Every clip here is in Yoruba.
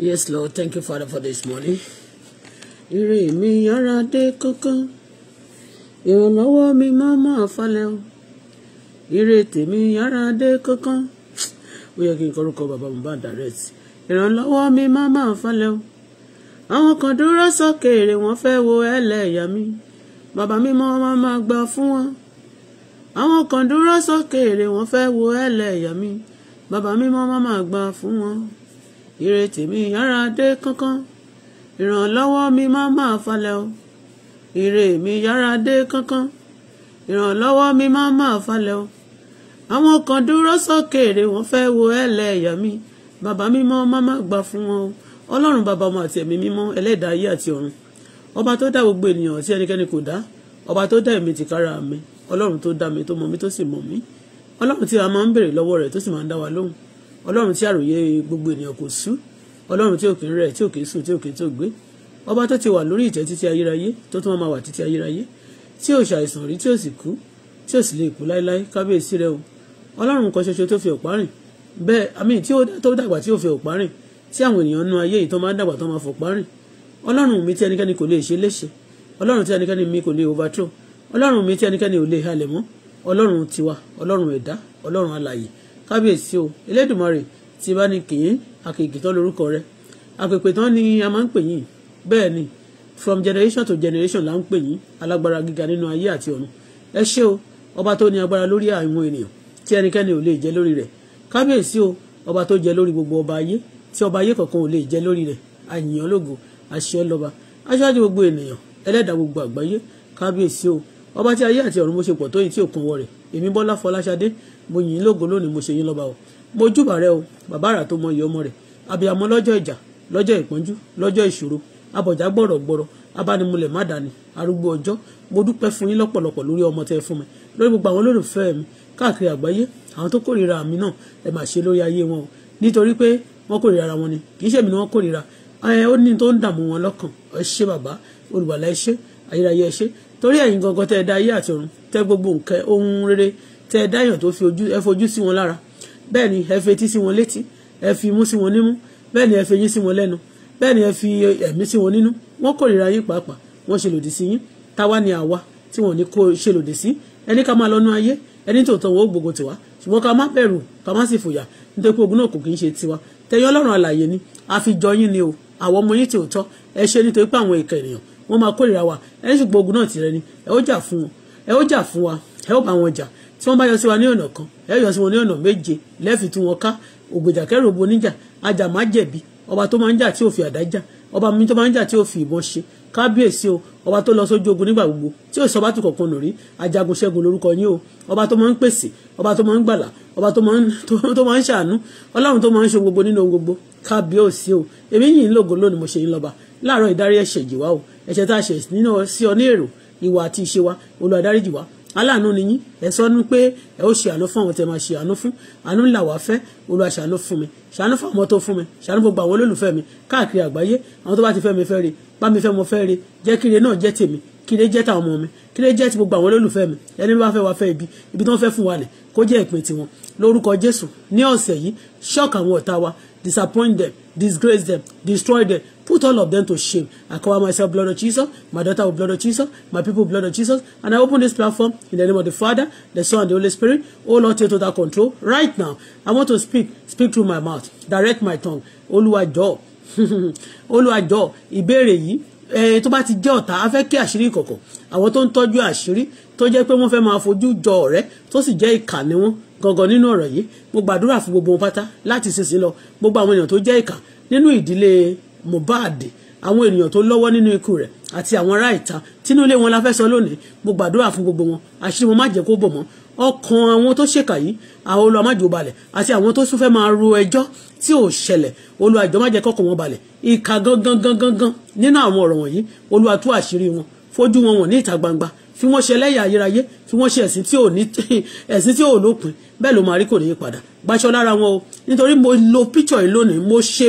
Yes, Lord. Thank you, Father, for this morning. Ire mi yára dé kankan. Ìrànlọ́wọ́ mi máa máa falẹ̀ o. Ire tèmi yára dé kankan. Ó yẹ kí n kọ́rúkọ bàbá Mohbad direct. Ìrànlọ́wọ́ mi máa máa falẹ̀ o. Àwọn kan dúró sókèèrè wọ́n fẹ́ wo ẹlẹ́yà mi. Bàbá mi máa máa gbà fún wọn. Àwọn kan dúró sókèèrè wọ́n fẹ́ wo ẹlẹ́yà mi. Bàbá mi máa máa gbà fún wọn ìrètí mi yára dé kánkán ìrànlọ́wọ́ mi máa máa falẹ̀ o ire mi yára dé kánkán ìrànlọ́wọ́ mi máa máa falẹ̀ o àwọn kan dúró sókèèrè wọ́n fẹ́ wo ẹlẹ́yà mi bàbá mímọ́ máma gbà fún wọn o ọlọ́run bàbá ọmọ àti ẹ̀mí mímọ́ ẹlẹ́dàá ayé àti ọ̀run ọba tó dá gbogbo ènìyàn àti ẹnikẹ́ni kò dá ọba tó dá èmi tìkára mi ọlọ́run tó dá mi tó mọ̀ mi tó sì mọ̀ mi ọlọ́run tí a máa ń béèrè lọ́wọ́ rẹ̀ tó sì máa ń dá wa lóhùn ọlọ́run tí àròyé gbogbo ènìyàn kò sú ọlọ́run tí òkè ń rẹ̀ tí òkè sùn tí òkè tó gbé ọba tó ti wà lórí ìtẹ́ títí ayérayé tó tún máa wà títí ayérayé tí ò ṣàìsàn rí tí ò sì kú tí ò sì lè kú láéláé kábíyèsí rẹ o ọlọ́run kan ṣoṣo tó fi ọ̀pá rìn bẹ́ẹ̀ àmì tí ó tó dàgbà tí ò fi ọ̀pá rìn tí àwọn ènìyàn nú ayé yìí tó máa ń dàgbà tó máa fọ̀pá rìn ọlọ́run mi tí ẹnikẹ́ni kò lè ṣe léṣe ọlọ́run tí ẹnikẹ́ni mi kò lè overthrow ọlọ́run mi tí ẹnikẹ́ni ò lè halẹ̀ mọ́ ọlọ́run tiwa ọlọ́run ẹ̀dá ọlọ́run alààyè kábíyèsí o elédùnmọ̀rẹ̀ tí bá ní kìí àkègì tán lórúkọ rẹ àpèpè tán ni a máa ń pè yín bẹ́ẹ̀ ni from generation to generation là ń pè yín alágbára gíga nínú ayé àti ọ̀run ẹ ṣé o ọba tó ní agbára lórí àwọn ènìyàn tí ẹnikẹ́ni ò lè jẹ lórí rẹ̀ kábíyèsí o ọba tó jẹ lórí gbogbo ọba ayé tí ọba ayé kankan ò lè jẹ lórí rẹ̀ àyìnyàn lógo àṣẹ lọ́ba aṣáájú gbogbo ènìyàn ẹlẹ́dàá gbogbo àgbáyé kábíyèsí o ọba tí ayé àti ọ̀run mo ṣe pọ̀ tó tí ò kan wọ rẹ̀ èmi bọ́lá fọláṣadé mo yìn ín lógo lónìí mo ṣe yín lọ́ba o mo júbà rẹ o bàbá àrà tó mọ iye ọmọ rẹ àbíyamọ lọ́jọ́ ìjà lọ́jọ́ ìpọ́njú lọ́jọ́ ìṣòro abọ̀já gbọ̀rọ̀gbọ̀rọ̀ abánimúlẹ̀ má dání arúgbó ọjọ́ mo dúpẹ́ fún yín lọ́pọ̀lọpọ̀ lórí ọmọ tẹ́ fún mi lórí gbogbo àwọn olólùfẹ́ mi káàkiri àgbáyé àwọn tó kórìíra mi náà ẹ máa ṣe lórí ayé wọn o nítorí pé wọ́n kórìíra ara wọn ni kì í ṣèmi ni wọ́n kórìíra ẹ ó ní tó ń dààmú wọn lọ́kàn ẹ bàbá olùwàlà ẹ ayérayé ẹ torí ẹ̀yin gangan tẹ́ ẹ ayé àti ọ̀run tẹ́ gbogbo nǹkan ohun rere tẹ́ ẹ dáyàn tó fi ojú ẹ fojú sí wọn lára bẹ́ẹ̀ ni ẹ fetí sí wọn létí ẹ fi imú sí wọn nímú bẹ́ẹ̀ ni ẹ feyín sí wọn lẹ́nu bẹ́ẹ̀ ni ẹ fi ẹ̀mí sí wọn nínú wọ́n kórìíra yín pàápàá wọ́n ṣe lòdì sí yín táwa ni àwa tí wọ́n ní kó ṣe lòdì sí ẹni ká máa lọ́nú ayé ẹni tó tán wọ́n ó gbogbo tiwa ṣùgbọ́n ká má bẹ̀rù ká má sì fòyà nítorí pé ogun náà kò kí ń ṣe tiwa tẹ̀yọ́ ọlọ́run àlàyé ni àfijọ́ yín ni o àwọn ọmọ yín tí ò tọ́ ẹ ṣe nítorí pé àwọn ìkà ènìyàn wọ́n máa kórìíra wa ẹni ṣùgbọ́n ogun náà tìrẹ ni ẹ ó jà fún wa ẹ ó bá wọn jà tí wọ́n bá yọ sí wa ní ọ̀nà kan ẹ yọ sí wọn ní ọ̀nà méje lẹ́fì tí wọ́n ká ògbèjà kẹròbó níjà ajàmájẹ̀bi ọba tó máa ń jà tí ò fi àdá jà ọba mi tó máa ń jà tí ò fi ìbọn ṣe kábíyèsí o ọba tó lọ sójú ogun nígbà gbogbo tí ò sọ bá tún kọ̀ọ̀kan nù rí ajagun ṣẹ́gun lórúkọ yín o ọba tó máa ń pèsè ọba tó máa ń gbàlà ọba tó máa ń ṣàánú ọlọ́run tó máa ń ṣe gbogbo nínú ohun gbogbo kábíyèsí o èmi yìí ń lògo lónìí mo ṣe yín lọ́ba láàárọ̀ ìdárí ẹ̀ṣẹ̀ jìwá o ẹ̀ṣẹ̀ tá a ṣẹ̀ nínú sí ọ ní èrò ìwà àti ìṣe wa olùwàdáríjì wa aláàánú ni yín ẹ sọ ní pé ẹ ó ṣe àánú fún àwọn tẹ máa ṣe àánú fún àánú ńlá wàá fẹ́ Olúwa ṣàánú fún mi ṣàánú fún àwọn tó fún mi ṣàánú gbogbo àwọn olólùfẹ́ mi káàkiri àgbáyé àwọn tó bá ti fẹ́ mi fẹ́ re bá mi fẹ́ mo fẹ́ re jẹ́ kíre náà jẹ́ tèmi kíre jẹ́ tàwọn ọmọ mi kíre jẹ́ ti gbogbo àwọn olólùfẹ́ mi ẹni bá fẹ́ wa fẹ́ ibi ibi tó ń fẹ́ fún wa lẹ̀ kó jẹ́ ìpín tiwọn lórúkọ Jésù ní ọ̀sẹ̀ yìí shock àwọn ọ̀tá wa disappoint them disgrace them destroy them Put all of them to shame. I cover myself, blood of Jesus, my daughter with blood of Jesus, my people blood of Jesus, and I open this platform in the name of the Father, the Son, and the Holy Spirit. Oh Lord, take total control right now. I want to speak, speak through my mouth, direct my tongue. Olúwa jọ̀ọ́, Olúwa jọ̀ọ́, ìbéèrè yìí tó bá ti jẹ́ ọ̀tá a fẹ́ kí àṣírí ìkọ̀kọ̀ àwọn tó ń tọ́jú àṣírí tó jẹ́ pé wọ́n fẹ́ máa fojú jọ ọ̀rẹ́ tó sì jẹ́ ìkà ni wọ́n gangan nínú ọ̀rọ̀ yìí mo gbàdúrà fún gbogbo wọn pátá láti ṣèṣin lọ gbogbo àwọn èèyàn tó jẹ́ ìkà nínú ìdílé Mohbad àwọn ènìyàn tó lọ́wọ́ nínú ikú rẹ̀ àti àwọn ará ìta tínú ilé wọn la fẹ́ sọ lónìí mo gbàdúrà fún gbogbo wọn àṣírí wọn má jẹ́ kó bò mọ́ ọkàn àwọn tó ṣèkà yìí àwọn olùwà má jò balẹ̀ àti àwọn tó súnfẹ́ máa ro ẹjọ́ tí ò ṣẹlẹ̀ olùwà jọ̀ọ́ má jẹ́ kọ́kàn wọn balẹ̀ ìka gangan gangan gan nínú àwọn ọ̀rọ̀ wọ̀nyí olùwà tú àṣírí wọn fojú wọn wọn ní ìta gbangba fi wọ́n ṣe ẹlẹ́yà ayérayé fi wọ́n ṣe ẹ̀sìn tí ò lópin bẹ́ẹ̀ ló máa rí kò ní padà gbaṣọ lára wọn o nítorí mo lo picture yìí lónìí mo ṣe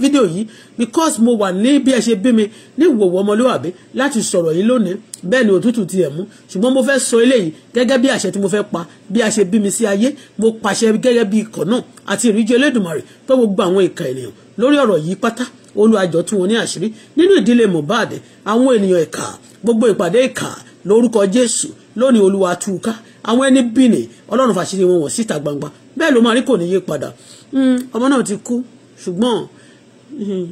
fídíò yìí because mo wà ní bí ẹ ṣe bí mi ní ìwòwò ọmọlúwàbí láti sọ̀rọ̀ yìí lónìí bẹ́ẹ̀ ni òtútù tiẹ̀ mú ṣùgbọ́n mo fẹ́ sọ eléyìí gẹ́gẹ́ bí àṣẹ tí mo fẹ́ pa bí a ṣe bí mi sí ayé mo pàṣẹ gẹ́gẹ́ bí ikọ̀ náà àti ìríjú Elédùmarè pé gbogbo àwọn ìka ènìyàn lórí ọ̀rọ̀ yìí pátá olùwàjọ tún wọn ní àṣírí nínú ìdílé Mohbad àwọn ènìyàn ìka gbogbo ìpàdé ìka lórúkọ Jésù lónìí Olúwa túká àwọn ẹni bìnnì Ọlọ́run fàṣírí wọn wọ̀ síta gbangba bẹ́ẹ̀ ló máa rí kò ní yé padà hmm, ọmọ náà ti kú ṣùgbọ́n hmm,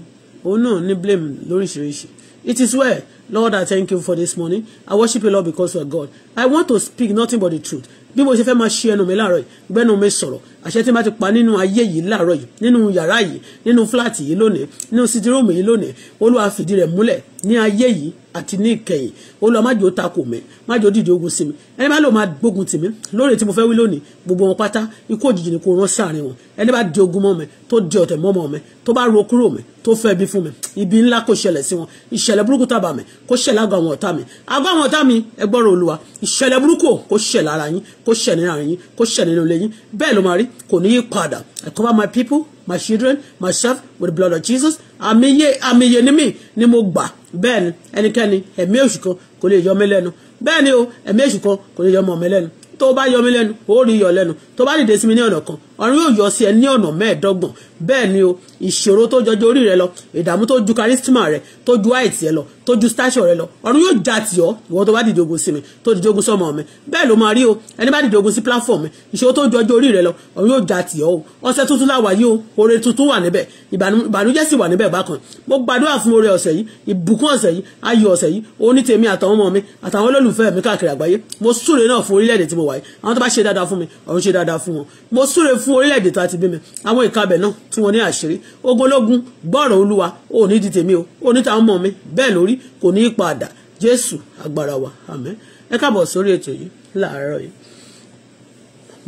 òun náà ní blame lóríṣiríṣi it is well Lord I thank you for this morning I worship you Lord because you are God I want to speak nothing but the truth bí mo ṣe fẹ́ máa ṣe ẹnu mi láàárọ̀ yìí gbẹ́nu mi sọ̀rọ̀ àṣẹ tí n bá ti pa nínú ayé yìí láàárọ̀ yìí nínú yàrá yìí nínú fúláàtì yìí lónìí nínú sídíróòmù yìí lónìí olúwa fìdí rẹ̀ múlẹ̀ ní ayé yìí àti ní ìkẹyìn ó lọ má jò ó takò mẹ má jò ó dìde ogun sí mi ẹni bá lò máa gbógun tì mí lórí tí mo fẹ́ wí lónìí gbogbo wọn pátá ikú òjijì ni kò rán sáàrin wọn ẹni bá di ogun mọ́ mi tó di ọ̀tẹ̀ mọ́ mọ́ mi tó bá ro kúrò mi tó fẹ́ bí fún mi ibi ńlá kò ṣẹlẹ̀ sí wọn ìṣẹ̀lẹ̀ burúkú tàbà mi kò ṣẹlẹ̀ àgọ́ àwọn ọ̀tá mi àgọ́ àwọn ọ̀tá mi ẹ gbọ́rọ̀ olúwa ìṣẹ̀lẹ̀ burúkú kò ṣẹlẹ̀ ara yín kò ṣẹlẹ̀ ara yín kò ṣẹlẹ̀ ilé yín bẹ́ẹ̀ ló máa rí kò ní yí padà I cover my people my children myself with the blood of Jesus àmì iye àmì iye ni mí ni mo gbà bẹ́ẹ̀ ni ẹnikẹ́ni ẹ̀mí èṣù kan kò lè yọ mí lẹ́nu bẹ́ẹ̀ ni o ẹ̀mí èṣù kan kò lè yọ mọ̀ mí lẹ́nu tó bá yọ mí lẹ́nu ó rí yọ lẹ́nu tó bá dìde sí mi ní ọ̀nà kan ọ̀run yóò yọ sí ẹ ní ọ̀nà mẹ́ẹ̀ẹ́dọ́gbọ̀n bẹ́ẹ̀ ni o ìṣòro tó jọjọ orí rẹ lọ ìdààmú tó ju kárísítìmà rẹ tó ju àìtì ẹ lọ tó ju stáṣọ rẹ lọ ọ̀run yóò já tì ọ́ ìwọ tó bá dìde ogun sí mi tó dìde ogun sọmọ mi bẹ́ẹ̀ ló máa rí o ẹni bá dìde ogun sí platform mi ìṣòro tó jọjọ orí rẹ lọ ọ̀run yóò já tì ọ́ o ọ̀sẹ̀ tuntun láwa yìí o oore tuntun wà níbẹ̀ ìbànújẹ́ sì wà níbẹ̀ bákan mo gbàdúrà fún oore ọ̀sẹ̀ yìí ìbùkún ọ̀sẹ̀ yìí ayọ̀ ọ̀sẹ̀ yìí oní tèmi àtàwọn ọmọ mi àtàwọn olólùfẹ́ mi káàkiri àgbáyé mo súre náà fún orílẹ̀-èdè tí mo wà yìí àwọn tó bá ṣe dáadáa fún mi ọ̀run ṣe dáadáa fún wọn mo súre fún fún orílẹ̀-èdè tó a ti bí àwọn ìkabẹ̀ náà tí wọ́n ní àṣírí ogunlógún gbọ́rọ̀ olúwa ò ní di tèmi o ò ní tàwọn ọmọ mi bẹ́ẹ̀ lórí kò ní í padà jésù agbára wa àmín ẹ káàbọ̀ sórí ètò yìí láàárọ̀ yìí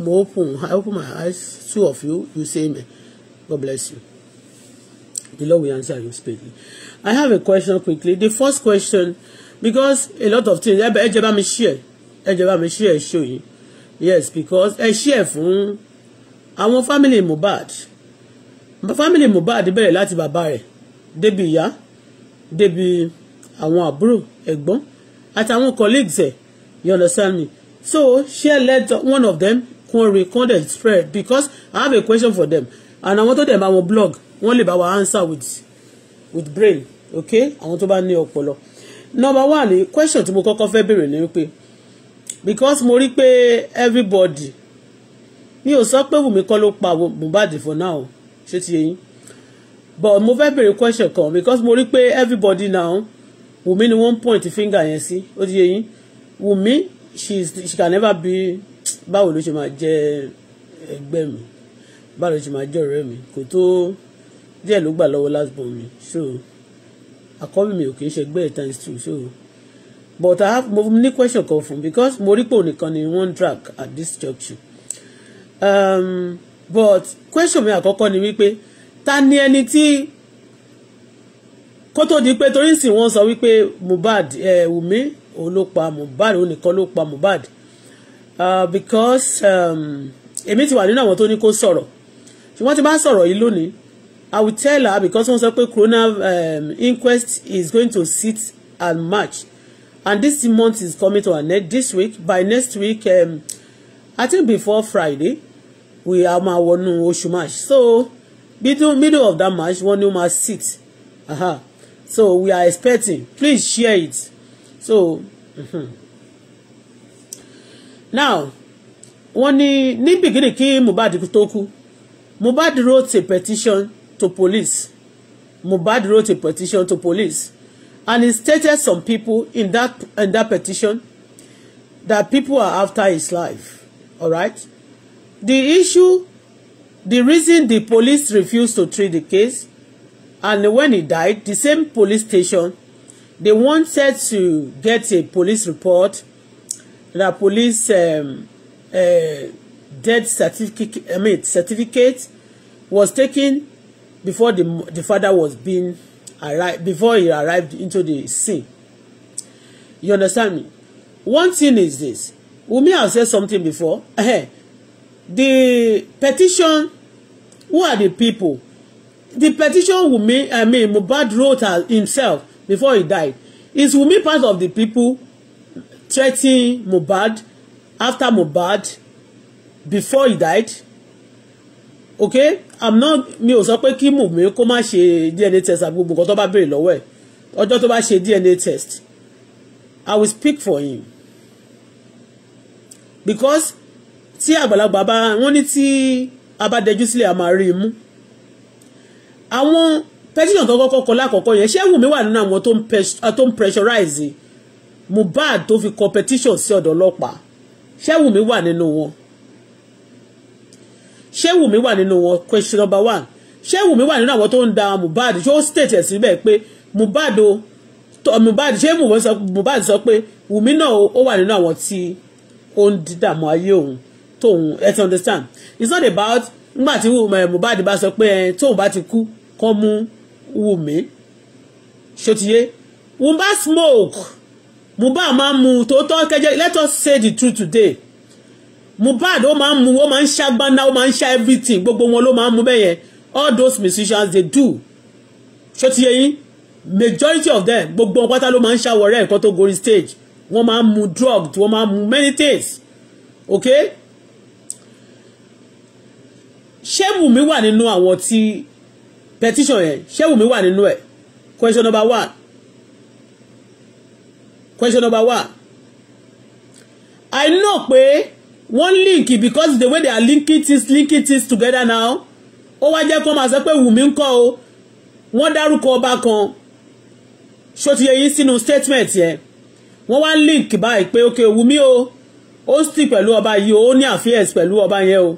mo open I open my eyes two of you you say amen God bless you the Lord will answer you speedily I have a question quickly the first question because a lot of things ẹ jẹ́ bá mi share ẹ jẹ́ bá mi share show yìí yes because ẹ share fún àwọn fámìlì Mohbad fámìlì Mohbad bẹ̀rẹ̀ láti bàbá rẹ̀ débi ìyá débi àwọn àbúrò ẹ̀gbọ́n àtàwọn colleagues ẹ̀ you understand me so share let one of them kún orin kún dem spread because I have a question for them and àwọn tó dẹ̀ bá wọn blog wọ́n lè bá wa answer with with brain okay àwọn tó bá ní ọpọlọ number one question tí mo kọ́kọ́ fẹ́ bèrè ni wípé because mo rí pé everybody mi ò sọ pé Wùmí kọ́ ló pa Mohbad for now ṣé ti yẹn but mo fẹ́ bèrè question kan because mo rí pé everybody now Wùmí ni one point finger yẹn sí ó ti yẹn Wùmí she she can never be báwo ló ṣe máa jẹ ẹgbẹ́ mi báwo ló ṣe máa jẹ ọ̀rẹ́ mi kò tó díẹ̀ ló gbà lọ́wọ́ last born mi so àkọ́bí mi ò kì í ṣe ẹgbẹ́ ẹ̀ times two so but i have mo ní question kan fún because mo rí pé òun nìkan ni one track at this junction um, but question mi àkọ́kọ́ ni wípé ta ni ẹni tí kó tó di pé torí sì wọ́n sọ wípé Mohbad eh, Wùmí òun ló pa Mohbad òun nìkan ló pa Mohbad uh, because Emi um, ti wà nínú àwọn tó ní kó sọ̀rọ̀ ṣùgbọ́n tí bá sọ̀rọ̀ yìí lónìí I will tell her because wọ́n sọ pé corona um, inquest is going to sit and march and this month is coming to an end this week by next week um, I think before Friday we a máa wọnú oṣù march so middle of that march wọ́n ní ó máa sit huh. so we are expecting please share it so mm-hmm. now wọ́n ní ní bìgínì kí Mohbad tó kú Mohbad wrote a petition to police Mohbad wrote a petition to police and he stated some people in that in that petition that people are after his life all right The issue, the reason the police refused to treat the case, and when he died, the same police station, they wanted to get a police report, the police um, uh, death certificate, I mean, certificate was taken before the, the father was being arrived, before he arrived into the scene. You understand me? One thing is this. we may have said something before. the petition who are the people the petition Wunmi I mean Mohbad wrote himself before he died is Wunmi part of the people threatening Mohbad after Mohbad before he died okay i'm not mi ò sọ pé kí Wunmi kó má ṣe DNA test àbí gbogbo tó bá béèrè lọ́wọ́ ẹ̀ ọjọ́ tó bá ṣe DNA test i will speak for him because tí àgbàlagbà bá wọ́n ní tí a bá dẹjú sílẹ̀ a máa rí i mú àwọn petition tó kọ́kọ́ kọ lákọ̀ọ́kọ́ yẹn ṣé Wùmí wà nínú àwọn tó ń pressurize Mohbad tó fi kọ sí ọ̀dọ̀ ọlọ́pàá ṣé Wùmí wà nínú wọn ṣé Wùmí wà nínú wọn question number one ṣé Wùmí wà nínú àwọn tó ń da Mohbad ṣé ó state ẹ̀ síbẹ̀ pé Mohbad o Mohbad ṣé Mohbad sọ pé Wùmí náà ó wà nínú àwọn tí ó ń dídàmú ayé òun tóun ẹ understand it's not about nígbà tí eh, Mohbad bá sọ pé eh, tóun bá ti kú kọ́ mú Wùmí ṣòtìyé Wùmí smoke Mohbad máa ń mu tòótọ́ kẹjẹ let us say the truth today Mohbad ó máa ń mu ó máa ń ṣá gbaná ó máa ń ṣá everything gbogbo wọn ló máa ń mu bẹ́ẹ̀ yẹn all those musicians they do ṣòtìyé yín majority of them gbogbo wọn pátá ló máa ń ṣàwọ̀rẹ́ nǹkan tó gorí stage wọ́n máa ń mu drugs wọ́n máa ń mu many things okay ṣé Wùmí wà nínú àwọn tí petition yẹn ṣé Wùmí wà nínú ẹ̀ question number one question number one I know pé One link because the way they are linking things linking things together now ó wá jẹ́ kó máa sọ pé Wùmí ń kọ́ o wọ́n dárúkọ ọba kan ṣó ti yẹ yín sínú statement yẹn wọ́n wá link báyìí pé ok Wùmí o ó sì pẹ̀lú ọba yìí ó ní àfíẹ́sì pẹ̀lú ọba yẹn o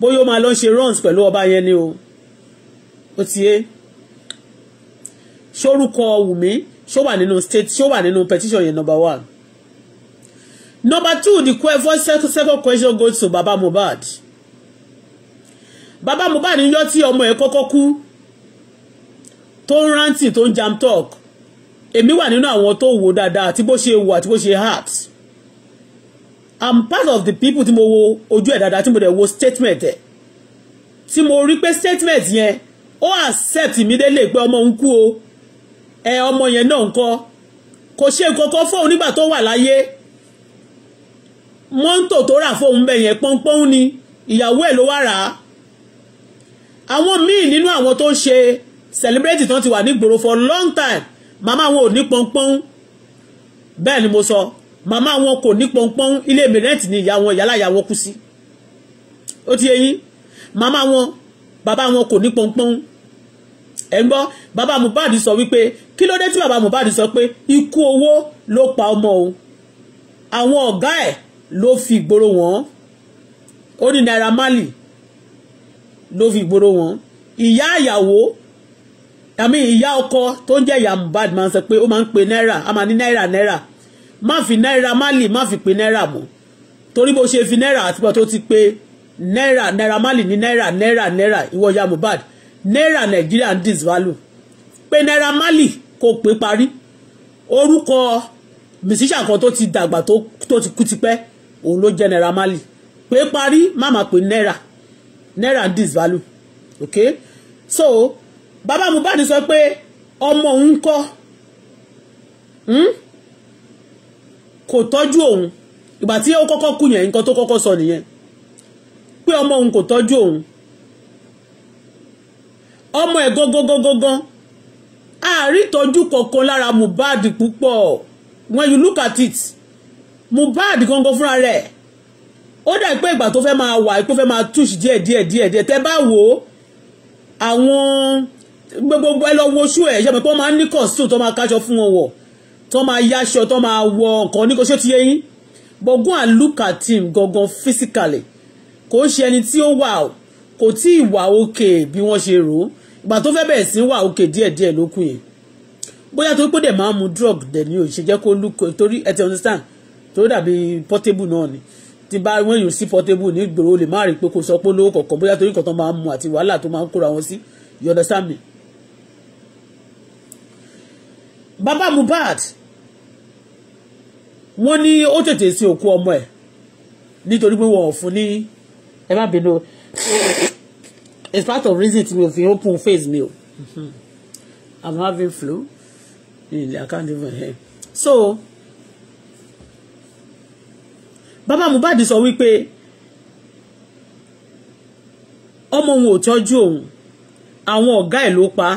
bóyá ó máa lọ ṣe runs pẹ̀lú ọba yẹn ni o ó ti yé ṣórúkọ Wùmí ṣó wà nínú state ṣó wà nínú petition yẹn number one number two the voice second, second question goes to Baba Mohbad Baba Mohbad níjọ́ tí ọmọ ẹ̀ kọ́kọ́ kú tó ń rántí tó ń jam talk èmi wà nínú àwọn tó wò dáadáa àti bó ṣe wò àti bó ṣe heart i'm part of the people tí mo wo ojú ẹ̀ dáadáa tí mo dẹ̀ wo statement ẹ̀ tí mo rí pé statement yẹn ó accept immediately pé ọmọ ń kú o ẹ ọmọ yẹn náà ń kọ́ kò ṣe kọ́kọ́ fóun nígbà tó wà láyé mọ́ńtò tó rà fóun bẹ̀ yẹn pọ́npọ́n ni ìyàwó ẹ̀ ló wá rà á àwọn míì nínú àwọn tó celebrate tán ti wà nígboro for long time màmá wọn ò ní pọ́npọ́n ni mo So Mama wọn kò ní pọnpọ́n ilé mi rẹ́ǹtì ni ìyá wọn ìyá láyà wọn kú sí ó ti yé yín màmá wọn bàbá wọn kò ní pọnpọ́n ẹ̀ ń baba bàbá Mohbad sọ wípé kí ló dé tí bàbá Mohbad sọ pé ikú owó ló pa ọmọ òun àwọn ọ̀gá ẹ̀ ló fi ìgboro wọn ó ní Naira Marley ló fi ìgboro wọn ìyá àyàwó àmì ìyá ọkọ tó ń jẹ́ ìyá Mohbad máa ń sọ pé ó pe náírà a máa ní náírà náírà má fi náírà málì má fi pe náírà mọ́ torí bó ṣe fi náírà àtibọ̀ tó ti pé náírà náírà málì ní náírà náírà náírà ìwọ ya Mohbad náírà Nàìjíríà ń disvalue pé náírà málì kò pé parí orúkọ musician kan tó ti dàgbà tó ti kú tipẹ́ òun ló jẹ́ náírà málì pé parí má má pé náírà náírà ń disvalue ok so bàbá Mohbad sọ pé ọmọ òun kọ́. Hmm? kò tọ́jú òun ìgbà tí ó kọ́kọ́ kú yẹn nǹkan tó kọ́kọ́ sọ nìyẹn pé ọmọ òun kò tọ́jú òun ọmọ ẹ̀ gangan àárí ìtọ́jú kọ̀ọ̀kan lára Mohbad púpọ̀ when you look at it Mohbad gangan fúnra rẹ̀ ó dà pé ìgbà tó fẹ́ máa wà pé fẹ́ máa touch díẹ̀ díẹ̀ díẹ̀ díẹ̀ tẹ́ bá wò ó àwọn gbogbo ẹ lọ wo ṣú ẹ̀ ṣe mọ̀ pé wọ́n máa ń ní costume tó máa káṣọ fún wọn wọ̀ tó máa yáṣọ tó máa wọ ọkọ ní kò ṣe ti yé yín but go and look at him gangan physically kò ń ṣe ẹni tí ó wà kò tí ì wà òkè bí wọ́n ṣe rò ó ìgbà tó fẹ́ bẹ̀rẹ̀ sí wà òkè díẹ̀díẹ̀ ló kù yẹn bóyá tó pé dẹ̀ máa mu drug dẹ̀ ni ò ṣe jẹ́ kó look torí ẹ ti understand tó dàbí portable náà ni ti bá wọ́n yóò sí portable ní ìgboro lè má rí i pé kò sọ pé olówó kọ̀ọ̀kan bóyá torí kọ̀ọ̀kan máa ń mu àti wàhálà tó máa ń kóra wọn sí you understand me bàbá Mohbad wọ́n ní ó tètè sí òkú ọmọ ẹ̀ nítorí pé wọ́n ò fún ní ẹ má bínú it's part of reason to mi ò fi open face mi o i'm having flu i can't even hear so bàbá Mohbad sọ wípé ọmọ òun ò tọ́jú òun àwọn ọ̀gá ẹ̀ ló pa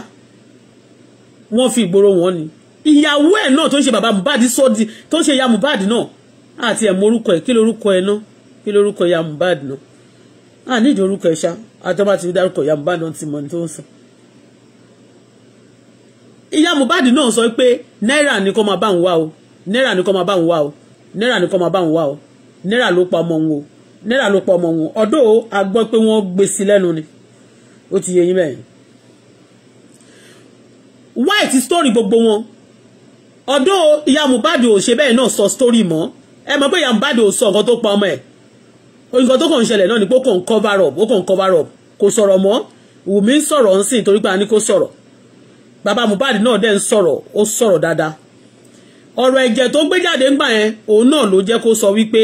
wọ́n fi ìgboro wọn ni ìyàwó ẹ̀ náà tó ń ṣe bàbá Mohbad sọ di tó ń ṣe ìyá Mohbad náà àti ẹ̀ morúkọ ẹ̀ kí lorúkọ ẹ̀ náà kí lorúkọ ìyá Mohbad náà à ní ìdí orúkọ ẹ̀ ṣá àtọ́bá ti dárúkọ ìyá Mohbad náà ti mọ̀ ní tó ń sọ. ìyá Mohbad náà sọ pé náírà ni kò máa bá òun wá o náírà ni kò máa bá òun wá o náírà ni kò máa bá òun wá o náírà ló pa ọmọ òun o náírà ló pa ọmọ òun ọdọ́ a gbọ́ pé wọ́n gbé sí lẹ́nu ni ó ti yẹ yín bẹ́ẹ̀. white story gbogbo wọn ọdún ìyá Mohbad ò ṣe bẹ́ẹ̀ náà sọ story mo, ẹ mọ̀ pé ìyá Mohbad ò sọ nǹkan tó pa ọmọ ẹ̀ nǹkan tó kàn ń ṣẹlẹ̀ náà ni pé ó cover up ó kàn cover up kò sọ̀rọ̀ mo, Wùmí ń sọ̀rọ̀ ń sìn torí pé a ní Baba sọ̀rọ̀ bàbá Mohbad náà dẹ̀ ń sọ̀rọ̀ ó sọ̀rọ̀ dáadáa ọ̀rọ̀ ẹ̀jẹ̀ tó gbé jáde ńgbà yẹn òun náà ló jẹ́ kó sọ wípé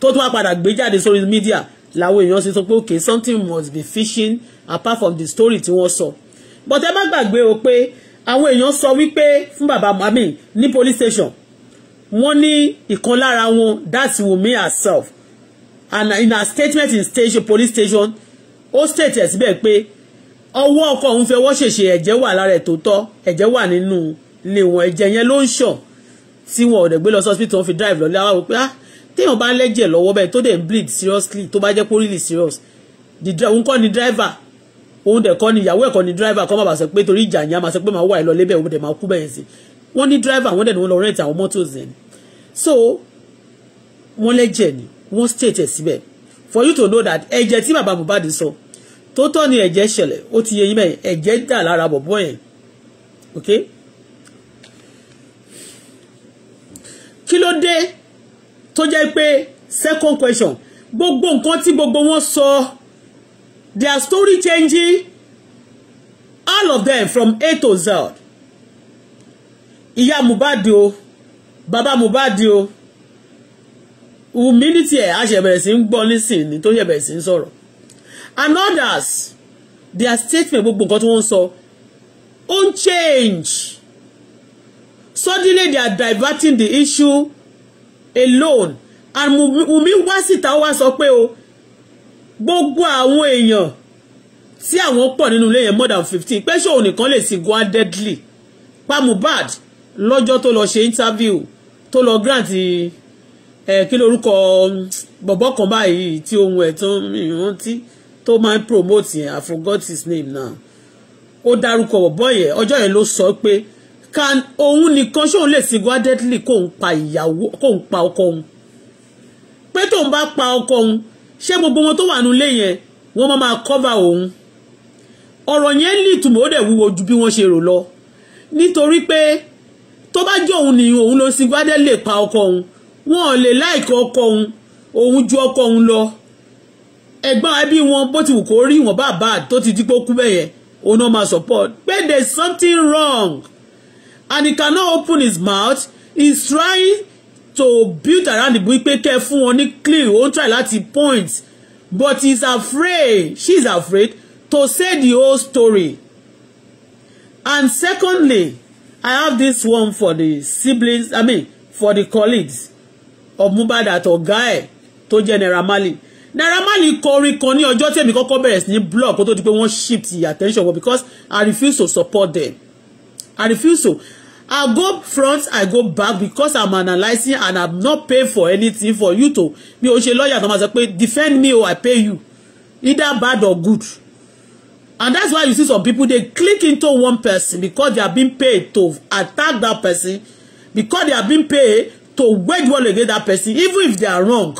tó tún wá padà gbé jáde sórí mídíà làwọn èèyàn okay something must be fishing apart from the story tí wọ́n sọ but ẹ má gbàgbé o pé àwọn èèyàn sọ wípé fún bàbá mamin ní police station wọ́n ní ìkan lára wọn that's Wunmi herself and in her statement in station police station ó state ẹ̀ síbẹ̀ pé ọwọ́ ọkọ òun fẹ́ wọ́n ṣèṣe ẹ̀jẹ̀ wà lára ẹ̀ tó tọ́ ẹ̀jẹ̀ wà nínú ilé wọn ẹ̀jẹ̀ yẹn ló ń ṣàn tí wọn ò dẹ̀ gbé lọ sí wọn fi drive lọ láwọn wò pé ah téèyàn bá lẹ́jẹ̀ lọ́wọ́ bẹ́ẹ̀ tó dẹ̀ bleed seriously tó bá jẹ́ pé ó really serious òun kọ́ ni driver òun dẹ̀ kọ́ ni ìyàwó ẹ̀kọ́ ni dírẹ́fà kọ́ má bàa sọ pé torí ìjà yẹn a máa sọ pé màá wà lọ lébẹ̀ òun dẹ̀ máa kú bẹ́ẹ̀ sí wọ́n ní dírẹ́fà wọ́n dẹ̀ ní wọ́n lọ rẹ́ẹ̀tì àwọn mọ́tò zen so wọ́n lẹ́jẹ̀ ni wọ́n state síbẹ̀ for you to know that ẹ̀jẹ̀ tí bàbá Mohbad sọ tó tọ́ ni ẹ̀jẹ̀ ṣẹlẹ̀ ó ti yẹ yín bẹ́ẹ̀ ẹ̀jẹ̀ dà lára bọ̀bọ̀ yẹn ok kí ló dé tó jẹ́ pé second question gbogbo nǹkan tí gbogbo wọn sọ so, their story changing all of them from A to Z ìyá Mohbad o bàbá Mohbad o humility ẹ̀ àṣẹbẹ̀rẹ̀ sí ń gbọ́ nísìnyí tó ṣẹ̀bẹ̀rẹ̀ sí ń sọ̀rọ̀ and others their statement gbogbo nǹkan tí wọ́n ń sọ ó ń change suddenly they are diverting the issue alone and Wunmi wá síta ó wá sọ pé o. So gbogbo àwọn èèyàn tí àwọn pọ̀ nínú ilé yẹn more than fifteen pé ṣé òun nìkan lè sìnkú deadly pa Mohbad lọ́jọ́ tó lọ ṣe interview tó lọ grant ẹ̀ eh, kí lorúkọ um, bọ̀bọ̀ kan báyìí tí ohun ẹ̀ tó ń rántí tó máa ń promote yẹn I forgot his name now ó dárúkọ bọ̀bọ̀ yẹn ọjọ́ yẹn ló sọ pé kan òun nìkan ṣé òun lè sìnkú deadly kóun pa ìyàwó kóun pa ọkọ òun pé tóun bá pa ọkọ òun ṣé gbogbo wọn tó wà nílé yẹn wọ́n máa máa cover òun ọ̀rọ̀ yẹn lè túmọ̀ ó dẹ̀ wúwo ju bí wọ́n ṣe rò lọ nítorí pé tó bá jẹ́ òun ni òun ló sin gbádẹ́ lè pa ọkọ òun wọn lè láìka ọkọ òun òun ju ọkọ òun lọ ẹ̀gbọ́n ẹbí wọn bó ti wù kó rí wọn bàbá tó ti dípò kú bẹ́yẹn òun náà máa support pé there is something wrong and he cannot open his mouth he is trying to build around the wípé kẹ́ fún wọn ní clear ó ń try láti point but he's afraid she's afraid to say the whole story and secondly I have this one for the siblings I mean for the colleagues of Mohbad at Guy, to tó jẹ́ Naira Marley Naira Marley kọ orin kan ní ọjọ́ tèmi kọ́kọ́ bẹ̀rẹ̀ sí ní blog kó tó di pé wọ́n shift attention wọn because I refuse to support them I refuse to I go front, I go back because I'm analyzing and I'm not paying for anything for you to. Mi ò ṣe lawyer, no ma sọ defend me or I pay you. Either bad or good. And that's why you see some people, they click into one person because they are being paid to attack that person. Because they are being paid to wage war against that person. Even if they are wrong,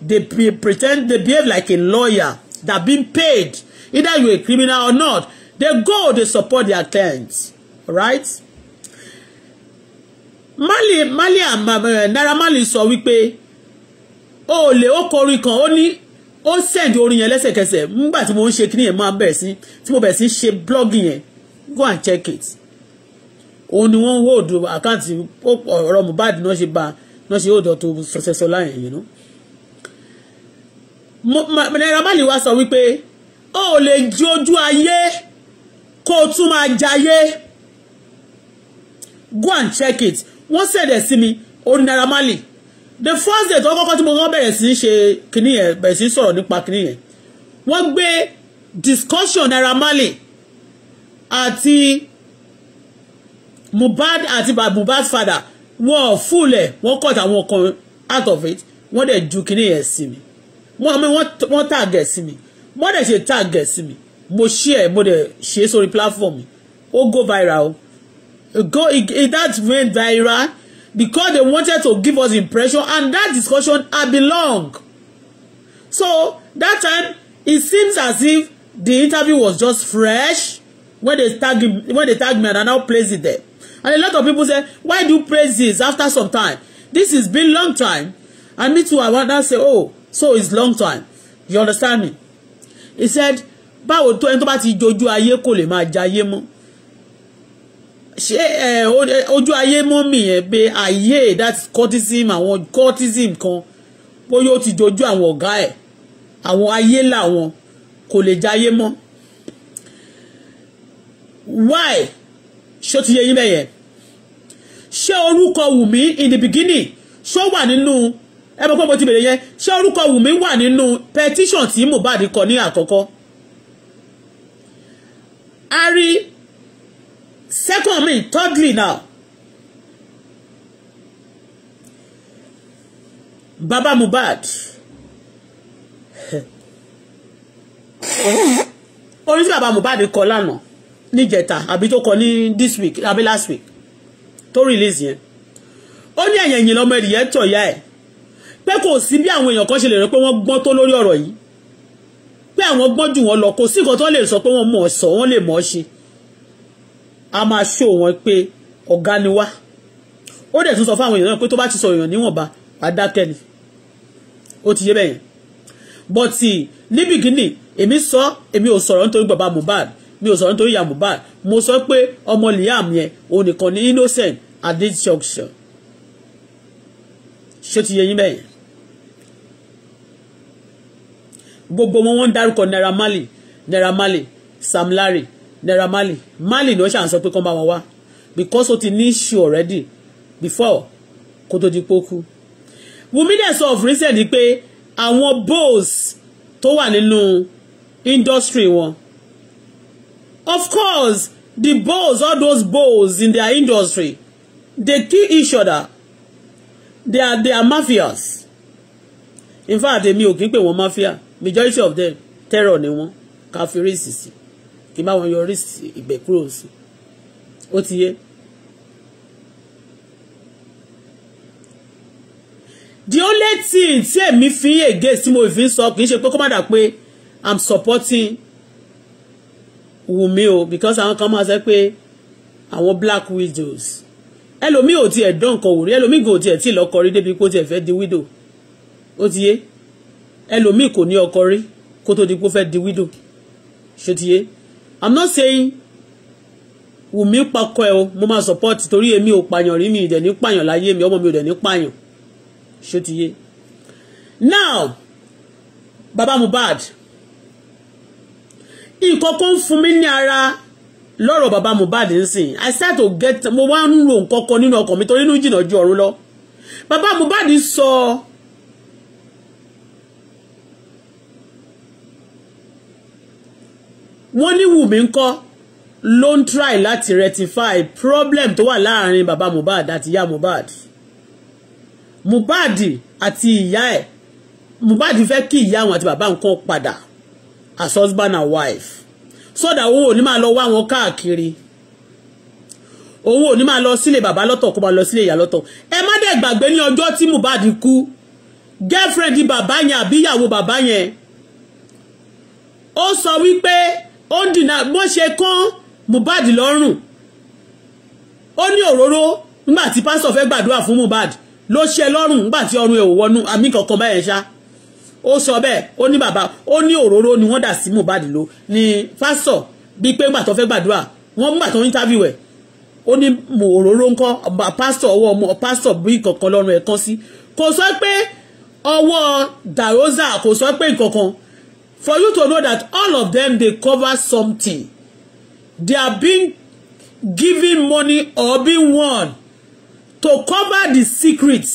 they pre pretend they behave like a lawyer that being paid. Either you a criminal or not. They go, they support their clients. All right? Mali, Mali eh, Naira Marley sọ wípé o lè ó kọrin kan ó ní ó send orin yẹn lẹ́sẹ̀kẹsẹ̀ nígbà tí mo ń ṣe kíní yẹn máa bẹ̀rẹ̀ sí tí mo bẹ̀rẹ̀ sí ṣe blogging yẹn go and check it òun ni wọ́n hold àkáǹtì ọ̀rọ̀ Mohbad náà ṣe bá náà ṣe hold ọ̀tọ̀ successor láyẹn yìí nú. Naira Marley wá sọ wípé o lè jí ojú ayé kó o tún máa jayé go and check it wọ́n sẹ̀dẹ̀ sí mi orin Naira Marley the first day tó kọ́kọ́ tí mo kọ́ bẹ̀rẹ̀ sí ṣe kinní yẹn bẹ̀rẹ̀ sí sọ̀rọ̀ nípa kinní yẹn wọ́n gbé discussion Naira Marley àti Mohbad àti Mohbad father wọ́n fúlẹ̀ wọ́n cut àwọn kan out of it wọ́n dẹ̀ ju kinní yẹn sí mi wọ́n mi wọ́n target, sí mi wọ́n dẹ̀ ṣe target, sí mi mo ṣí ẹ̀ mo dẹ̀ ṣe é sórí platform mi ó go viral o go it, it, that went viral because they wanted to give us impression and that discussion had been long so that time it seems as if the interview was just fresh when they tag when they tag me and I now place it there and a lot of people say why do you praise this after some time this has been long time and me too I want to say oh so it's long time you understand me he said báwo tó ẹni tó bá ti jojú ayé kò lè máa jayé mọ́ ṣé eh, eh, ojú ayé mọ́mì yẹn pé ayé that's cultism àwọn cultism kan bóyá ó ti dojú àwọn ọ̀gá ẹ̀ àwọn ayé làwọn kò lè jáyé mọ́ why ṣó ti yẹ yín bẹ́yẹn ṣé orúkọ Wùmí in the beginning ṣó wà nínú ẹ mọ̀ pé mo ti bèrè yẹn ṣé orúkọ Wùmí wà nínú petition tí Mohbad kọ ní àkọ́kọ́ a rí second me thirdly now Baba Mubad. orin tí Baba Mubad kọ lánàá níjẹta àbí tó kọ ní this week àbí last week tó release yẹn ó ní ẹ̀yìn ẹ̀yìn lọ́mọ ẹ̀dìyẹ tọ̀yà ẹ̀ pé kò sí bí àwọn èèyàn kan ṣe lè rẹ to wọ́n gbọ́n tó lórí ọ̀rọ̀ yìí pé àwọn gbọ́n jù wọ́n lọ kò sí nǹkan tó lè sọ pé wọ́n mọ̀ ọ́ sọ wọ́n lè a máa ṣó wọn pé ọ̀gá ni wá ó dẹ̀ tún sọ fún èèyàn náà pé tó bá ti sọ èèyàn níwọ̀nba àdákẹ́ ni ó ti yé bẹ́ẹ̀ yẹn bọ́tì ní bìgínì èmi sọ èmi ò sọ̀rọ̀ nítorí bàbá Mohbad mi ò sọ̀rọ̀ nítorí ìyá Mohbad mo sọ pé ọmọ Liam yẹn òun nìkan ní innocent at this junction ṣé ti yé yín bẹ́ẹ̀ yẹn gbogbo wọn wọn dárúkọ Naira Marley Naira Marley Sam Larry Naira Mali Marley ni wọ́n ṣà pé kán bá wọn wá because ó ti ní issue already before kó tó di pókú. Wunmi dẹ̀ sọ of recent ni pé àwọn bowls tó wà nínú industry wọn of course the bowls all those bowls in their industry they kill each other they are they are mafias in fact èmi ò kí ń pè wọ́n mafia majority of them terror ni wọ́n káfírísì sí kí n bá wọn yọ risk ìgbẹ́ kúrò sí ó ti yé. the only thing tí èmi fi ń ègé tí mo fi ń sọ kì í ṣe pé kó má dà pé i'm supporting Wùmí o because àwọn kan máa sọ pé àwọn black widows ẹlòmíì ò tiẹ̀ dán nǹkan wò rí ẹlòmíì kò tiẹ̀ tí ì lọ́kọ rí débi kó tiẹ̀ fẹ́ di widow ó ti yé ẹlòmíì kò ní ọkọ rí kó tó di kó fẹ́ di widow ṣé ti yé i'm not saying wùmí pakọ ẹ o mo máa support torí èmi ò pààyàn rí mi ìdẹ̀ ní pààyàn láyé mi ọmọ mi ò dẹ̀ ní pààyàn ṣó ti yé now baba Mohbad nǹkan kan fún mi ní ara lọ́rọ̀ baba Mohbad nsìn i start to get mo wá ń ro nǹkan kan nínú ọkàn mi torí inú jìnnà ju ọ̀run lọ baba Mohbad sọ. So, wọ́n ní Wùmí ń kọ́ ló ń try láti rectify problem tó wà láàrin bàbá Mohbad àti ìyá Mohbad Mohbad àti ìyá ẹ̀ Mohbad fẹ́ kí ìyá àwọn àti bàbá nǹkan padà as husband and wife sọ́dà owó ò ní máa lọ wá wọn káàkiri owó ò ní máa lọ sílé bàbá lọ́tọ̀ kó máa lọ sílé ìyá lọ́tọ̀ ẹ má dẹ̀ gbàgbé ní ọjọ́ tí Mohbad kú girlfriend bàbá yẹn àbí ìyàwó bàbá yẹn ó sọ wípé ó dìnnà bó ṣe kán Mohbad lọ́rùn ó ní òróró nígbà tí pásítọ̀ fẹ́ gbàdúrà fún Mohbad ló ṣe lọ́rùn nígbà tí ọrùn èèwọ̀ wọnú àmì kankan báyẹn ṣá ó sọ bẹ́ẹ̀ ó ní bàbá ó ní òróró ni wọ́n dà sí Mohbad ló ní pásítọ̀ bíi pé nígbà tó fẹ́ gbàdúrà wọ́n nígbà tó ń interview ẹ̀ ó ní òróró ńkọ́ pásítọ̀ ọwọ́ ọmọ pásítọ̀ bí kankan lọ́rùn ẹ̀ kán sí kò sọ pé ọwọ́ dàrósà kò sọ pé nkankan for you to know that all of them dey cover something they are being given money or being warned to cover the secret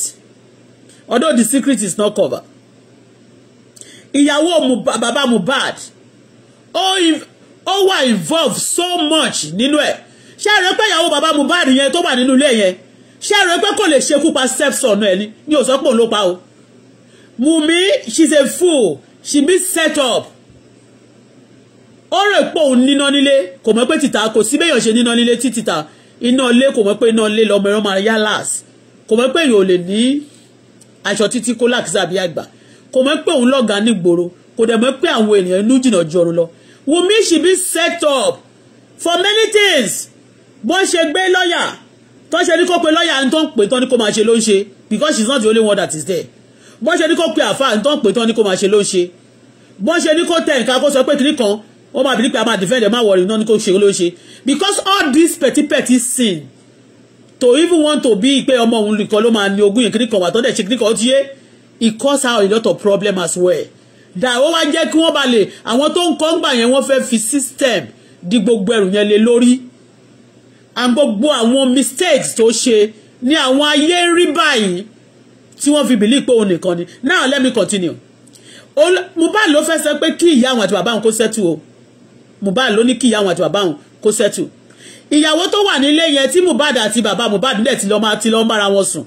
although the secret is not cover. ìyàwó bàbá Mohbad ó ó wà involved so much nínú ẹ̀ ṣé ẹ rẹ pé ìyàwó bàbá Mohbad yẹn tó wà nínú ilé yẹn ṣé ẹ rẹ pé kò lè ṣekú pa stepson ẹ ni mi ò ló pa o Wunmi she's a fool she be set up ó rè pò ń níná nílé kò mọ̀ pé títà kò sí béèyàn ṣe níná nílé tí títà iná ilé kò mọ̀ pé iná ilé lọ́mọ ẹ̀rọ máa yá láàs kò mọ̀ pé èèyàn ò lè ní aṣọ títí kó láàkísà bí àgbà kò mọ̀ pé òun lọ́gàá nígboro kò dẹ̀ mọ̀ pé àwọn ènìyàn inú jìnnà ju ọ̀run lọ Wunmi she be set up for many things bó ṣe gbé lọ́yà tó ṣe ní kó pe lọ́yà tó ń pè tó ní kó máa ṣe ló ń ṣe because she is not the only one that is there bọ́n ṣe ní kó pe àfa nǹkan pè tán ni kó máa ṣe ló ń ṣe bọ́n ṣe ní kó tẹ̀ nǹkan kó sọ pé kìnnì kan ó máa bìrì pé a máa defend ẹ̀ máa wọ̀rì náà ni kó ṣe ló ń ṣe because all these petty petty sin to even want to be pé ọmọ òun nìkan ló máa ní ogún yẹn kìnnì kan wà tó dẹ̀ ṣe kìnnì kan ó ti yé it cause her a lot of problem as well dàwọ́ wá jẹ́ kí wọ́n ba lè àwọn tó ń kọ́ ń gbà yẹn wọ́n fẹ́ fi system di gbogbo ẹrù yẹn lé lórí and gbogbo àwọn mistakes tó ṣe ní àwọn ayé ń rí báyìí tí wọ́n fi believe pé nìkan ni now let me continue Mohbad ló fẹ́ sọ pé kí ìyá àwọn àti bàbá àwọn kó sẹ́tù o Mohbad ló ní kí ìyá àwọn àti bàbá àwọn kó sẹ́tù ìyàwó tó wà nílé yẹn tí Mohbad àti bàbá Mohbad dẹ̀ ti lọ máa ti lọ ń bára wọn sùn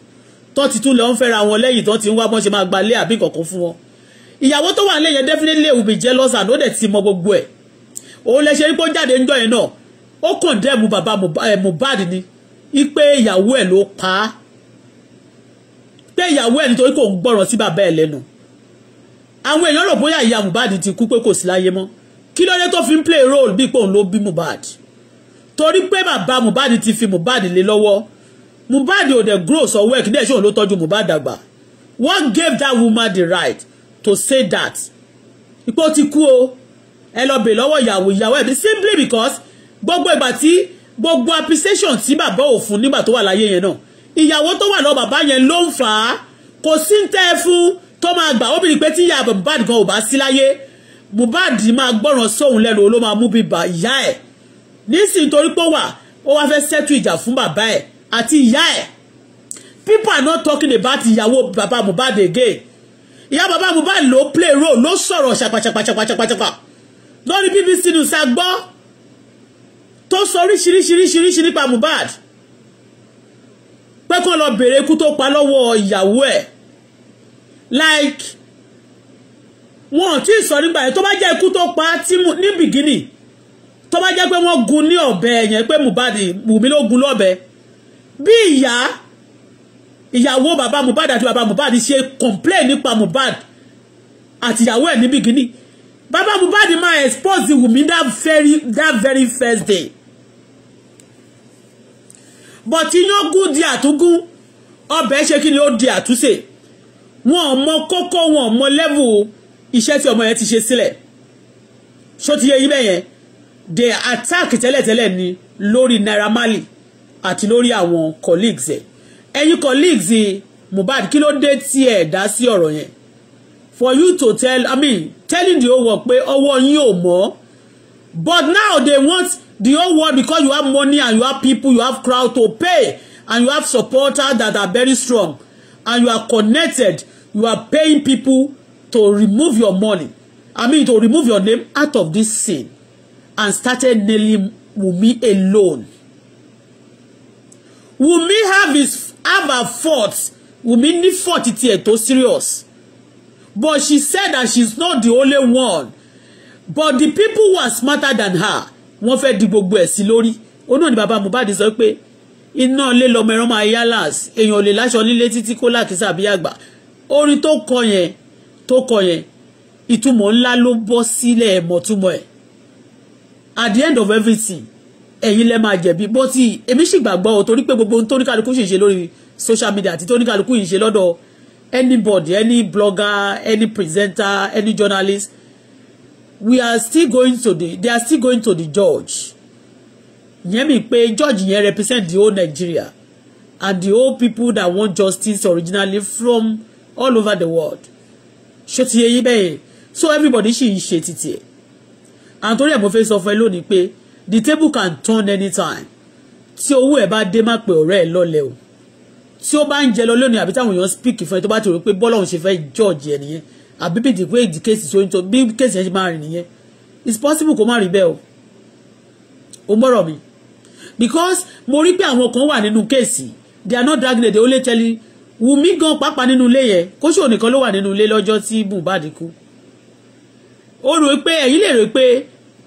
tó ti tún lọ ń fẹ́ra wọn lẹ́yìn tó ti ń wá bọ́n ṣe máa gba ilé àbí kọ̀ọ̀kan fún wọn ìyàwó tó wà nílé yẹn definitely will be jealous and ó dẹ̀ ti mọ gbogbo ẹ̀ òun lè ṣe rí pé ó jáde ń jọ yẹn náà ó condemn bàbá eh, Mohbad ni ipe ìyàwó ẹ̀ ló pa á pé ìyàwó ẹ̀ nítorí kò ń gbọ́rọ̀ sí bàbá ẹ̀ lẹ́nu àwọn èèyàn rò bóyá ìyá Mohbad ti kú pé kò sí láyé mọ́ kí ló dé tó fi ń play role bí pé òun ló bí Mohbad torí pé bàbá Mohbad ti fi Mohbad lé lọ́wọ́ Mohbad ò dẹ̀ grow sọ wẹ́ẹ̀kì dẹ̀ ṣé òun ló tọ́jú Mohbad àgbà what gave that woman the right to say that ipò ti kú o ẹ lọ bè lọ́wọ́ ìyàwó ìyàwó ẹ̀mí simply because gbogbo ìgbà tí gbogbo appreciation tí bàbá òfun nígbà tó wà láyé yẹn náà ìyàwó tó wà lọ bàbá yẹn ló ń fà á kò sí ń tẹ́ ẹ fún tó máa gbà ó bìrì pé tí ìyá Mohbad gan ò bá sí láyé Mohbad máa gbọ́ràn sóhun lẹ́nu ló máa mú bí bà ìyá ẹ̀ nísìnyí torí pé ó wà ó wá fẹ́ sẹ́tù ìjà fún bàbá ẹ̀ àti ìyá ẹ̀ people are not talking about ìyàwó bàbá Mohbad again ìyá bàbá Mohbad ló play role ló sọ̀rọ̀ ṣàpàṣàpàṣàpàṣàpà lórí BBC news a tó sọ oríṣiríṣiríṣiríṣi nípa Mohbad pé kàn lọ bèrè ikú tó pa lọ́wọ́ ìyàwó ẹ̀ like wọn ò tí ì sọ nígbà yẹn tó bá jẹ́ ikú tó pa ní bìgínì tó bá jẹ́ pé wọ́n gun ní ọ̀bẹ yẹn pé Mohbad Wùmí ló gun lọ́bẹ bí ìyá ìyàwó bàbá Mohbad àti bàbá Mohbad ṣe complain nípa Mohbad àti ìyàwó ẹ̀ ní bìgínì bàbá Mohbad máa expose Wùmí that very that very first day but iyán gún di àtúngún ọbẹ̀ ṣe kí ni ó di àtúnṣe wọn ò mọ kókó wọn ò mọ lẹ́bù iṣẹ́ tí ọmọ yẹn ti ṣe sílẹ̀ ṣó ti yẹ yín bẹ́ẹ̀ yẹn they attack tẹ́lẹ̀tẹ́lẹ̀ ni lórí Naira Marley àti lórí àwọn colleagues ẹ̀ ẹ̀yin colleagues Mohbad kí ló dé tí ẹ̀ dá sí ọ̀rọ̀ yẹn for you to tell i mean telling the whole world pé ọwọ́ yín ò mọ́ but now they want the whole world because you have money and you have people you have crowd to pay and you have supporters that are very strong and you are connected you are paying people to remove your money I mean to remove your name out of this scene and started nailing Wunmi alone Wunmi have his have her faults Wunmi need fault tiẹ̀ to serious but she said that she's not the only one but the people who are smarter than her wọ́n fẹ́ di gbogbo ẹ̀ sí lórí ó náà ni bàbá Mohbad sọ pé iná lé lọmọ ẹran máa yá láàs èèyàn lè láṣọ nílé títí kó làkísà bí àgbà orin tó kọ yẹn tó kọ yẹn ìtumọ̀ ńlá ló bọ́ sílẹ̀ ẹ̀mọ̀túmọ̀ ẹ̀ at the end of everything ẹ̀yin lẹ́ máa jẹ̀bi bó ti èmi sì gbàgbọ́ o torí pé gbogbo ohun tó ní kálukú ṣe lórí social media àti tó ní kálukú ṣe lọ́dọ̀ anybody any blogger any presenter any journalist we are still going to the they are still going to the judge ìyẹn mi pé judge yẹn represent the whole Nigeria and the whole people that want justice originally from all over the world ṣé ti yẹ yín so everybody ṣì ń ṣe títì ẹ̀ and torí ẹ̀ mo fẹ́ sọ fún ẹ lónìí pé the table can turn anytime tí owó ẹ̀ bá dé má pé ọ̀rẹ́ ẹ̀ lọ́lẹ̀ o tí ó bá ń jẹ lọ lónìí àbí táwọn èèyàn speak fún ẹ tó bá ti rò pé bọ́lọ́hún ṣe fẹ́ judge ẹ̀ nìyẹn àbí bí ìdìpé the case is ń tọ bí case ẹ ṣe máa rìn nìyẹn it's possible kó má rí bẹ́ẹ̀ o ò ń mi because mo rí pé àwọn kan wà nínú kéèsì they are not dragging they only tell you Wùmí gan pàápàá nínú ilé yẹn kóṣù nìkan ló wà nínú ilé lọ́jọ́ tí Mohbad kú ó rò pé ẹ̀yin lè rò pé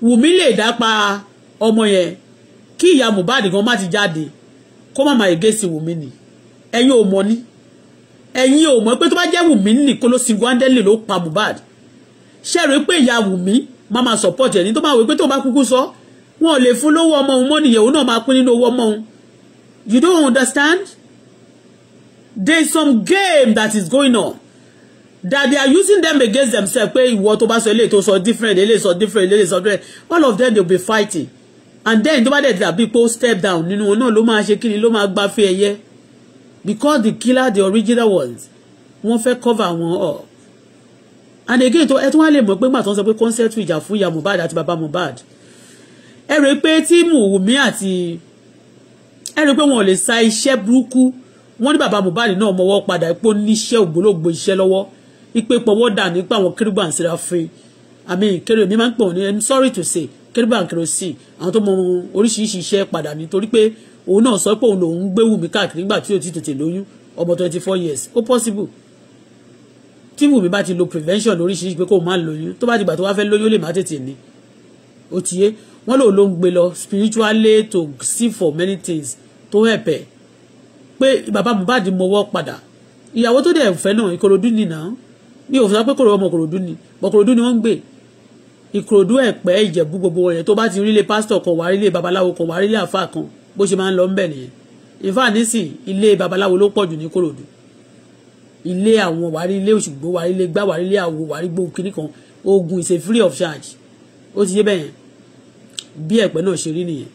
Wùmí lè dápa ọmọ yẹn kí ìyá Mohbad gan má ti jáde kó má má yege sí Wùmí ni ẹ̀yin ò mọ̀ ni ẹ̀yin ò mọ̀ pé tó bá jẹ́ Wùmí nìkan ló sin wándẹ́lì ló pa Mohbad ṣe rò pé ìyá Wùmí máa máa support ẹni tó máa wò pé tó bá kúkú sọ wọn ò lè fún lówó ọmọ òun mọ́nìyẹn òun náà máa kún nínú owó ọmọ òun you don't understand there is some game that is going on that they are using them against themselves pé ìwọ tó bá sọ eléyìí tó sọ different eléyìí sọ different eléyìí sọ different all of them dey be fighting and then tó bá dẹ̀ dàbí pé ó step down nínú wọn náà ló máa ṣe kí ni ló máa gbáfẹ́ ẹ̀yẹ́ because the killer the original ones wọ́n fẹ́ cover wọn up and again to ẹ tún wá lè mọ̀ pé gbà tó ń sọ pé consent ìjà fún ìyá Mohbad àti bàbá Mohbad ẹ rò pé tí Wùmí àti ẹ rò pé wọn ò lè sa iṣẹ́ burúkú wọ́n ní bàbá Mohbad náà mọ́wọ́ padà ipò níṣẹ́ ògbólógbò iṣẹ́ lọ́wọ́ ipe pọ̀wọ́ dà nípa àwọn kérúbà ń sira fún àmì kéré mi máa ń pọ̀ ní i'm sorry to say kérúbà ń kéré sí àwọn tó mọ oríṣiríṣi iṣẹ́ padà nítorí pé òun náà sọ pé òun lòun gbé Wùmí káàkiri nígbà tí ó ti tètè lóyún ọmọ twenty four years ó possible tí Wùmí bá ti lo prevention lóríṣiríṣi pé kó o má lóyún tó bá ti gbà tó wá fẹ́ lóyún ó lè má tètè ní ó ti yé wọ́n lò ló ń gbé lọ spiritually to see for many things tó hẹ̀pẹ̀ pé bàbá Mohbad mọ́wọ́ padà ìyàwó tó dẹ̀ fẹ́ náà Ìkòròdú ni náà mi ò sọ pé kòrò ọmọ Ìkòròdú ni Ìkòròdú ni wọ́n ń gbé Ìkòròdú Ẹ̀pẹ́ Ìjẹ̀bú gbogbo wọn yẹn tó bá ti rí ilé pásítọ̀ kan wà rí ilé babaláwo kan wà rí ilé àfáà kan bó ṣe máa ń lọ ń bẹ̀ nìyẹn ìfà nísìn ilé babaláwo ló pọ̀jù ní kòròdú ilé àwọn wàrí ilé òṣùgbó wàrí ilé gbá wàrí ilé àwo wàrí gbó kiri kan oògùn is a free of charge ó ti yé bẹ́yẹn bí ẹ̀pẹ́ náà ṣe rí nìyẹn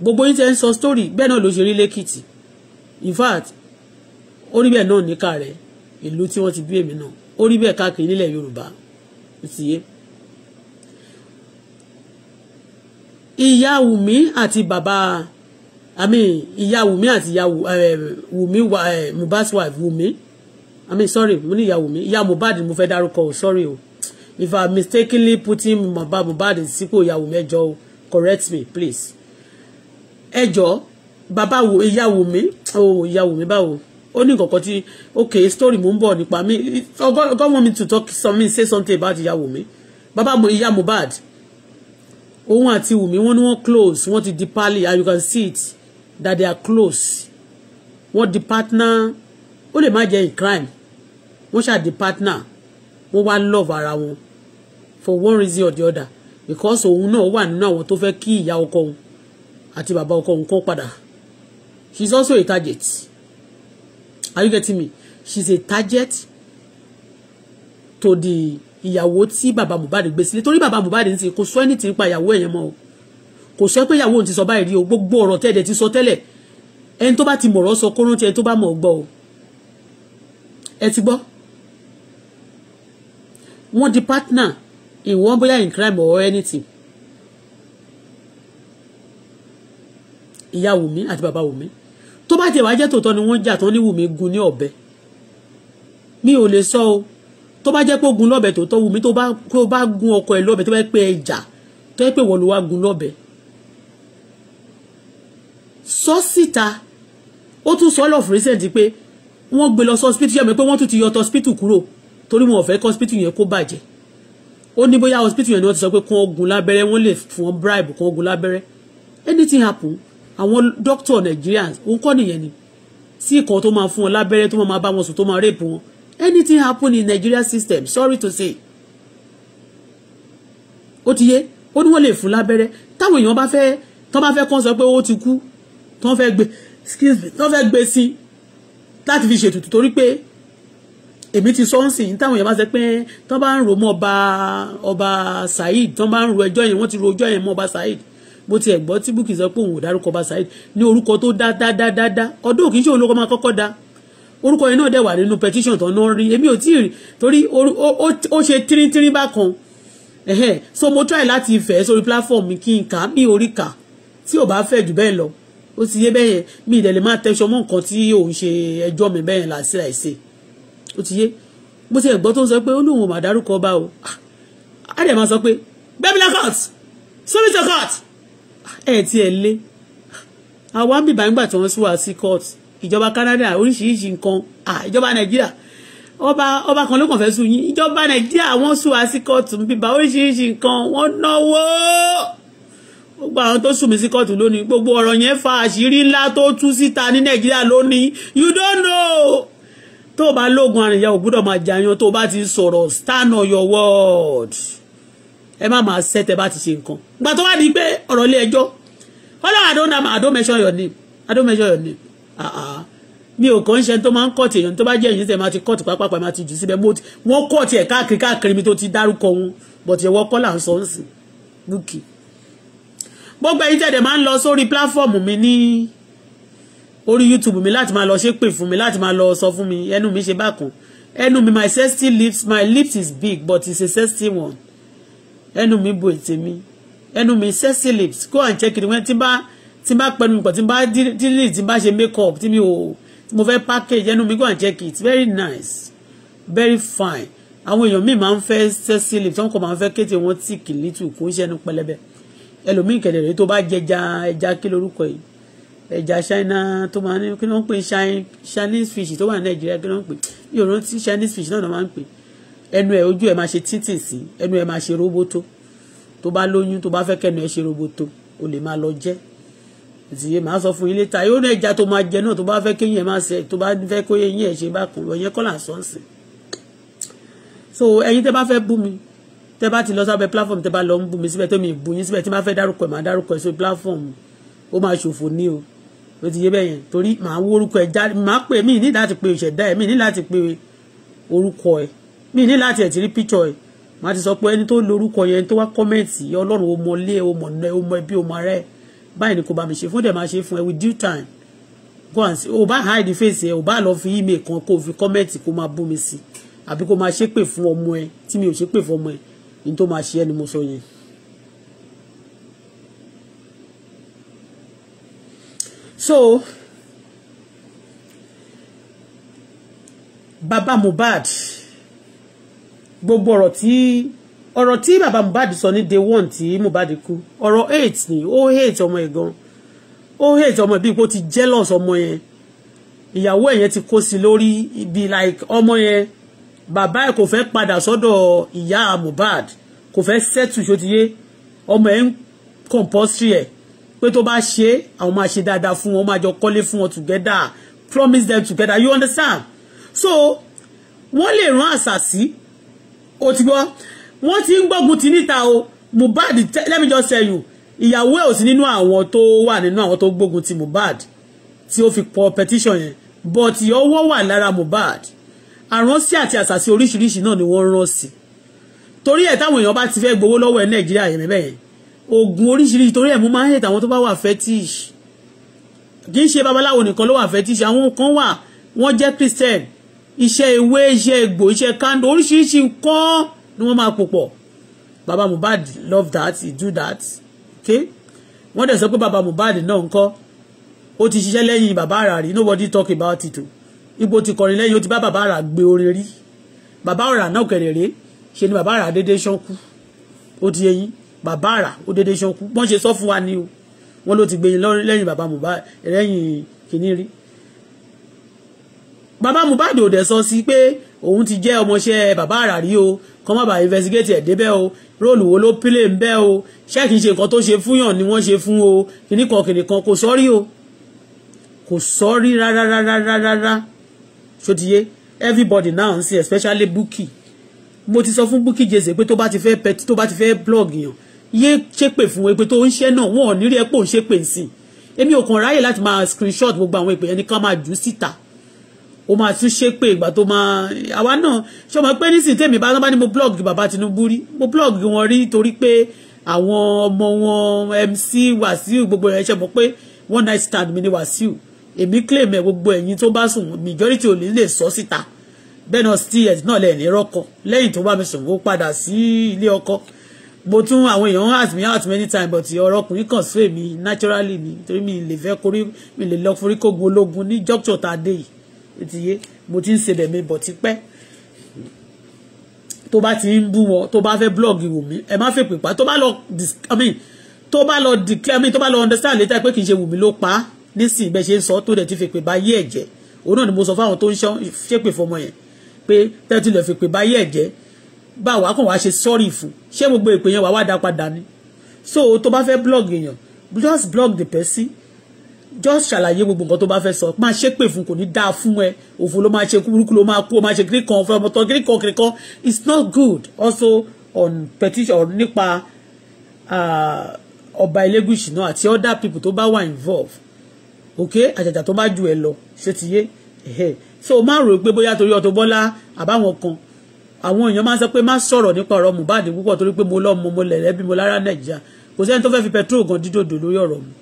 gbogbo yín ti ń sọ story bẹ́ẹ̀ náà ló ṣe rí lẹ́kìtì in fact ó rí bẹ́ẹ̀ náà níkà rẹ̀ ìlú tí wọ́n ti bí èmi náà ó rí bẹ́ẹ̀ káàkiri nílẹ̀ yorùbá ó ti yé ìyá wùmí àti bàbá i mean ìyá wùmí àti ìyá wùmí Mohbad's wife wùmí i mean sorry mo ní ìyá wùmí ìyá Mohbad mo fẹ́ dárúkọ o sorry o if i mistakenly put putting Mohbad sípò ìyá wùmí ẹ jọ̀ọ́ correct me please ẹ jọ̀ọ́ bàbá wo ìyá wùmí o ìyá wùmí báwo ó ní nǹkan tí ok story mo ń bọ̀ nípa mi God want me to talk some say something about ìyá wùmí bàbá ìyá Mohbad òun àti Wùmí wọ́n ní wọ́n close wọ́n ti di pali and you can see it that they are close wọ́n di partner ó lè má jẹ́ in crime wọ́n ṣáà di partner wọ́n wá love ara wọn for one reason or the other because òun náà wà nínú àwọn tó fẹ́ kí ìyá ọkọ òun àti bàbá ọkọ òun kàn padà she is also a target are you getting me she is a target to the ìyàwó tí bàbá Mohbad gbé sílé torí bàbá Mohbad ń sìn kò sọ ẹni tí ń pa ìyàwó ẹ̀yẹn mọ́ o kò sọ pé ìyàwó òun ti sọ báyìí rí o gbogbo ọ̀rọ̀ tẹ́ẹ̀dẹ̀ ti sọ tẹ́lẹ̀ ẹni tó bá ti mọ̀rọ̀ sọ kó rántí ẹni tó bá mọ̀ gbọ́ o ẹ ti gbọ́ wọ́n di partner in one bóyá in crime or anything ìyá Wùmí àti bàbá Wùmí tó bá tiẹ̀ wá jẹ́ tòótọ́ ni wọ́n jà tán ní Wùmí gun ní ọ̀bẹ mi ò lè sọ So, tó bá jẹ́ pé ogun lọ́bẹ̀ tó tọ́ wù mí tó bá tó bá gun ọkọ ẹ̀ lọ́bẹ̀ tó bá pẹ́ ẹja tó yẹ pé wọ́n ló wá gun lọ́bẹ̀ sọ síta ó tún sọ lọ́ọ̀fù recent pé wọ́n gbé lọ sọ́spítù yẹn mi pé wọ́n tún ti yọ tọ́spítù kúrò torí wọn ò fẹ́ kọ́spítù yẹn kó bàjẹ́ ó ní bóyá hospital yẹn ni wọ́n ti sọ pé kán ogun lábẹ́rẹ́ wọ́n lè fún wọn bribe kán ogun lábẹ́rẹ́ anything happen àwọn doctor Nigerians òun kọ́ nìyẹn ni sí ìkan tó máa fún wọn lábẹ́rẹ́ tó máa bá wọn sùn tó máa rape wọn anything happen in Nigeria system sorry to say ó ti yé ó ní wọ́n lè fún lábẹ́rẹ́ táwọn èèyàn bá fẹ́ tán bá fẹ́ kán sọ pé ó ti kú tán fẹ́ gbé excuse me tán fẹ́ gbé sí láti fi ṣètùtù torí pé èmi ti sọ́ọ̀sì ní táwọn èèyàn bá ṣe pé tán bá ń ro mọ́ ọba ọba Saheed tán bá ń ro ẹjọ́ yẹn wọ́n ti ro ẹjọ́ yẹn mọ́ ọba Saheed bó ti ẹ̀ gbọ́ tí Bukky sọ pé òun ò dárúkọ ọba Saheed ní orúkọ tó dá dá dá dá dá ọdún òkìí ṣe òun ló máa kọ́kọ́ dá orúkọ yẹn náà dẹ̀ wà nínú petition tó náà rí èmi ò tí ì rí torí ó ṣe tíríntírín bákan ẹ̀hẹ́ so mo try láti fẹ̀ sórí platform mi kí n kà á mi orí kà tí ò bá fẹ̀ jù bẹ́ẹ̀ lọ ó ti yé bẹ́yẹn mi ìdẹ̀lẹ̀ máa tẹ́sọ mọ́ nǹkan tí òun ṣe ẹjọ́ mi bẹ́yẹn láti láìsè ó ti yé mo ti ẹ̀gbọ́ tó ń sọ pé ó lóun ò mà dárúkọ ọba o á ah, dẹ̀ máa sọ pé bẹ́bílá court service your court ah, ẹ̀ tiẹ̀ lé ah, àwa ń bìbá nígbà tí wọ́n sún wa sí court ìjọba Canada oríṣiríṣi nǹkan ìjọba Nàìjíríà ọba ọba kan ló kàn fẹ́ sùn yín ìjọba Nàìjíríà wọ́n sùn wá sí kóòtù bíbá oríṣiríṣi nǹkan wọ́n náwó gbogbo àwọn tó sùn mí sí kóòtù lónìí gbogbo ọ̀rọ̀ yẹn fa àṣírí ńlá tó tú síta ní Nàìjíríà lónìí you don't know tó o bá lóògùn àrìnyá ò gbúdọ̀ máa jàyàn tó o bá ti sọ̀rọ̀ stand on your word ẹ má máa ṣẹ́ bá ti ṣe nǹkan gbà wá di pé ọ̀rọ̀ ilé ẹjọ́ ọlọ́run I don't mention your name I don't mention your name mi ò kàn ń ṣe tó máa ń kọ́ọ̀tì èèyàn tó bá jẹ́ èyí tẹ̀ máa ti kọ́ọ̀tì pápápá máa ti jù síbẹ̀ wọ́n kọ́ọ̀tì ẹ̀ káàkiri káàkiri mi tó ti dárúkọ wọn bọ̀tì ẹ̀wọ́ kọ́ là ń sọ ń sìn lùkì. gbogbo ẹ̀yin tẹ̀dẹ̀ máa ń lọ sórí pláfọ́ọ̀mù mi ní orí YouTube mi láti máa lọ ṣépè fún mi láti máa lọ sọ fún mi ẹnu mi ṣe bákan ẹnu mi my sexy lips my lips is big but it's a sexy one ẹnu mi bo ètè mi ẹnu mi sexy lips go and check it when tí bá tí n bá pẹnu pọ̀ tí n bá dílì tí n bá ṣe make up tí mi ò tí mo fẹ́ package ẹnu mi go and check it very nice very fine àwọn èèyàn míì máa ń fẹ́ sexy lips wọn kò máa ń fẹ́ kété wọn tí kìlítù kò ń ṣẹnu pẹlẹbẹ ẹlòmíì kẹlẹ̀ rèé tó bá jẹja ẹja kí lorúkọ yìí ẹja ṣáínà tó máa ń kí ló ń pè chinese fish tó wà ní nàìjíríà kí ló ń pè yóò rántí chinese fish náà ló máa ń pè ẹnu ẹ ojú ẹ máa ṣe títì sí ẹnu ẹ máa ṣe roboto tó bá lóyún tó bá fẹ́ kẹ́nu ẹ ṣe roboto o lè máa lọ jẹ́ ìtìyẹ máa sọ fún ilé ta yóò náà ẹja tó máa jẹ náà tó bá fẹ́ kéyìn ẹ máa ṣe tó bá fẹ́ kó yẹyìn ẹ ṣe bá kàn lọ yẹn kọ́ so ẹ̀yin tẹ́ bá fẹ́ bú mi tẹ́ bá ti lọ sábẹ́ platform tẹ́ bá lọ ń bú mi síbẹ̀ tẹ́ mi bú yín síbẹ̀ tí máa fẹ́ dárúkọ ẹ̀ máa dárúkọ ẹ̀ sórí platform ó máa ṣòfò ní o ló ti yé bẹ́ẹ̀ yẹn torí màá wó orúkọ ẹ̀ já màá pè mí ní láti pe ìṣẹ̀dá ẹ̀ mí ní láti pe orúkọ ẹ̀ mí ní láti ẹ̀ ti rí picture ẹ̀ màá ti sọ pé ẹni tó lo orúkọ yẹn tó wá kọ́mẹ̀ntì ọlọ́run ó mọ ilé ó mọ ẹbí ó mọ rẹ́ẹ̀ báyìí ni kò bá mi ṣe fún dẹ̀ máa ṣe fún ẹ with due time go and see o bá hide face ẹ o bá lọ fi email kan kó o fi comment kó máa bú mi sí àbí kó máa ṣépè fún ọmọ ẹ tí mi ò ṣépè fún ọmọ ẹ ní tó máa ṣe ẹ ni mo sọ yẹn. so baba Mohbad gbogbo ọ̀rọ̀ tí ọ̀rọ̀ tí bàbá Mohbad sọ ní day one tí Mohbad kú ọ̀rọ̀ eight ni ó eight ọmọ ẹ̀ gan ó eight ọmọ ẹ̀ bíi pé ó ti jealous ọmọ yẹn ìyàwó ẹ̀ yẹn ti kó sí lórí ibi like ọmọ yẹn bàbá ẹ̀ kò fẹ́ padà sọ́dọ̀ ìyá Mohbad kò fẹ́ settle ṣó ọmọ ẹ̀ ń compulsory ẹ̀ pé tó bá ṣe àwọn máa ṣe dáadáa fún wọn máa jọ kọ́lé fún wọn together promise them together you understand so wọ́n lè rán àṣà sí ó ti gbọ́ wọ́n ti ń gbógun ti níta o Mohbad let me just tell you ìyàwó ẹ̀ ò sí nínú àwọn tó wà nínú àwọn tó gbógun ti Mohbad tí ó fi pọ petition yẹn but ọwọ́ wà lára Mohbad àránsí àti àṣàṣì oríṣiríṣi náà ni wọ́n rán sí torí ẹ̀ táwọn èèyàn bá ti fẹ́ gbowó lọ́wọ́ ẹ̀ Nàìjíríà yẹn bẹ́ẹ̀ yẹn oògùn oríṣiríṣi torí ẹ̀ mo máa ń hẹ̀tà àwọn tó bá wà fetish kì í ṣe babaláwo nìkan ló wà fetish àwọn kan wà wọ́n jẹ́ Christian iṣẹ́ ewé iṣẹ́ egbò iṣẹ́ kando oríṣiríṣi nǹkan ni wọ́n máa pòpọ̀ baba Mohbad love that he do that okay wọ́n dẹ̀ sọ pé baba Mohbad náà ń kọ́ ó ti ṣiṣẹ́ lẹ́yìn bàbá àrà rí nobody talk about it o ipò ti kọrin lẹ́yìn ó ti bá bàbá àrà gbé orin rí bàbá àrà náà kẹrẹ̀rẹ̀ ṣe ni baba àrà déédéé ṣánkú ó ti yẹ yín bàbá àrà ó déédéé ṣánkú bọ́n ṣe sọ fún wa ni o wọ́n ló ti gbé yín lẹ́yìn bàbá Mohbad lẹ́yìn kìíní rí bàbá Mohbad ò dẹ̀ sọ sí pé òun ti jẹ́ ọmọọṣẹ́ bàbá àrà rí o kọ́ má bàa investigate ẹ̀ débẹ̀ o róòlù wo ló pílè ń bẹ́ o ṣé kìí ṣe nǹkan tó ṣe fún yàn ni wọ́n ṣe fún o kìíní kan kìíní kan kò sọ́rí o kò sọ́rí rárá rárá ṣòtìyé everybody now ń sin especially Bukky mo ti sọ fún Bukky jese pé tó bá ti fẹ́ pet tó bá ti fẹ́ blog yàn yé ṣépè fún wọn pé tó ń ṣe náà wọn ò ní rí ẹ pé òun ṣépè ń sìn èmi ò kàn ráyè láti máa screenshot gbogbo àwọn ìpè yẹn ní ká máa jù síta ó máa tún ṣe pé ìgbà tó máa àwa náà ṣe mọ̀ pé nísìnyí tèmi bá tán bá ní mo blog bàbá Tinubu rí mo blog wọn rí torí pé àwọn ọmọ wọn MC Wàsíù gbogbo ẹ̀ ṣe mọ̀ pé one night stand mi ni Wàsíù èmi claim ẹ̀ gbogbo ẹ̀yin tó bá sùn majority ò ní lè sọ síta bẹ́ẹ̀ náà steers náà lẹ́yìn rọ́kọ lẹ́yìn tó bá mi sùn ó padà sí ilé ọkọ mo tún àwọn èèyàn ask me out many times but ọ̀rọ̀ ọkùnrin kan sún èmi naturally mi torí mi lè fẹ́ korí mi lè lọ forí kógun ológun ní jọ́kítọ̀ tá a dé yìí ó ti yé mo ti ń ṣe bẹ̀mí bọ̀ tipẹ́ tó bá ti ń bú wọn tó bá fẹ́ blọ́ọ̀gì Wùmí ẹ má fẹ́ pèpà tó bá lọ i mean tó bá lọ declare i mean tó bá lọ understand later pé kì í ṣe Wùmí ló pa á nísìnyí bẹ́ẹ̀ ṣe ń sọ tó dẹ̀ ti fi pè bá yé ẹ̀jẹ̀ òun náà ni mo sọ fáwọn tó ń ṣépè fọmọ yẹn pé tẹ́tí lọ́ọ́ fi pè bá yé ẹ̀jẹ̀ bá wàá kàn wá ṣe sọ́ọ̀rì fún ṣé gbogbo èpè yẹn wàá wá dá padà ni so tó bá fẹ́ blọ́ọ̀gì èèyàn just block the person just ṣàlàyé gbogbo nǹkan tó bá fẹ́ sọ máa ṣe pè fún kò ní dáa fún ẹ òfò ló máa ṣe kúrúkú ló máa kú ó máa ṣe kiri kan fún ọmọ tán kiri kan kiri kan it's not good also on petition nípa ọba Elégùṣì náà àti other people tó bá wà involved okay àjàjà tó bá ju ẹ lọ ṣé ti yé so má rò pé bóyá torí Auto Bola àbáwọn kan àwọn èèyàn máa ń sọ pé má sọ̀rọ̀ nípa ọ̀rọ̀ Mohbad púpọ̀ torí pé mo lọ́mọ mo lẹ̀lẹ́ bí mo lára Nàìjíríà kò sẹ́ni tó fẹ́ fi petrol gan dídòdò lórí ọ̀rọ̀ mi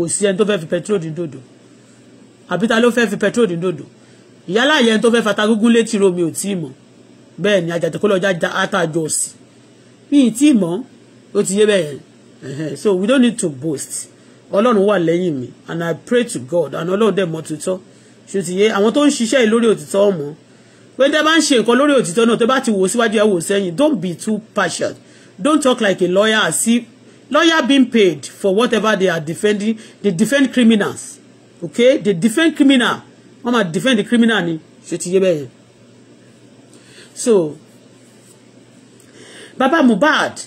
kò sí ẹni tó fẹ́ fi petrol dín dòdò àbí ta ló fẹ́ fi petrol dín dòdò ìyálà yẹn tó fẹ́ fatagúngún létí romi ò tí ì mọ̀ bẹ́ẹ̀ ni àjàtẹ̀kọ́ lọ́jà àtàjọ sí mi ì tí ì mọ̀ ó ti yé bẹ́ẹ̀ so we don't need to boast ọlọ́run wà lẹ́yìn mi and I pray to God and ọlọ́run dẹ̀ mọ̀ tuntun ṣe ti yé àwọn tó ń ṣiṣẹ́ lórí òtítọ́ ọmọ pé tẹ́ bá ń ṣe nǹkan lórí òtítọ́ náà tẹ́ bá ti wò síwájú ẹ̀ wò sẹ́yìn don't be too partial don't talk like a lawyer as if lawyer being paid for whatever they are defending they defend criminals okay they defend criminal Mama defend the criminal ni ṣe ti yé bẹ́ẹ̀ so baba mubad.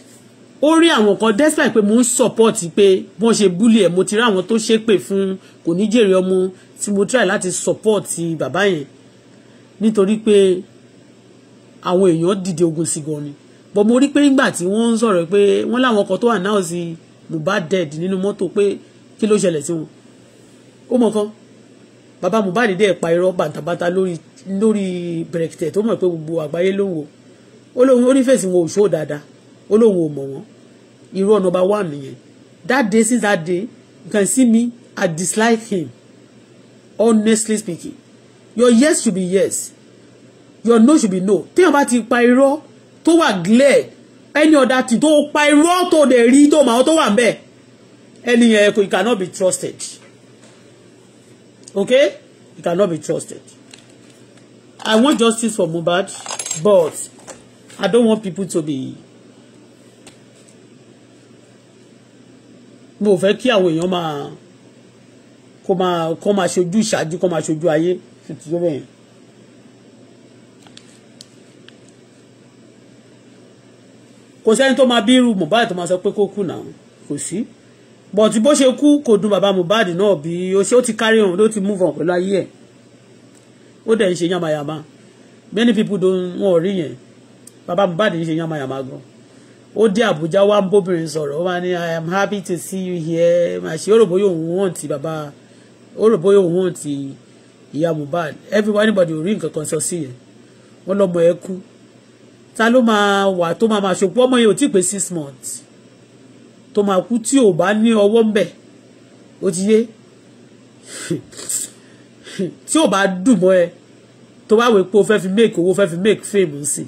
ó rí àwọn kan despite pé mo ń support pé wọ́n ṣe búlì ẹ̀ mo ti rí àwọn tó ṣépè fún kò ní jèrè ọmọ tí mo try láti support bàbá yẹn nítorí pé àwọn èèyàn dìde ogun sí gan but mo rí pé nígbà tí wọ́n ń sọ̀rọ̀ pé wọ́n láwọn kan tó wà náà sí Mohbad dead nínú mọ́tò pé kí ló ṣẹlẹ̀ sí wọn ó mọ̀ kan bàbá Mohbad dẹ̀ pa irọ́ bàtàbàtà lórí lórí bẹ̀rẹ̀kìtẹ̀ tó mọ̀ pé gbogbo àgbáyé ló wò ó lóun ó nífẹ̀ẹ́ sí wọn ò ṣó dáadáa ó lóun ò mọ̀ wọ́n irọ́ number one nìyẹn that day since that day you can see me I dislike him honestly speaking your yes should be yes your no should be no téèyàn bá ti pa irọ́ tó wà glẹ̀ any other thing tó pa irọ́ tó dẹ̀ rí tó mọ̀ àwọn tó wà bẹ́ẹ̀ ẹni yẹn kò it cannot be trusted okay it cannot be trusted I want justice for Mohbad but I don't want people to be mo fẹ́ kí àwọn èèyàn máa kó máa kó máa ṣojú ìṣáájú kó máa ṣojú ayé tuntun tó bẹ̀yẹn. kò sẹ́ni tó máa bí irú Mohbad tó máa sọ pé kó kú náà kò sí bọ̀tí bó ṣe kú kò dùn bàbá Mohbad náà bí o ṣe ó ti kárí on ló ti move on pẹ̀lú ayé ẹ̀ ó dẹ̀ ń ṣe yamayama many people don wọn yẹn bàbá Mohbad ń ṣe yamayama gan ó dé Àbújá wá ń bóbìnrin sọ̀rọ̀ ó máa ní I am happy to see you here ṣe ìyá ta ló máa wà tó máa máa ṣòpọ̀ ọmọ yẹn ò tí pé six months tó máa kú tí ò bá ní ọwọ́ ń bẹ̀ ó ti yé tí ò bá dùn mọ́ ẹ tó bá wèé pé o fẹ́ fi make owó fẹ́ fi make fame sí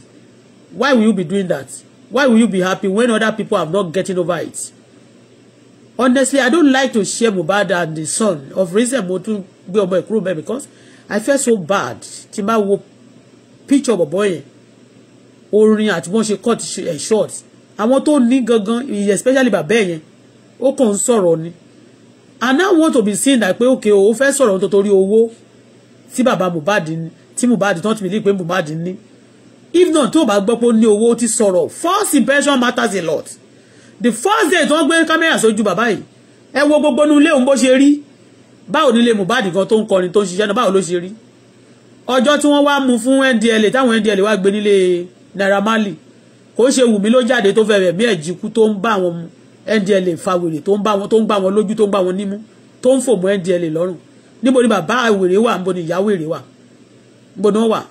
why will you be doing that why will you be happy when other people are not getting over it honestly i don't like to share Mohbad and the son of reason mo tún gbé ọmọ ẹ kúrò mẹ because i feel so bad tí n bá wo picture bọ̀bọ̀ yẹn orin àti wọ́n ṣe cut ẹ̀ eh, short àwọn tó ní gangan especially bàbá yẹn ó kàn ń sọ̀rọ̀ ni and now want to be seen that pé okay o fẹ́ sọ̀rọ̀ tó torí owó tí bàbá Mohbad ní tí Mohbad tán ti believe pé Mohbad ní if not tó bá gbọ́ pé ó ní owó ti sọ̀rọ̀ first impression matters a lot the first day tó ń gbé kámẹ́rà sójú bàbá yìí ẹ wo gbogbo inú ilé òun bó ṣe rí báwo nílé Mohbad kan tó ń kọrin tó ń ṣiṣẹ́ náà báwo ló ṣe rí ọjọ́ tí wọ́n wá mú fún NDLA táwọn NDLA wá gbé nílé Naira Marley kò ṣe Wùmí ló jáde tó fẹ́ rẹ̀mí ẹ̀jìkú tó ń bá àwọn NDLA fa wèrè tó ń bá wọn lójú tó ń gbá wọn nímú tó ń fòmù NDLA lọ́rùn níbo ni bàbá wèrè wà níbo ni ìyá wèrè wà níbo ni wọ́n wà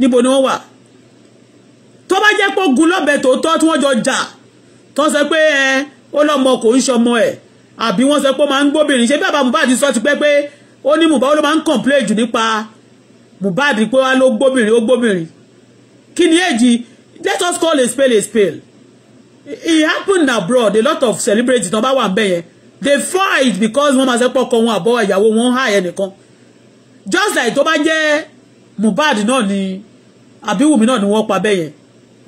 níbo ni wọ́n wà tó bá jẹ́ pé ogun lọ́bẹ̀ tòótọ́ tí wọ́n jọ jà tó sọ pé ẹ ó lọ́mọ kò ń ṣọmọ ẹ̀ àbí wọ́n sọ pé ó máa ń gbóbìnrin ṣe bí bàbá Mohbad sọ ti pẹ́ pé ó ní Mohbad ó ló máa ń complain jù nípa Mohbad pé wá ló gbóbìnrin ó gbóbìnrin kí ni let us call a spell a spell. it happened abroad a lot of celebrities number one, wà they fight because one máa ṣe pọ̀kọ wọn àbọ̀ ìyàwó wọn ń hà yẹn nìkan just like tó bá jẹ́ Mohbad náà ni àbí Wùmí náà ni wọ́n pa bẹ́ẹ̀ yẹn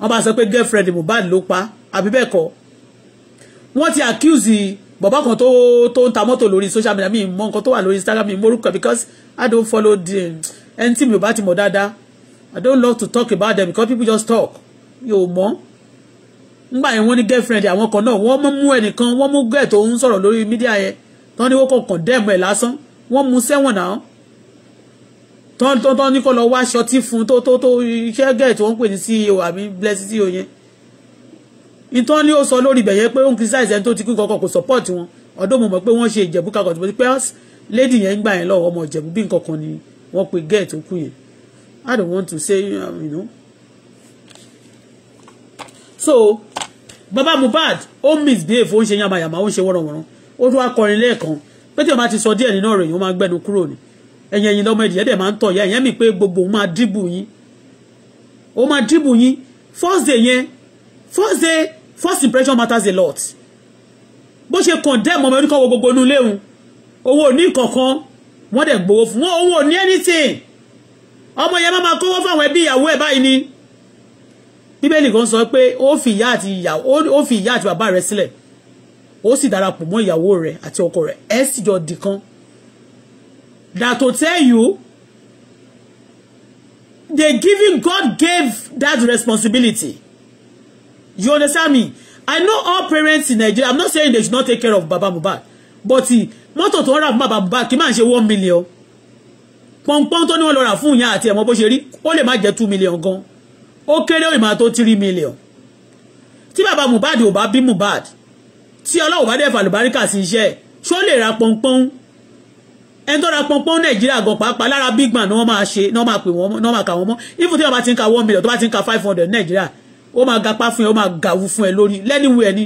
wọ́n bá girlfriend Mohbad ló pa àbí bẹ́ẹ̀ kọ́ wọ́n ti accuse bàbá kan tó tó ń ta social media mi mọ nǹkan tó Instagram mi mórúkọ because I don't follow the ẹni tí mi ò bá ti I don't love to talk about them because people just talk yóò mọ́ ngbà yẹn wọ́n ní girlfriend àwọn kan náà wọ́n mú ẹnìkan wọ́n mú girl tó ń sọ̀rọ̀ lórí mídíà yẹn tán ní ó kàn kàn dẹ́ẹ̀mọ́ ẹ̀ lásán wọ́n mú sẹ́wọ̀n náà tán tán tán ní kó lọ wá ṣọtí fún tó tó tó iṣẹ́ girl tí wọ́n ń pè ní CEO àbí blessing CEO yẹn ìtàn ni ó sọ lórí ibẹ̀ yẹn pé ó ń criticize ẹni tó ti kú kankan kò support wọn ọdún mo mọ̀ pé wọ́n ṣe ìjẹ̀bú kakọ̀ tó pé lady yẹn ń gbà yẹn lọ́wọ́ ọmọ ìjẹ̀bú bí nǹkan kan ni wọ́n pe girl tó kú yẹn I don't want to say um, you know so baba Mohbad ó misbehave ó ń ṣe yamayama ó ń ṣe wọ́rọ̀wọ́rọ̀ ó tún wá kọrin lẹ́ẹ̀kan pé tí wọ́n bá ti sọ díẹ̀ nínú ọ̀rọ̀ yìí wọ́n máa gbẹ́nu kúrò ní ẹ̀yìn ẹ̀yìn lọ́mọ ẹ̀dìyẹ́ máa ń tọ̀ ya ìyẹn mi pé gbogbo òun máa dìbò yín ó máa dìbò yín first day yẹn first day first impression matters a lot bó ṣe condemn ọmọ ẹni kan wo gbogbo inú léwu owó ní kankan wọ́n dẹ̀ gbowó fún wọn owó ní anything ọmọ yẹn máa kówó fáwọn ẹbí ìyàwó ẹ̀ báyìí ni bíbélì kan sọ pé ó fi ìyá àti ìyàwó ó fi ìyá àti bàbá rẹ̀ sílẹ̀ ó sì darapọ̀ mọ́ ìyàwó rẹ̀ àti ọkọ rẹ̀ ẹ̀ sì jọ dìkan that to tell you they giving God gave that responsibility. You understand me? I know all parents in Nigeria. I'm not saying they should not take care of Baba Mohbad. But mọ́tò tó ń ra Baba Mohbad kì í máa ṣe one million pọ̀npọ́n tó ní wọ́n lọ rà fún ìyá àti ẹ̀mọ́ bó ṣe rí ó lè má jẹ́ two million gan ó kéré ó tó three million tí bàbá Mohbad ò bá bí Mohbad tí ọlọ́wọ́ bá dẹ̀ fàlùbáríkà sí iṣẹ́ ẹ̀ ṣé ó lè ra pọ̀npọ́n ẹni tó ra pọ̀npọ́n Nàìjíríà gan pàápàá lára big man ni wọ́n máa ṣe ni wọ́n máa pè wọ́n ni wọ́n máa kà wọ́n mọ́ even tí wọ́n ti ń ka one million tó bá ti ń ka five hundred Nàìjíríà ó máa gapá fún ẹ ó máa gàwú fún ẹ lórí lẹ́niwẹ̀ẹ́ ni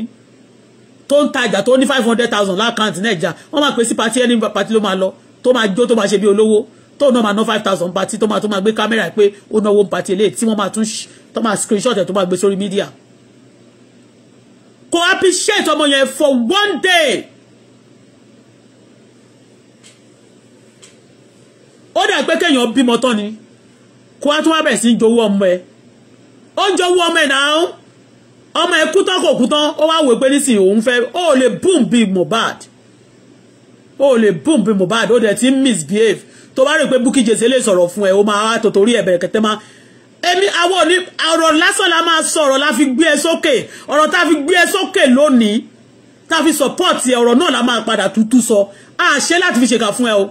tó ń tajà tó ní five hundred thousand lákàntì Nàìjíríà wọ́n máa pè sí pati ẹni pati ló máa lọ tó máa jó tó máa ṣe bí olówó tó náà máa ná five thousand pati tó máa tó máa gbé kámẹ́rà pé ó náwó pati eléyìí tí wọ́n máa tún tó máa screenshot ẹ̀ tó máa gbé sórí mídíà kò appreciate ọmọ yẹn for one day ó dà pé kéèyàn bímọ tán ni kó wá tún wá bẹ̀rẹ̀ sí í jowó ọmọ ẹ̀ ó ń jowó ọmọ ẹ̀ náà ọmọ ẹ̀ kú tán kò kú tán ó wá wò pé nísìnyí òun fẹ́ ó lè boom bíi Mohbad ó lè boom bíi Mohbad ó dẹ̀ ti misbehave tó bá rò pé Bukky Jesse lè sọ̀rọ̀ fún ẹ ó máa tòtórí ẹ̀ bẹ̀rẹ̀ kẹtẹ́ máa èmi àwọn òní ọ̀rọ̀ lásán la máa soro la fi gbé ẹ sókè ọ̀rọ̀ tá a fi gbé ẹ sókè lónìí tá a fi support ẹ ọ̀rọ̀ náà la máa padà tútú sọ a ṣe láti fi ṣèkà fún ẹ o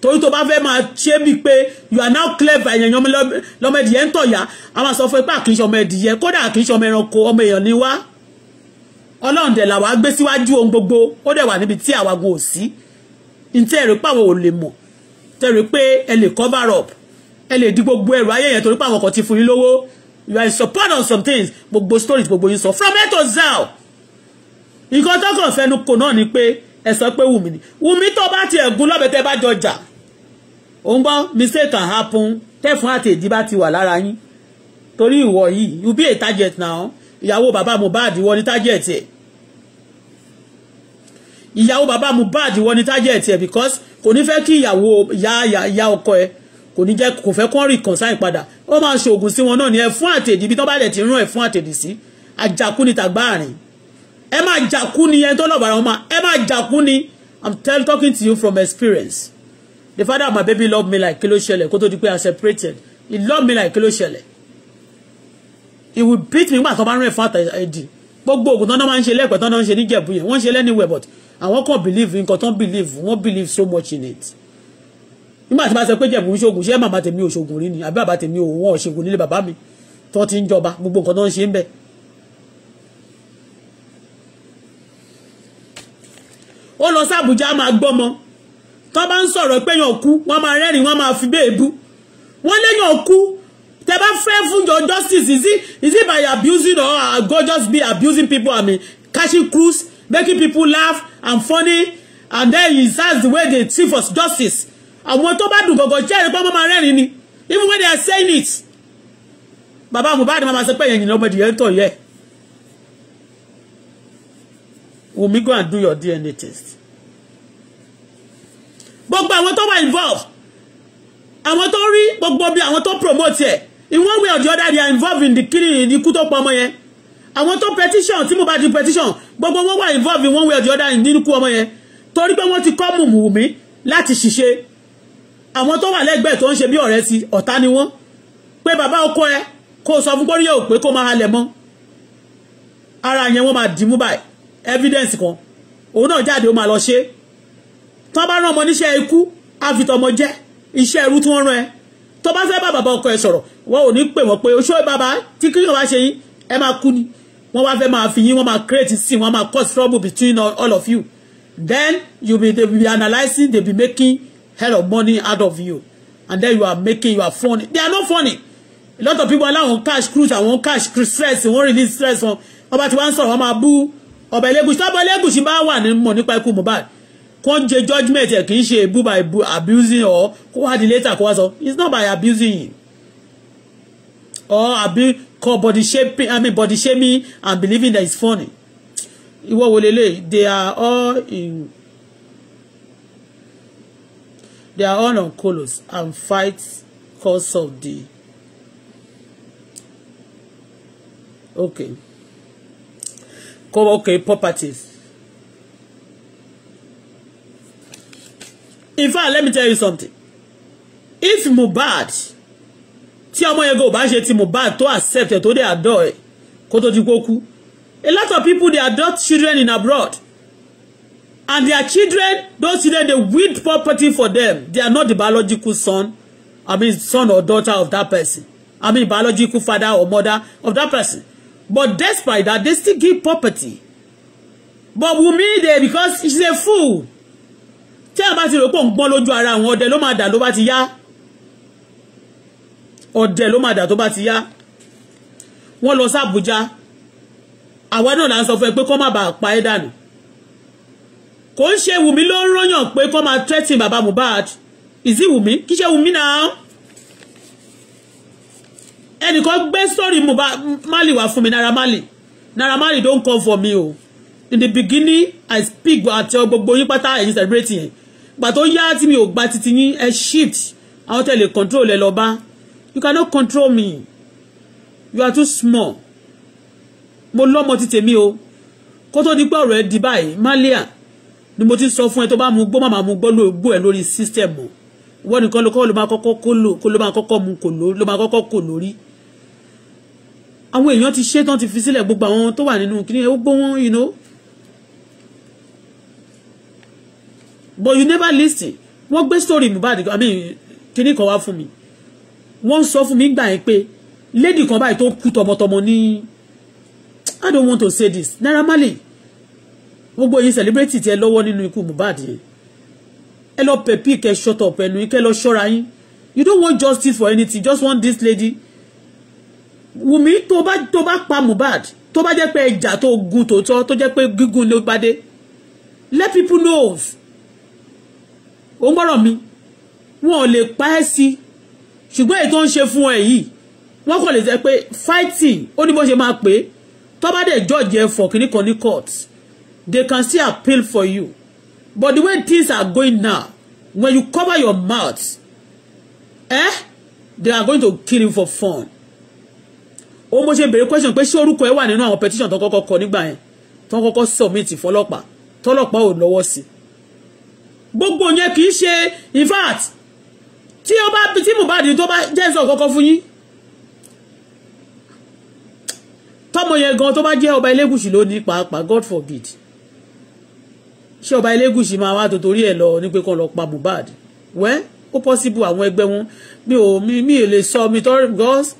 torí tó bá fẹ́ máa ṣe bíi pé you are now clever èèyàn lọ́mọ ẹ̀dìyẹ ń tọ̀yà a máa sọ fún ẹ pé àkìíṣe ọmọ ẹ̀dìyẹ kódà àkìíṣe ọmọ ẹranko ọmọ èèyàn ni wá ọlọ́run dẹ̀ làwa gbé síwájú ohun gbogbo ó dẹ̀ wà níbi tí àwa gun ò sí ní tí ẹ̀rí pàwọn ò lè mọ̀ tẹ̀rí pé ẹ lè cover up ẹ lè di gbogbo ẹrù ayé yẹn torí pé àwọn kan ti fún yín lówó you are in support on some things gbogbo stories gbogbo yín sọ from A to Z nǹkan tó kàn fẹnu kò náà ni pé ẹ sọ pé Wùmí ni Wùmí tó bá ti ẹ̀gún lọ́bẹ̀ tẹ́ bá jọ jà òun gbọ́ mistake can happen tẹ́fun àti èdè bá ti wà lára yín torí ìwọ yìí you be a target now ìyàwó bàbá Mohbad wọ ní target ẹ̀ ìyàwó bàbá Mohbad wọ́n ní target ẹ̀ because kò ní fẹ́ kí ìyàwó ìyá ọkọ ẹ̀ kò ní jẹ́ kò fẹ́ kán rí consign padà ó máa ṣoògùn sí wọn náà ní ẹ̀fún àtẹ̀dí ibi tó bá dẹ̀ ti rán ẹ̀fún àtẹ̀dí sí àjàkú ni tàgbáàrin ẹ máa jàkú ni ẹni tó lọ́bàrà wọn máa ẹ máa jàkú ni I'm tell talking to you from experience the father of my baby love me like kilo ló ṣẹlẹ̀ kó tó di pé I separated he love me like kilo ló he will beat me nígbà tó bá rán ẹ̀fún àtẹ̀dí gbogbo ògùn tó náà máa ń ṣe lẹ́ẹ̀pẹ̀ tó náà ń ṣe níjẹ̀bú yẹn wọ́n ń ṣe lẹ́niwẹ̀ but àwọn kan believe nǹkan tán believe wọ́n believe so much in it nígbà tí bá sọ pé jẹ̀bù ń ṣoògùn ṣé màmá tèmi ò ṣoògùn rí ni àbí bàbá tèmi ò wọ́n ṣoògùn nílé bàbá mi tó ti ń jọba gbogbo nǹkan tó ń ṣe ń bẹ̀. ó lọ sí Àbújá máa gbọ́mọ tó bá ń sọ̀rọ̀ pé èèyàn kú wọ́n máa rẹ́rìn-ín wọ́n máa fi bẹ́ẹ̀ bú wọ́n léèyàn kú tẹ bá fẹ́ fúnjọ justice is it is it by abusing or go just be abusing people I mean catching crews making people laugh and funny and then he says the way they thief for justice àwọn tó bá dùn gọ̀gọ̀ jẹ́ ìrìpọ́ máa rẹ́rìn ni even when they are saying it bàbá Mohbad máa sọ pé èyàn ìyàn ọmọdé yẹn tọ̀ yẹ Wunmi go and do your DNA test gbogbo àwọn tó wà involved àwọn tó rí gbogbo bí àwọn tó promote ẹ̀ in one way or the other they are involved in the killing in ikú tó pa ọmọ yẹn àwọn tó petition tí mo bá di petition gbogbo wọn wà involve in one way or the other nínú kú ọmọ yẹn torí pé wọ́n ti kọ́ mùmù mi láti ṣiṣẹ́ àwọn tó wà lẹ́gbẹ̀ẹ́ tó ń ṣe bí ọ̀rẹ́ sí ọ̀tá ni wọ́n pé bàbá ọkọ ẹ kó sọ fún kóríyẹ òpé kó máa halẹ̀ mọ́ ara yẹn wọ́n máa dì mú báyìí evidence kan òun náà jáde ó máa lọ ṣe tó bá rán ọmọ níṣẹ́ ikú àfitọ́mọ jẹ́ iṣẹ́ ẹrú tí wọ́n rán ẹ tó bá fẹ́ bá bàbá ọkọ ẹ sọ̀rọ̀ wọ́n ò ní pè wọ́n pé oṣó bàbá tí kíyàn bá ṣe yín ẹ máa kú ni wọ́n wá fẹ́ máa fi yín wọ́n máa create sin wọ́n máa cause trouble between all, of you then you be they be analysing they be making hell of money out of you and then you are making you are funny they are not funny a lot of people aláwọn cash cruise àwọn cash stress wọ́n release stress from. ọba tí wọ́n sọ̀rọ̀ wọ́n máa bú ọba Elégùṣì tọ́ba Elégùṣì bá wà nímọ̀ nípa ikú Mohbad kò ń jẹ judgement ẹ̀ kì í ṣe bú by abusing or kó wá di later kó wá sọ it's not by abusing or abuse call body shaping i mean body shaming and believing that it's funny ìwọ wo lele they are all in they are all on colors and fight cause of the okay okay properties in fact let me tell you something if Mohbad tí ọmọ yẹn kò bá ṣe ti Mohbad to accept ẹ̀ tó dé àdọ́ ẹ̀ kó tó ti kó a lot of people they adopt children in abroad and their children those children they wield property for them they are not the biological son I mean son or daughter of that person I mean biological father or mother of that person but despite that they still give property but we Wunmi there because she's a fool Tell a bá ti ara àwọn ọdẹ ló máa dà ló bá ti yá. ọ̀dẹ̀ ló máa dà tó bá ti yá wọn lọ sábùjá àwa náà là ń sọ fún ẹ pé kó má bàa pa ẹ́ dànù kò ń ṣe Wùmí ló ń rányàn pé kó máa threaten bàbá Mohbad ìsí Wùmí kì í ṣe Wùmí náà ẹnìkan gbé sọ́ọ̀rì Mohbad Marley wá fún mi Naira Marley Naira Marley don come for mi o in the beginning I speak àti gbogbo yín pátá ẹ̀yin celebrating yẹn gbà tó yá tí mi ò gba titi yín ẹ shift àwọn tẹ̀lé control ẹ lọ bá you cannot control me you are too small mo lọ́mọ ti tèmi o kó tó di pé ọ̀rọ̀ ẹ di báyìí malia ni mo ti sọ fún ẹ tó bá mu gbó màmá mu gbó ló gbó ẹ lórí system o wọ́n nìkan ló kọ́ ló máa kọ́kọ́ kó lò kó ló máa kọ́kọ́ mu kò lórí ló máa kọ́kọ́ kò lórí àwọn èèyàn ti ṣe tán ti fi sílẹ̀ gbogbo àwọn tó wà nínú kìnìún ó gbó wọn you know but you never listen wọ́n gbé story Mohbad i mean kìnìún kan wá fún mi wọ́n sọ fún mi gbà yẹn pé lady kan báyìí tó kú tọmọtọmọ ní i don't want to say this Naira Marley gbogbo yìí celebrate tiẹ̀ lọ́wọ́ nínú ikú Mohbad yẹn ẹ lọ pẹ̀pì kẹ shut up ẹnu yín kẹ lọ ṣọ́ra yín you don't want justice for anything just want this lady Wùmí tó bá tó bá pa Mohbad tó bá jẹ́ pé ẹja tó gun tòótọ́ tó jẹ́ pé gígùn ló bá dé let people know ó ń gbọ́rọ̀ mi wọn ò lè pa ẹ́ sí ṣùgbọ́n èyí tó ń ṣe fún ẹ yìí wọ́n kàn lè sẹ́ pé fighting ó ní bó ṣe máa pé tó George dẹ̀ judge ẹ kan ní court they can still appeal for you but the way things are going now when you cover your mouth eh they are going to kill you for fun ó mo ṣe béèrè question pé ṣé orúkọ ẹ wà nínú àwọn petition tó kọ́kọ́ kọ nígbà yẹn tó kọ́kọ́ submit fọ́lọ́pàá tọ́lọ́pàá ò lọ́wọ́ sí gbogbo yẹn kì í ṣe in fact tí ó bá tí Mohbad tó bá jẹ́ sọ kọ́kọ́ fún yín tọ́mọ yẹn gan tó bá jẹ́ ọba Elégùṣì ló ní pàápàá God forbid ṣé ọba Elégùṣì máa wá tòtórí ẹ̀ lọ ní pé kàn lọ pa Mohbad wẹ́n ó pọ́síbù àwọn ẹgbẹ́ wọn mi ò mi mi ò lè sọ mi tọ́rí because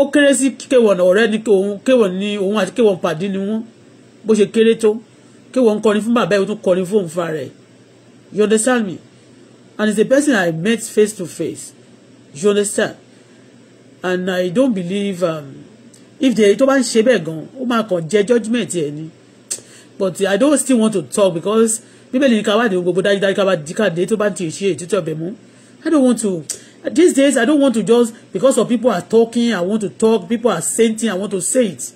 ó kéré sí kéwọ̀n ọ̀rẹ́ ni òun kéwọ̀n ni òun àti kéwọ̀n pàdé ni wọ́n bó ṣe kéré tó kéwọ̀n ń kọrin fún bàbá ẹ̀ ó tún kọrin fóun fúnra rẹ̀ you understand me and it's a person I met face to face you understand and I don't believe um, if the tó bá ń ṣe bẹ́ẹ̀ gan ó máa kàn jẹ́ judgement ẹ̀ ni but I don't still want to talk because bíbélì ní ká wá ní gbogbo dájúdájú ká bá díkàdé tó bá ti ṣe ètútù ọbẹ̀ mú I don't want to these days I don't want to just because of people are talking I want to talk people are saying things I want to say it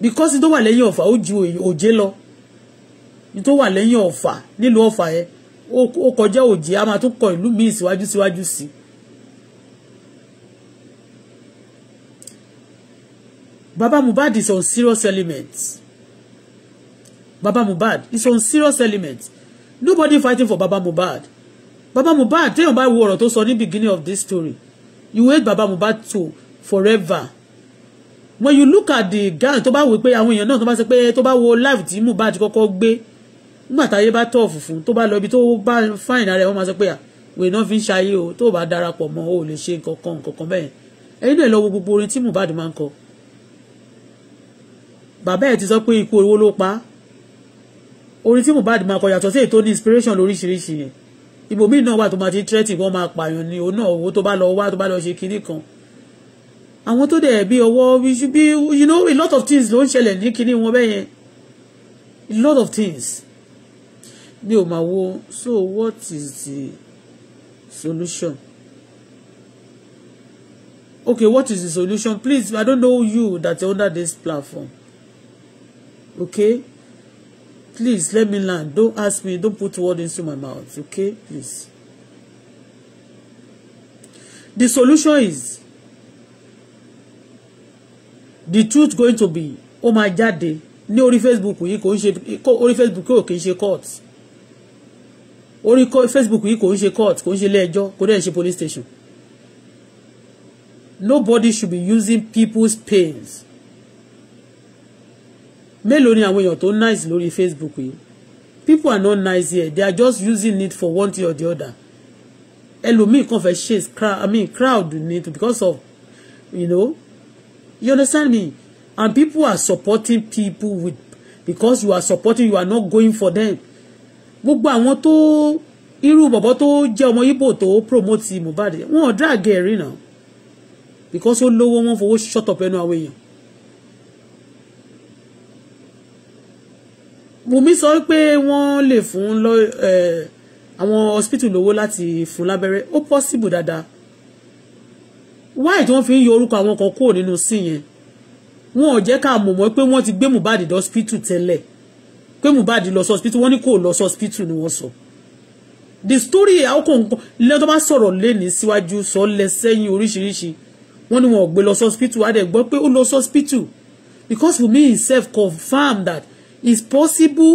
because tó wà lẹ́yìn ọ̀fà ó ju òjé lọ tó wà lẹ́yìn ọ̀fà nílùú ọ̀fà yẹn ó kọjá òjì a máa tún kọ ìlú míì síwájú síwájú sí. Baba Mohbad is on serious element. Baba Mohbad is on serious element. Nobody fighting for Baba Mohbad. Baba Mohbad téèyàn bá wo ọ̀rọ̀ tó sọ ní beginning of this story. You hate Baba Mohbad too forever. When you look at the gang tó bá wò pé àwọn èèyàn náà tó bá sọ pé tó bá wo live tí Mohbad kọ́kọ́ gbé nígbà táyé bá tọ̀ fùfún tó bá lọ ibi tó bá fáìn ara ẹ̀ wọ́n máa sọ pé à ah, wèé náà fi ń ṣayé o tó bá darapọ̀ mọ́ o lè ṣe nǹkan kan nǹkan kan bẹ́ẹ̀ ẹ̀yin náà lọ wo gbogbo orin tí Mohbad máa ń kọ bàbá ẹ̀ ti sọ pé ikú owó ló pa orin tí Mohbad máa kọ yàtọ̀ sí èyí tó ní inspiration lóríṣiríṣi yẹn ibòmíì náà wà tó máa ti tírẹ́tì wọ́n máa pààyàn ní òun náà owó tó bá lọ wá tó bá lọ ṣe kinní kan àwọn tó dẹ̀ bí ọwọ́ bí you know a lot of things ló ń ṣẹlẹ̀ ní kinní wọn bẹ́yẹn a lot of things mi ò máa wo so what is the solution okay what is the solution please i don't know you that are under this platform okay please let me learn don't ask me don't put word into my mouth okay please the solution is the truth going to be ó máa jáde ní orí facebook yìí kò ń ṣe orí facebook yìí kò kì í court orí Facebook yìí kò ń ṣe court kò ń ṣe ilé ẹjọ́ kò dẹ̀ ṣe police station nobody should be using people's pains mélòó ni àwọn èèyàn tó nice lórí Facebook yìí people are not nice here they are just using it for one thing or the other ẹlòmíì kan fẹ́ chase crowd i mean crowd Need because of you know you understand me and people are supporting people with because you are supporting you are not going for them gbogbo àwọn tó irú bọ̀bọ̀ tó jẹ́ ọmọ Ìgbò tó promote Mohbad wọn ò drag ẹ̀ rí nà because ó lówó wọn fowó shut up ẹnu àwọn èèyàn. Wùmí sọ pé wọ́n lè fún lọ àwọn hospital lówó láti fún lábẹ́rẹ́ ó possible dáadáa why tí wọ́n fi ń yọ orúkọ àwọn kan kúrò nínú sí yẹn wọn ò jẹ́ ká mọ̀ mọ́ pé wọ́n ti gbé Mohbad hospital tẹ́lẹ̀ pé Mohbad lọ sọ́spítù wọ́n ní kò lọ sọ́spítù ni wọ́n sọ the story àkókò lẹ́yìn tó bá sọ̀rọ̀ lẹ́ni síwájú sọ lẹ́sẹ̀yìn oríṣiríṣi wọ́n ní wọn ò gbé lọ sọ́spítù wá dẹ̀ gbọ́ pé ó lọ sọ́spítù because for me, himself confirm that it's possible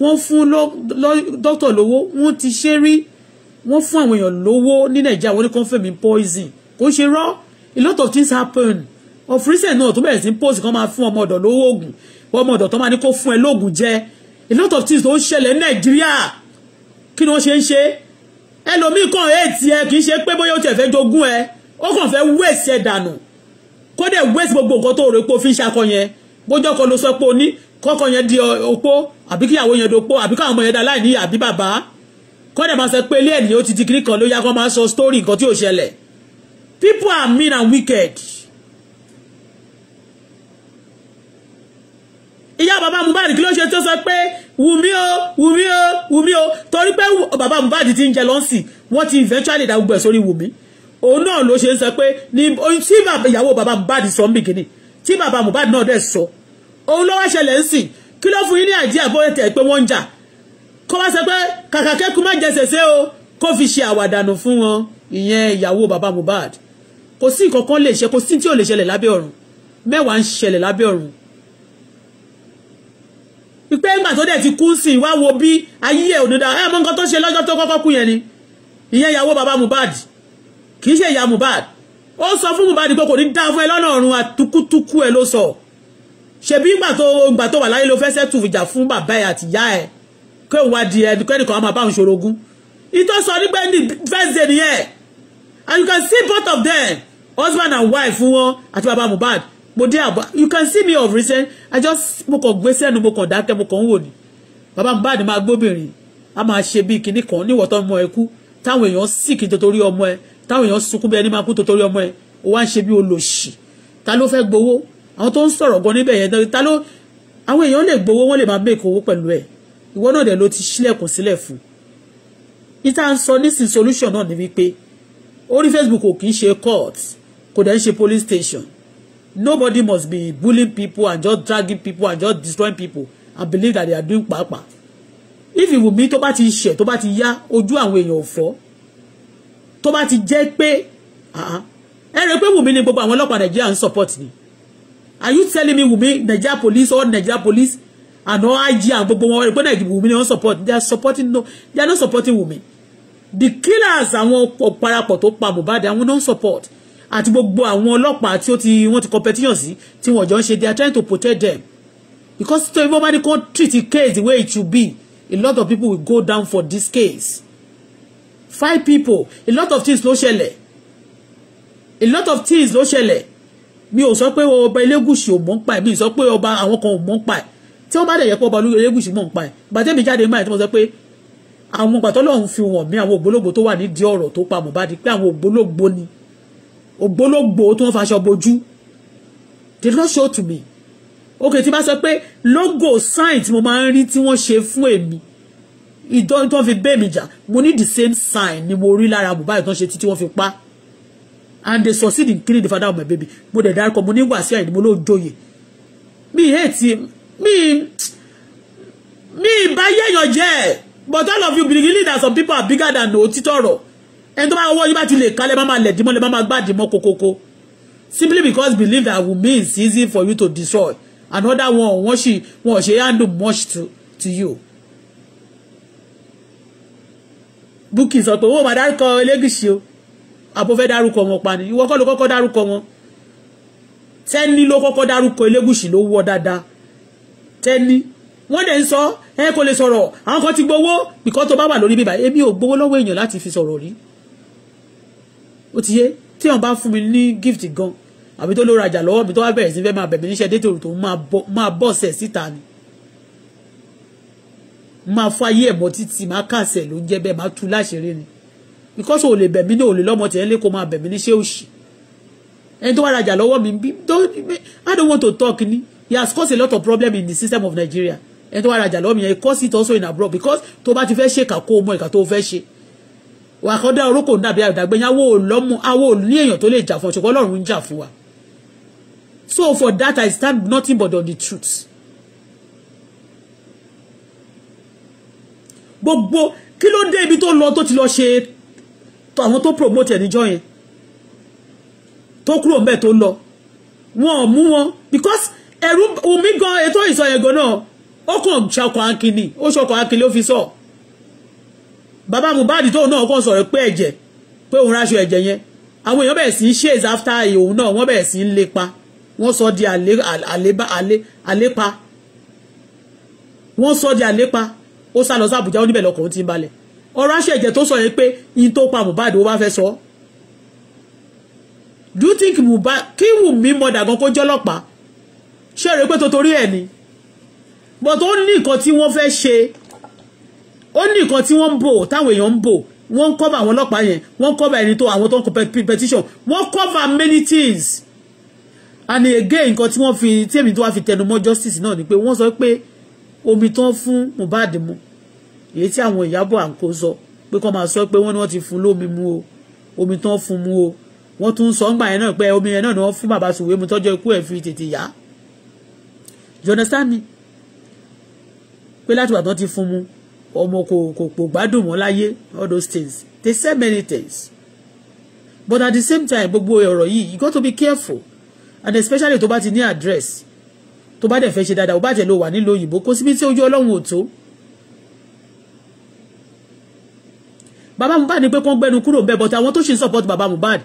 wọ́n fún dókítà lówó wọ́n ti ṣe rí wọ́n fún àwọn èèyàn lówó ní nàìjíríà wọ́n ní kàn poison kò ṣe rọ́ a lot of things happen of recent náà tó bẹ̀rẹ̀ sí post kan máa fún ọmọ ọ̀dọ̀ lówó oògùn ọmọ ọ̀dọ̀ tó máa ní kó fún ẹ lóògùn jẹ́ a lot of things ló ń ṣẹlẹ̀ ní nàìjíríà kí ni wọ́n ṣe ń ṣe ẹlòmíì kan èètì ẹ kì í ṣe pé bóyá ó tiẹ̀ fẹ́ jogún ẹ ó kàn fẹ́ wéèsì ẹ dànù kó dẹ̀ wéèsì gbogbo nǹkan tó rò pé o fi ń ṣakọ yẹn bójọ́ kan ló sọ pé o ní kọ́kọ́ yẹn di opó àbí kíyàwó yẹn dopó àbí káwọn ọmọ yẹn da láì níyà àbí bàbá kó dẹ̀ máa sọ pé ilé ènìyàn ó ti di kíní kan ló yá kó máa sọ story nǹkan tí ò ṣẹlẹ̀ people are mean and wicked ìyá bàbá Mohbad kí ló ṣe tó sọ pé Wùmí o Wùmí o Wùmí o torí pé bàbá Mohbad ti ń jẹ lọ́sìn wọ́n ti eventually dá gbogbo ẹ̀ sórí Wùmí òun náà ló ṣe ń sọ pé ní tí ìyàwó bàbá Mohbad sọ ń bìgínì tí bàbá Mohbad náà dẹ̀ sọ òun ló wá ṣẹlẹ̀ ń sìn kí ló fún yín ní àìdí àbóyè tẹ̀ pé wọ́n ń jà kó wá sọ pé kàkà kẹ́kù má jẹ sèse o kó fi ṣe àwàdànù fún wọn ìyẹn ìyàwó bàbá Mohbad kò sí nǹkan kan lè ṣe kò sí tí ò lè ṣẹlẹ̀ lábẹ́ ọ̀run mẹ́wàá ń ṣẹlẹ̀ lábẹ́ ọ̀run pé ńgbà tó dẹ̀ ti kú sí i wá wo bí ayé ẹ̀ òdòdó ẹ̀ mọ nǹkan tó ṣe lọ́jọ́ tó kọ́kọ́ kú yẹn ni ìyẹn ìyàwó bàbá Mohbad kì í ṣe ìyá Mohbad ó sọ fún Mohbad pé kò ní dá fún ẹ lọ́nà ọ̀run àtukútukú ẹ ló sọ ṣebí ìgbà tó ìgbà tó wà láyé ló fẹ́ sẹ́tù ìjà fún bàbá ẹ àti ìyá ẹ kí òun wá di ẹnikẹ́nìkan máa bá òun ṣorogún ìtọ́ sọ nígbà ní first day nìyẹn and you can see both of them husband and wife fún wọn àti bàbá Mohbad mo dé àbá you can see me of recent i just mo kàn gbé sẹ́nu mo kàn dákẹ́ mo kàn ń wò ní bàbá mi báyìí máa gbóbìnrin a máa ṣe bí kinní kan níwọ̀ tó ọmọ ẹ kú táwọn èèyàn sick nítorí ọmọ ẹ táwọn èèyàn sunkún bí ẹni máa kú nítorí ọmọ ẹ ó wá ń ṣe bí olòṣì ta ló fẹ́ gbowó àwọn tó ń sọ̀rọ̀ gan níbẹ̀ yẹn ta ló àwọn èèyàn lè gbowó wọ́n lè máa bèèkì owó pẹ̀lú ẹ̀ ìwọ náà dẹ̀ ló ti ṣílẹ̀kùn sílẹ̀ fún ìta ń sọ nísìn solution náà ni wípé orí Facebook ò kì í ṣe court kò dẹ̀ ń ṣe police station nobody must be bullying people and just dragging people and just destroying people and believe that they are doing pàápàá if you Wunmi tó bá ti ṣẹ̀ tó bá ti yá ojú àwọn èèyàn ò fọ́ tó bá ti jẹ́ pé ẹ rẹ pé Wunmi ni gbogbo àwọn ọlọ́pàá Nigeria ń support ni are you telling me Wunmi Nigeria police or Nigeria police and all IG and gbogbo wọn rẹ pé Nigeria Wunmi ni wọ́n support they are supporting no they are not supporting Wunmi the killers àwọn parapọ̀ tó pa Mohbad àwọn no support àti gbogbo àwọn ọlọ́pàá tí ó ti wọ́n ti competition sí tí wọ́n jọ ń ṣe they are trying to protect them because tó ìfọ́ bá treat the case the way it should be a lot of people will go down for this case five people a lot of things ló ṣẹlẹ̀ a lot of things ló ṣẹlẹ̀ mi ò sọ pé ọba Elégùṣì ò mọ̀ ń pa ẹ̀ mi ò sọ pé ọba àwọn kan ò mọ̀ ń pa ẹ̀ tí wọ́n bá dẹ̀ yẹ pé ọba Elégùṣì mọ̀ ń pa ẹ̀ gbàtẹ́mi jáde máa tí mo sọ pé àwọn pàtọ́lọ́hún fi wọ̀n mí àwọn ògbólógbò tó wà nídìí ọ̀rọ̀ tó pa Mohbad pé àwọn ògbólógbò ni ògbólógbòó tí wọ́n faṣọ bojú they don't show to me okay tí bá sọ pé logo sign tí mo máa ń rí tí wọ́n ṣe fún èmi ìdán tó fi bẹ́ẹ̀ mi jà mo ní the same sign ni mo rí lára bùbá ìtàn ṣe títí wọ́n fi pa and they succeed in killing the father of my baby mo dẹ̀ dárúkọ mo ní wàásù àìní mo ló joyè mi hate mi mi bá yẹ̀yàn jẹ́ but all of you believe that some people are bigger than òtítọ́ ọ̀rọ̀ ẹni tó bá ọwọ́ yín bá ti lè kálẹ̀ bá máa lẹ̀ dímọ́ lẹ̀ bá máa gbáàdì mọ́ kokoko simply because believe that will mean it's easy for you to destroy another one wọ́n sì wọ́n ṣe handle much to, to you. Bukky sọ pé wọ́n máa dárúkọ Elégùṣì o àbófẹ́ dárúkọ wọn pa ni ìwọ kọ́ ló kọ́kọ́ dárúkọ wọn tẹ́ni ló kọ́kọ́ dárúkọ Elégùṣì ló wọ́ dáadáa tẹ́ni wọ́n dẹ̀ ń sọ ẹ kò lè sọ̀rọ̀ àwọn kan ti gbowó because tó bá wà lórí bíbá èmi ò gbowó lọ́wọ́ èèyàn láti fi sọ̀rọ̀ rí ó ti yé tí wọn bá fún mi ní gift gan àbí tó ló rajà lọ́wọ́ mi tó wá bẹ̀rẹ̀ sí fẹ́ máa bẹ̀mí níṣẹ́ dé tòrò tó máa bọ̀ sẹ̀ síta ni máa fọ ayé ẹ̀mọ́ títì máa kàṣẹ̀ ló ń jẹ́ bẹ́ẹ̀ máa tú láṣẹ̀rẹ́ ni because o lè bẹ̀mí náà o lè lọ́mọ tẹ̀yẹ́ lé kó máa bẹ̀mí níṣẹ́ òṣì ẹni tó wá rajà lọ́wọ́ mi bí I don't want to talk ni he has caused a lot of problem in the system of Nigeria ẹni tó wá rajà lọ́wọ́ mi yẹn he caused it also in abroad because tó bá ti fẹ́ ṣèkà kó o mọ ìkà tó o fẹ́ ṣe wà kọ́ dá orókò ń dàbí àdàgbẹ́yìn awo lọ́mú awo ní èèyàn tó lè jà fún ṣùgbọ́n ọlọ́run ń jà wa so for that I stand nothing but on the truth. gbogbo kí ló dé ibi tó lọ tó ti lọ ṣe àwọn tó promote ẹ̀ níjọ́ yẹn tó kúrò mbẹ́ tó lọ wọn mú wọn because ẹ̀rú omi gan ètò ìsọyẹ̀gàn náà ó kàn ṣọkọ̀ akínni ó ṣọkọ̀ akínni ó fi sọ bàbá Mohbad tóun náà kàn sọ̀rọ̀ pé ẹ̀jẹ̀ pé òun ráṣọ ẹ̀jẹ̀ yẹn àwọn èèyàn bẹ̀rẹ̀ sí í chase after òun náà wọ́n bẹ̀rẹ̀ sí í lépa wọ́n sọ di àlépa wọ́n sọ di àlépa ó sá lọ sí Àbújá ó níbẹ̀ lọkùnrin ti ń balẹ̀ ọ̀rọ̀ aṣọ ẹ̀jẹ̀ tó sọ yẹn pé in tó pa Mohbad ó bá fẹ́ So, do you think Mohbad kí Wùmí mọ̀dà gan kó jọ́lọ́pàá ṣé rèé pé tó torí ẹ̀ ni but ó ní nǹkan tí wọ́n fẹ́ ṣe ó ní nǹkan tí wọ́n ń bò táwọn èèyàn ń bò wọ́n ń cover àwọn ọlọ́pàá yẹn wọ́n ń cover ẹni tó àwọn tó ń kọ petition wọ́n cover many things and again nǹkan tí wọ́n fi tí èmi tó wá fi tẹnumọ́ justice náà ni pé wọ́n sọ pé omi tán fún Mohbad mu èyí tí àwọn Ìyábọ̀ àǹkó sọ pé kọ́ máa sọ pé wọ́n ní wọ́n ti fún lómi mu o omi tán fún mu o wọ́n tún sọ ńgbà yẹn náà pé omi yẹn náà ni wọ́n fún bàbá sùwé mu tọ́jọ́ ikú ẹ̀ fi tètè yá you understand me pé láti wà tán ti fún mu ọmọ kò kò kò gbádùn mọ́ láyé all those things they say many things but at the same time gbogbo ọ̀rọ̀ yìí you got to be careful and especially tó bá ti ní address tó bá dẹ̀ fẹ́ ṣe dáadáa ó bá tẹ̀ ló wà nílùú òyìnbó kó síbi tí ojú ọlọ́run ò tó. bàbá Mohbad ní pé kó gbẹnu kúrò bẹ́ẹ̀ but àwọn tó ṣì ń support bàbá Mohbad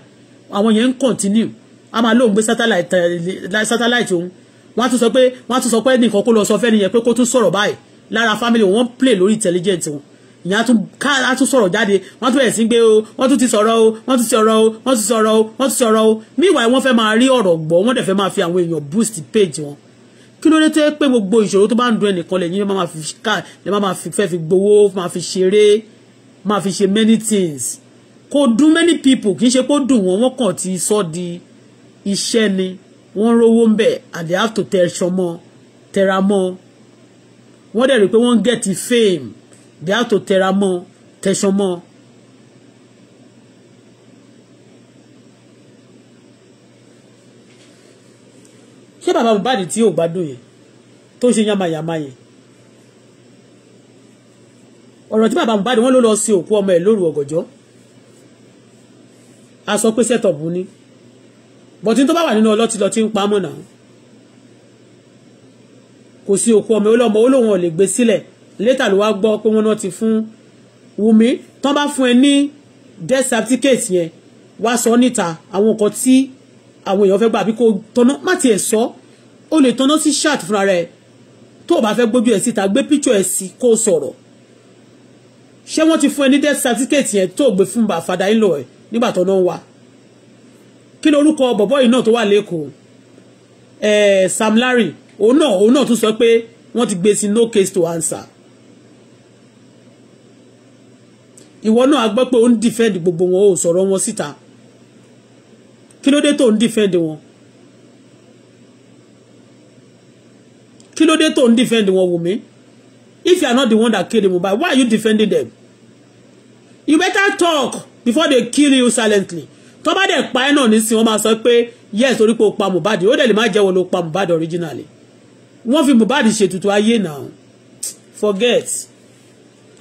àwọn yẹn ń continue a máa lóun gbé satellite òun wọ́n á tún sọ pé wọ́n á tún sọ pé nìkan kó lọ sọ fẹ́ nìyẹn pé kó tún sọ̀rọ̀ báyìí lára family wọn play lórí intelligent wọn ìyẹn á tún ká á tún sọ̀rọ̀ jáde wọ́n tún bẹ̀rẹ̀ sí gbé o wọ́n tún ti sọ̀rọ̀ o wọ́n tún ti sọ̀rọ̀ o wọ́n tún sọ̀rọ̀ o wọ́n tún sọ̀rọ̀ o meanwhile wọ́n fẹ́ máa rí ọ̀rọ̀ gbọ́ wọ́n dẹ̀ fẹ́ máa fi àwọn èèyàn boost page wọn kí ló dé tó yẹ pé gbogbo ìṣòro tó bá ń dun ẹnìkan lẹ́yìn máa fi ká lè máa fi fẹ́ fi gbowó máa fi ṣeré máa fi ṣe many things kò dùn many people kì í ṣe kó dùn wọn wọ́n kàn ti sọ di iṣẹ́ ni wọ́n rówó ń bẹ̀ and they have to tẹ̀sán mọ́ tẹ̀ra mọ́ wọ́n dẹ̀ rí pé wọ́n ń get fame they have to tẹra mọ́ tẹ̀sán mọ́. ṣé bàbá Mohbad tí ò gbádùn yẹn tó ṣe yamayama yẹn ọ̀rọ̀ tí bàbá Mohbad wọ́n ló lọ sí òkú ọmọ ẹ̀ lóru ọ̀gànjọ́ a sọ pé set up ni bọ̀tí tó bá wà nínú ọlọ́tí lọ ti ń pamọ́ náà kò sí òkú ọmọ olómọ olóhùn ò lè gbé sílẹ̀ létà ló wá gbọ́ pé wọ́n náà ti fún Wùmí tán bá fún ẹ ní death certificate yẹn wá sọ níta àwọn nǹkan tí àwọn èèyàn fẹ́ gbà bí kò tọ́nà má tiẹ̀ sọ ó lè tọ́nà sí ṣáàtì fúnra rẹ̀ tó o bá fẹ́ gbójú ẹ̀ síta gbé píchọ̀ ẹ̀ sí kó o sọ̀rọ̀ ṣé wọ́n ti fún ẹ ní death certificate yẹn tó o gbé fún bàfàdà ńlọ ẹ̀ nígbà tọ́nà ń kí ni orúkọ bọ̀bọ́ yìí náà tó wà lẹ́kọ̀ọ́ eh, Sam Larry òun náà òun náà tún sọ pé wọ́n ti gbé sí no case to answer ìwọ náà a gbọ́ pé ó ń defend gbogbo wọn ò sọ̀rọ̀ wọn síta kí ló dé tó ń defend wọn kí ló dé tó ń defend wọn Wùmí if you are not the one that kill them Mohbad why are you defending them you better talk before they kill you silently tó bá dẹ̀ pa ẹ́ náà nísìnyí wọ́n máa sọ pé yes orí pé o pa Mohbad ó dẹ̀ lè má jẹ́ wọn ló pa Mohbad originally wọ́n fi Mohbad ṣètùtù ayé now forget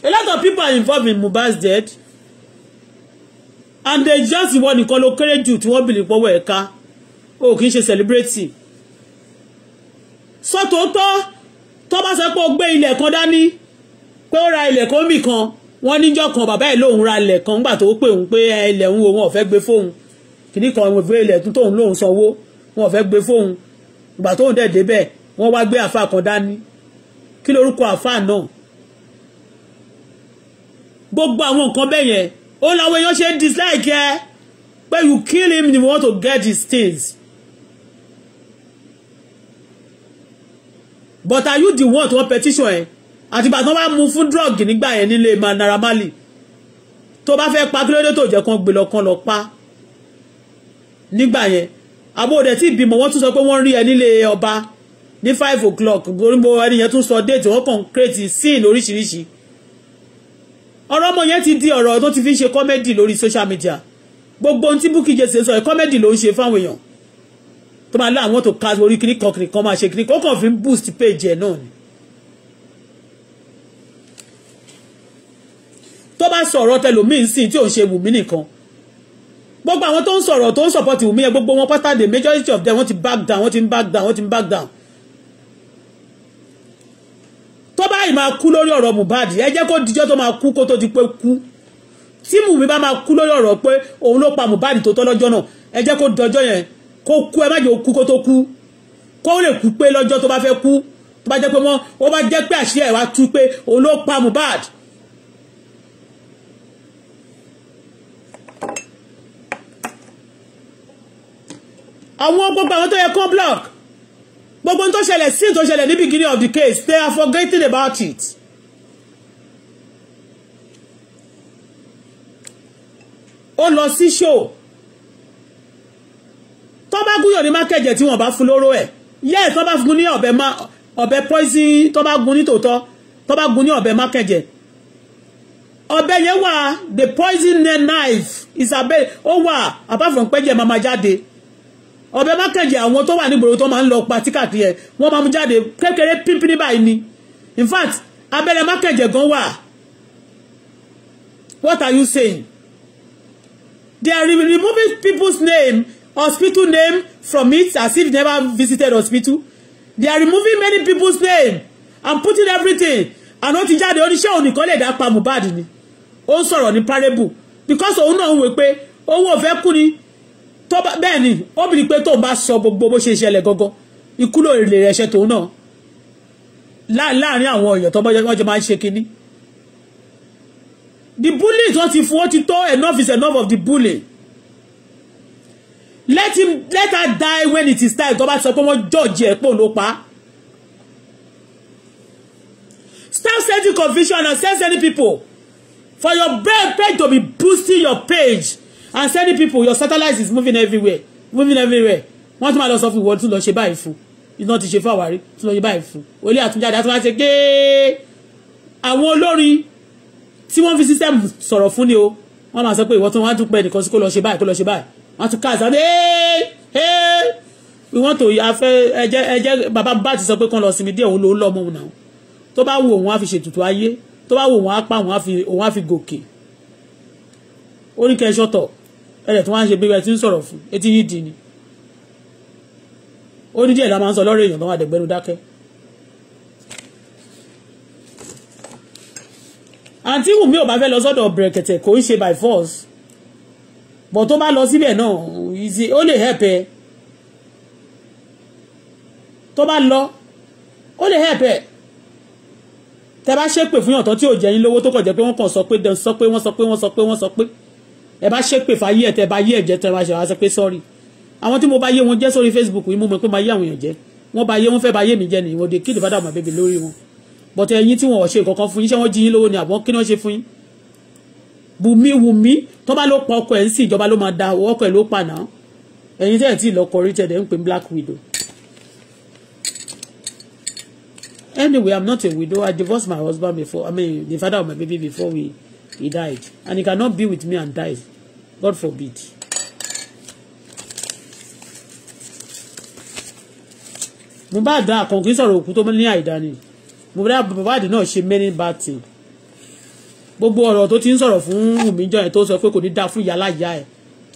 a lot of people are involved in Mohbad's death and they just wọ́n nìkan ló kéré jù tí wọ́n bìlì pọ́wọ́ ẹ̀ka o kì í ṣe celebrity sọ́tòótọ́ tó bá sọ pé o gbé ilẹ̀ kan dání pé ó ra ilẹ̀ kan mì kan wọ́n níjọ́ kan bàbá ẹ̀ lóun ra ilẹ̀ kan nígbà tó pè òun pé ilẹ̀ òun òun ọ̀fẹ́ gbé fóun kìnnìkan òun ìwé ilẹ̀ tóun lóun sanwó wọn ọ̀fẹ́ gbé fóun ìgbà tóun dẹ̀ débẹ̀ wọ́n wá gbé àfa kan dání kí lorúkọ àfa náà gbogbo àwọn nǹkan bẹ́ẹ̀ yẹn ó láwọn èèyàn ṣe ń dislike ẹ pé you kill him if you want to get his things but are you the one to wọn petition ẹ àtìgbà tí wọ́n bá mú fún drug nígbà yẹn nílé Naira Marley tó bá fẹ́ pa kílódé tó jẹ́ kan gbé lọ kan lọ pa nígbà yẹn àbó òde tí ìbímọ wọ́n tún sọ pé wọ́n rí ẹ nílé ọba ní five o'clock gbogbo ẹni yẹn tún sọ déètì wọ́n kàn kírètì sin oríṣiríṣi ọ̀rọ̀ ọmọ yẹn ti di ọ̀rọ̀ tó ti fi ṣe kọ́mẹ́dì lórí social media gbogbo ohun tí Bukky Jesse sọ kọ́mẹ́dì ló ń ṣe fáwọn èèyàn tó máa lá àwọn tó ka orí kiri kan kiri kan máa ṣe kiri kan kàn fi ń boost page ẹ̀ náà ni. tó bá sọ̀rọ̀ tẹlòmíín sìn tí ò ń ṣe wùmí nìkan gbogbo àwọn tó ń sọ̀rọ̀ tó ń support wùmí yẹn gbogbo wọn pátá the majority of them wọ́n ti back down wọ́n ti back down wọ́n ti back down tó báyìí máa kú lórí ọ̀rọ̀ Mohbad ẹ jẹ́ kó dijọ́ tó máa kú kó tó di pé kú tí Wùmí bá máa kú lórí ọ̀rọ̀ pé òun ló pa Mohbad tó tọ́ lọ́jọ́ náà ẹ jẹ́ kó dọjọ́ yẹn kó kú ẹ má jẹ́ kú kó tó kú kó lè kú pé lọ́jọ́ tó bá fẹ́ kú tó bá jẹ́ pé wọ́n ó bá jẹ́ pé àṣírí ẹ̀ wá tú pé òun ló pa Mohbad àwọn gbogbo àwọn tó yẹ kó block ṣẹlẹ̀ sí tó ṣẹlẹ̀ ní beginning of the case they are forgetting about it. ó lọ sí show tó bá gúnyàn ní mákẹ́jẹ̀ tí wọ́n bá fún lóró ẹ̀ yes tó bá fún ní ọ̀bẹ ọ̀bẹ poison tó bá gun ní tòótọ́ tó bá gun ní ọ̀bẹ mákẹ́jẹ̀ ọ̀bẹ yẹn wà the poison knife is abẹ́ ó wà apart from pẹ́jẹ̀ máa ma jáde ọbẹ̀ mákànjì àwọn tó wà nígboro tó máa ń lọ pa tíkàtì yẹn wọ́n máa mú jáde kékeré pínpín báyìí ni in fact abẹ́rẹ́ mákànjì gan wà what are you saying they are removing people's name hospital name from it as if never visited hospital they are removing many people's name and putting everything And àná ti jáde oníṣẹ́ òníkan lè dá pa Mohbad ni ó ń sọ̀rọ̀ ní parable because òun náà ń wè pé owó òfẹ́ kú ni tó bá bẹ́ẹ̀ ni obìnrin pé tó bá sọ gbogbo bó ṣe ṣẹlẹ̀ gangan ikú ló lè rẹṣẹ náà láàárín àwọn èèyàn tó wọ́n máa ń ṣe kinní the bullies wọ́n ti fún wọ́n ti tó enough is enough of the bullying let him let her die when it is time tó bá sọ pé wọ́n jọ̀jì ẹ̀ pò ló pa á. Stop sending confusion and send any people for your page to be boosting your page and sending people your satellite is moving everywhere moving everywhere wọ́n tún máa lọ sọ fún ìwọ tún lọ ṣe báyìí fún iná ti ṣe fún àwárí tún lọ ṣe báyìí fún olè àtúnjáde àtúnwá ṣe géé àwọn olórin tí wọ́n fi system sọ̀rọ̀ fún ni o wọ́n máa sọ pé ìwọ tún wọ́n á tún pẹ́ nìkan sí kó lọ ṣe báyìí kó lọ ṣe báyìí wọ́n á tún káàsà ní ẹ́ẹ́ ìwọ́n tó afẹ́ ẹjẹ́ ẹjẹ́ bàbá bá ti sọ pé kán lọ sinmi díẹ̀ òun ló lọ́ ọmọ òun náà tó bá wù òun á fi ṣètùtù ayé tó bá wù òun á pa òun á fi gòkè oníkẹ́ ṣọ́tọ̀ ẹ̀rẹ̀ tí wọ́n á ṣe bíbẹ̀ tí ń sọ̀rọ̀ fún etí yìí dì ní ó ní díẹ̀ la máa ń sọ lọ́rọ̀ èèyàn tó wà dẹ̀gbẹ́nu dákẹ́ àǹtí wùmí ò bá fẹ́ lọ sọ́dọ̀ brèkẹ̀tẹ̀ kò ń ṣe by force bọ̀ tó bá lọ síbẹ̀ náà ó lè help ẹ tó bá lọ ó lè help ẹ tẹ bá ṣépè fún yàn tán tí ò jẹ́ yín lówó tó kàn jẹ́ pé wọ́n kàn sọ pé wọ́n sọ pé wọ́n sọ pé wọ́n sọ pé wọ́n sọ pé ẹ bá ṣépè fàyè ẹ tẹ bá yé ẹ̀jẹ̀ tẹ bá ṣe wá sọ pé sọ́ọ̀rì àwọn tí mo bá yé wọn jẹ́ sórí Facebook yìí mo mọ̀ pé máa yé àwọn èèyàn jẹ́ wọ́n bá yé wọ́n fẹ́ bá yé mi jẹ́ nìyí wọ́n de kí ìdìbàdà máa bèbè lórí wọn bọ́tẹ ẹyin tí wọ́n ṣe kankan fún yín ṣé wọ́n jí yín lówó ni àbọ̀ kí ni wọ́n ṣe fún yín Bùnmi Wùnmi tó bá ló pa ọkọ ẹ̀ ń sì ìjọba ló máa da ọkọ ẹ̀ ló pa náà ẹ̀yin tẹ́ ẹ̀ tí lọ́kọ rí tẹ̀ ń pè black widow anyway I'm not a widow I divorced my husband before I mean the father of my baby before we He died. And he cannot be with me and die. God forbid. Mo bá dá àkànkì sọ̀rọ̀ òkú tó ní àìdá ni. Mo bá bàbá àdì náà ṣe many bad things. Gbogbo ọ̀rọ̀ tó ti ń sọ̀rọ̀ fún Wùmí jọ ẹ̀ tó sọ pé kò ní dá fún ìyá láyà ẹ̀.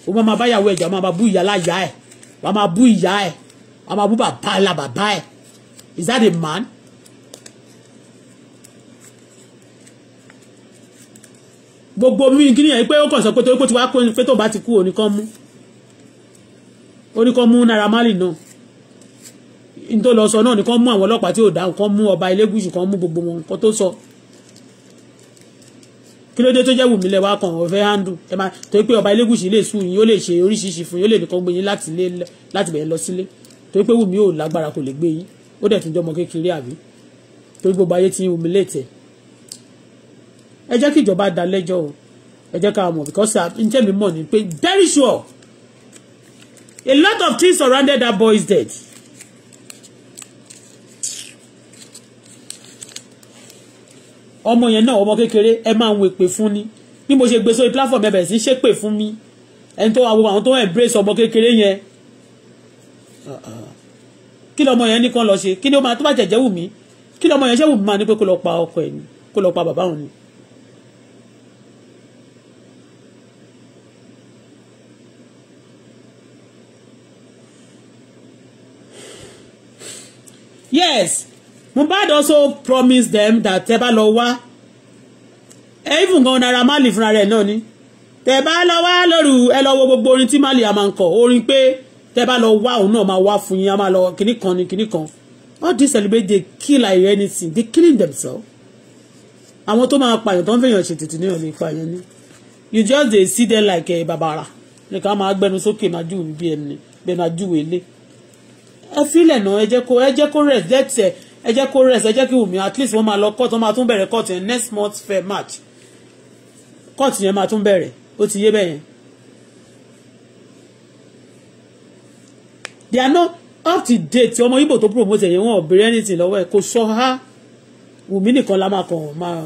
O máa máa báyàwó ẹ̀jà máa bú ìyá láyà ẹ̀. Wàá máa bú ìyá ẹ̀. Wàá máa bú bàbá ẹ̀ là bàbá Is that a man? gbogbo mi kí nìyẹn pé ó kàn sọ pé torí pé tí wàá pé pé tó bá ti kú oníkan mú oníkan mú Naira Marley náà n tó lọ sọ náà nìkan mú àwọn ọlọ́pàá tí ò dáhùn kan mú ọba Elégùṣì kan mú gbogbo wọn kan tó sọ kí ló dé tó jẹ́ wùmí lẹ́wà kan ọ̀fẹ́ handle ẹ máa torí pé ọba Elégùṣì lè sùn yín ó lè ṣe oríṣiríṣi fún yín ó lè nìkan gbé yín láti lé láti bẹ̀rẹ̀ lọ sílé torí pé wùmí ò lágbára kò lè gbé yín ó dẹ̀ tún jọmọ kékeré àbí torí gbogbo ayé ti ń tẹ̀ ẹ jẹ́ kí ìjọba dá lẹ́jọ́ o ẹ jẹ́ ká mọ̀ because uh, n tẹ́mi mọ̀ ni pé very sure a lot of things surrounded that boy's death. ọmọ yẹn náà ọmọ kékeré ẹ máa ń wèpè fún ni bí mo ṣe gbé sórí platform ẹ bẹ̀rẹ̀ sí ṣépè fún mi ẹni tó àwọn àwọn tó ń embrace ọmọ kékeré yẹn kí lọmọ yẹn nìkan lọ ṣe kí ni ó máa tó bá jẹ̀jẹ̀ wù mí kí lọmọ yẹn ṣe wù mí máa ní pé kó lọ pa ọkọ ẹ̀ ni kó lọ pa bàbá òun ni. yes Mohbad also promised them that tẹ́ bá lọ wá eh, even gan Naira Marley fúnra rẹ̀ náà ni tẹ́ bá lọ wá lóru ẹ lọ wo gbogbo orin tí Marley a máa ń kọ orin pé tẹ́ bá lọ wá òun náà máa wá fún yín a máa lọ kíní kan ni kíní kan all these celebrate dey kill like anything they killing themselves àwọn tó máa pààyàn tó ń fẹ̀yàn ṣe tètè níyàn lè pààyàn ni you just dey see them like eh, babara nìkan máa gbẹnu sókè máa júwèé bí ẹni bẹ́ẹ̀ máa júwèé lé ẹ filẹ̀ náà ẹ jẹ́ kó ẹ jẹ́ kó rest lẹ́tẹ̀ ẹ jẹ́ kó rest ẹ jẹ́ kí Wùmí at least wọ́n máa lọ court wọ́n máa tún bẹ̀rẹ̀ court yẹn next month fair march court yẹn máa tún bẹ̀rẹ̀ ó ti yé bẹ́ẹ̀ yẹn. they are not up to date ọmọ Igbo tó promote ẹ̀yẹ wọn ò béèrè anything lọ́wọ́ ẹ̀ kò sọ ha Wùmí nìkan la máa kàn máa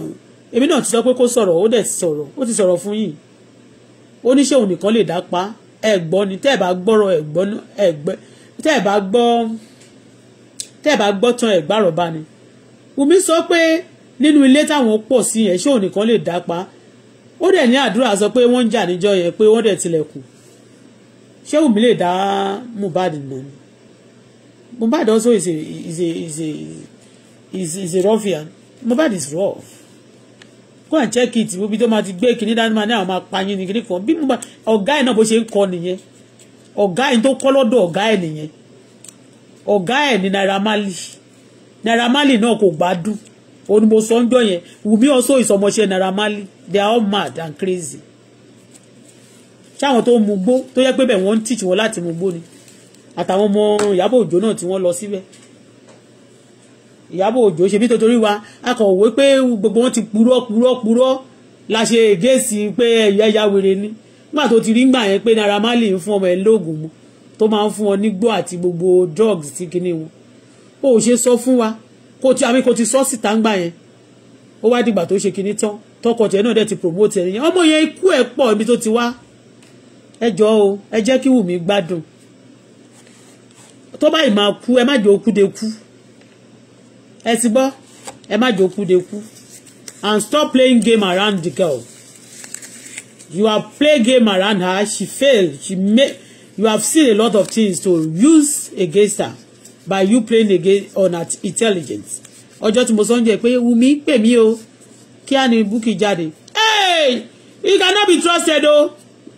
èmi náà ti sọ pé kó sọ̀rọ̀ ó dẹ̀ sọ̀rọ̀ ó ti sọ̀rọ̀ fún yìí oníṣẹ́ òun nìkan lè dá pa ẹ̀ gbọ́ ni tẹ́ ẹ̀ bá gbọ́rọ̀ ẹ̀ gbọ́ tẹ́ ẹ̀ bá gbọ́ tẹ́ ẹ̀ bá gbọ́ tán ẹ̀ gbàrọ̀bá ni Wùmí sọ pé nínú ilé táwọn pọ̀ sí yẹn ṣé òní kan lè dá pa ó dẹ̀ ní àdúrà sọ pé wọ́n ń jà níjọ́ yẹn pé wọ́n dẹ̀ tilẹ̀kùn ṣé Wùmí lè dá Mohbad nà ni Mohbad also is a is a is a is, is a ruffian Mohbad is rough go and check it ibi tó máa ti gbé kinní dání máa ní àwọn máa pa yín ní kinní kan bí Mohbad ọ̀gá ẹ̀ náà bó ṣe ń kọ nìyẹn ọ̀gá ẹni tó kọ́ lọ́dọ̀ ọ̀gá ẹ̀ nìyẹn ọ̀gá ẹ̀ ní Naira Marley Naira Marley náà kò gbádùn òun ni mo sọ ń jọ yẹn Wùmí ọsọ ìsọmọṣẹ Naira Marley they are all mad and crazy ṣáwọn tó mú gbó tó yẹ pé bẹ́ẹ̀ wọ́n ń tìjì wọn láti mú gbó ni àtàwọn ọmọ Ìyábọ̀ Òjó náà tí wọ́n lọ síbẹ̀ Ìyábọ̀ Òjó ṣe bí torí wa akọ̀wé pé gbogbo wọn ti purọ́ purọ́ purọ́ la ṣe ègéèsì pé ẹ̀yà ya wèrè ni nígbà tó ti rí ngbà yẹn pé Naira Marley ń fún ọmọ ẹ lóògùn mu tó máa ń fún wọn nígbó àti gbogbo drugs ti kinní wọn ó ṣe sọ fún wa kó ti àmì kó ti sọ síta ngbà yẹn ó wá dìgbà tó ṣe kinní tán tọkọ tiẹ̀ náà dẹ̀ ti promote ẹni yẹn ọmọ yẹn ikú ẹ̀ pọ̀ ibi tó ti wá ẹ jọ̀ọ́ o ẹ jẹ́ kí Wùmí gbádùn tó báyìí máa kú ẹ má jẹ́ ó kú de kú ẹ ti gbọ́ ẹ má jẹ́ ó kú de kú and stop playing game around the girl you have played game around her she failed she made you have seen a lot of things to use against her by you playing against on her intelligence ọjọ́ tí mo sọ ń jẹ́ pé Wumi pè mí o kí á ní Bukky jáde hey you cannot be trusted o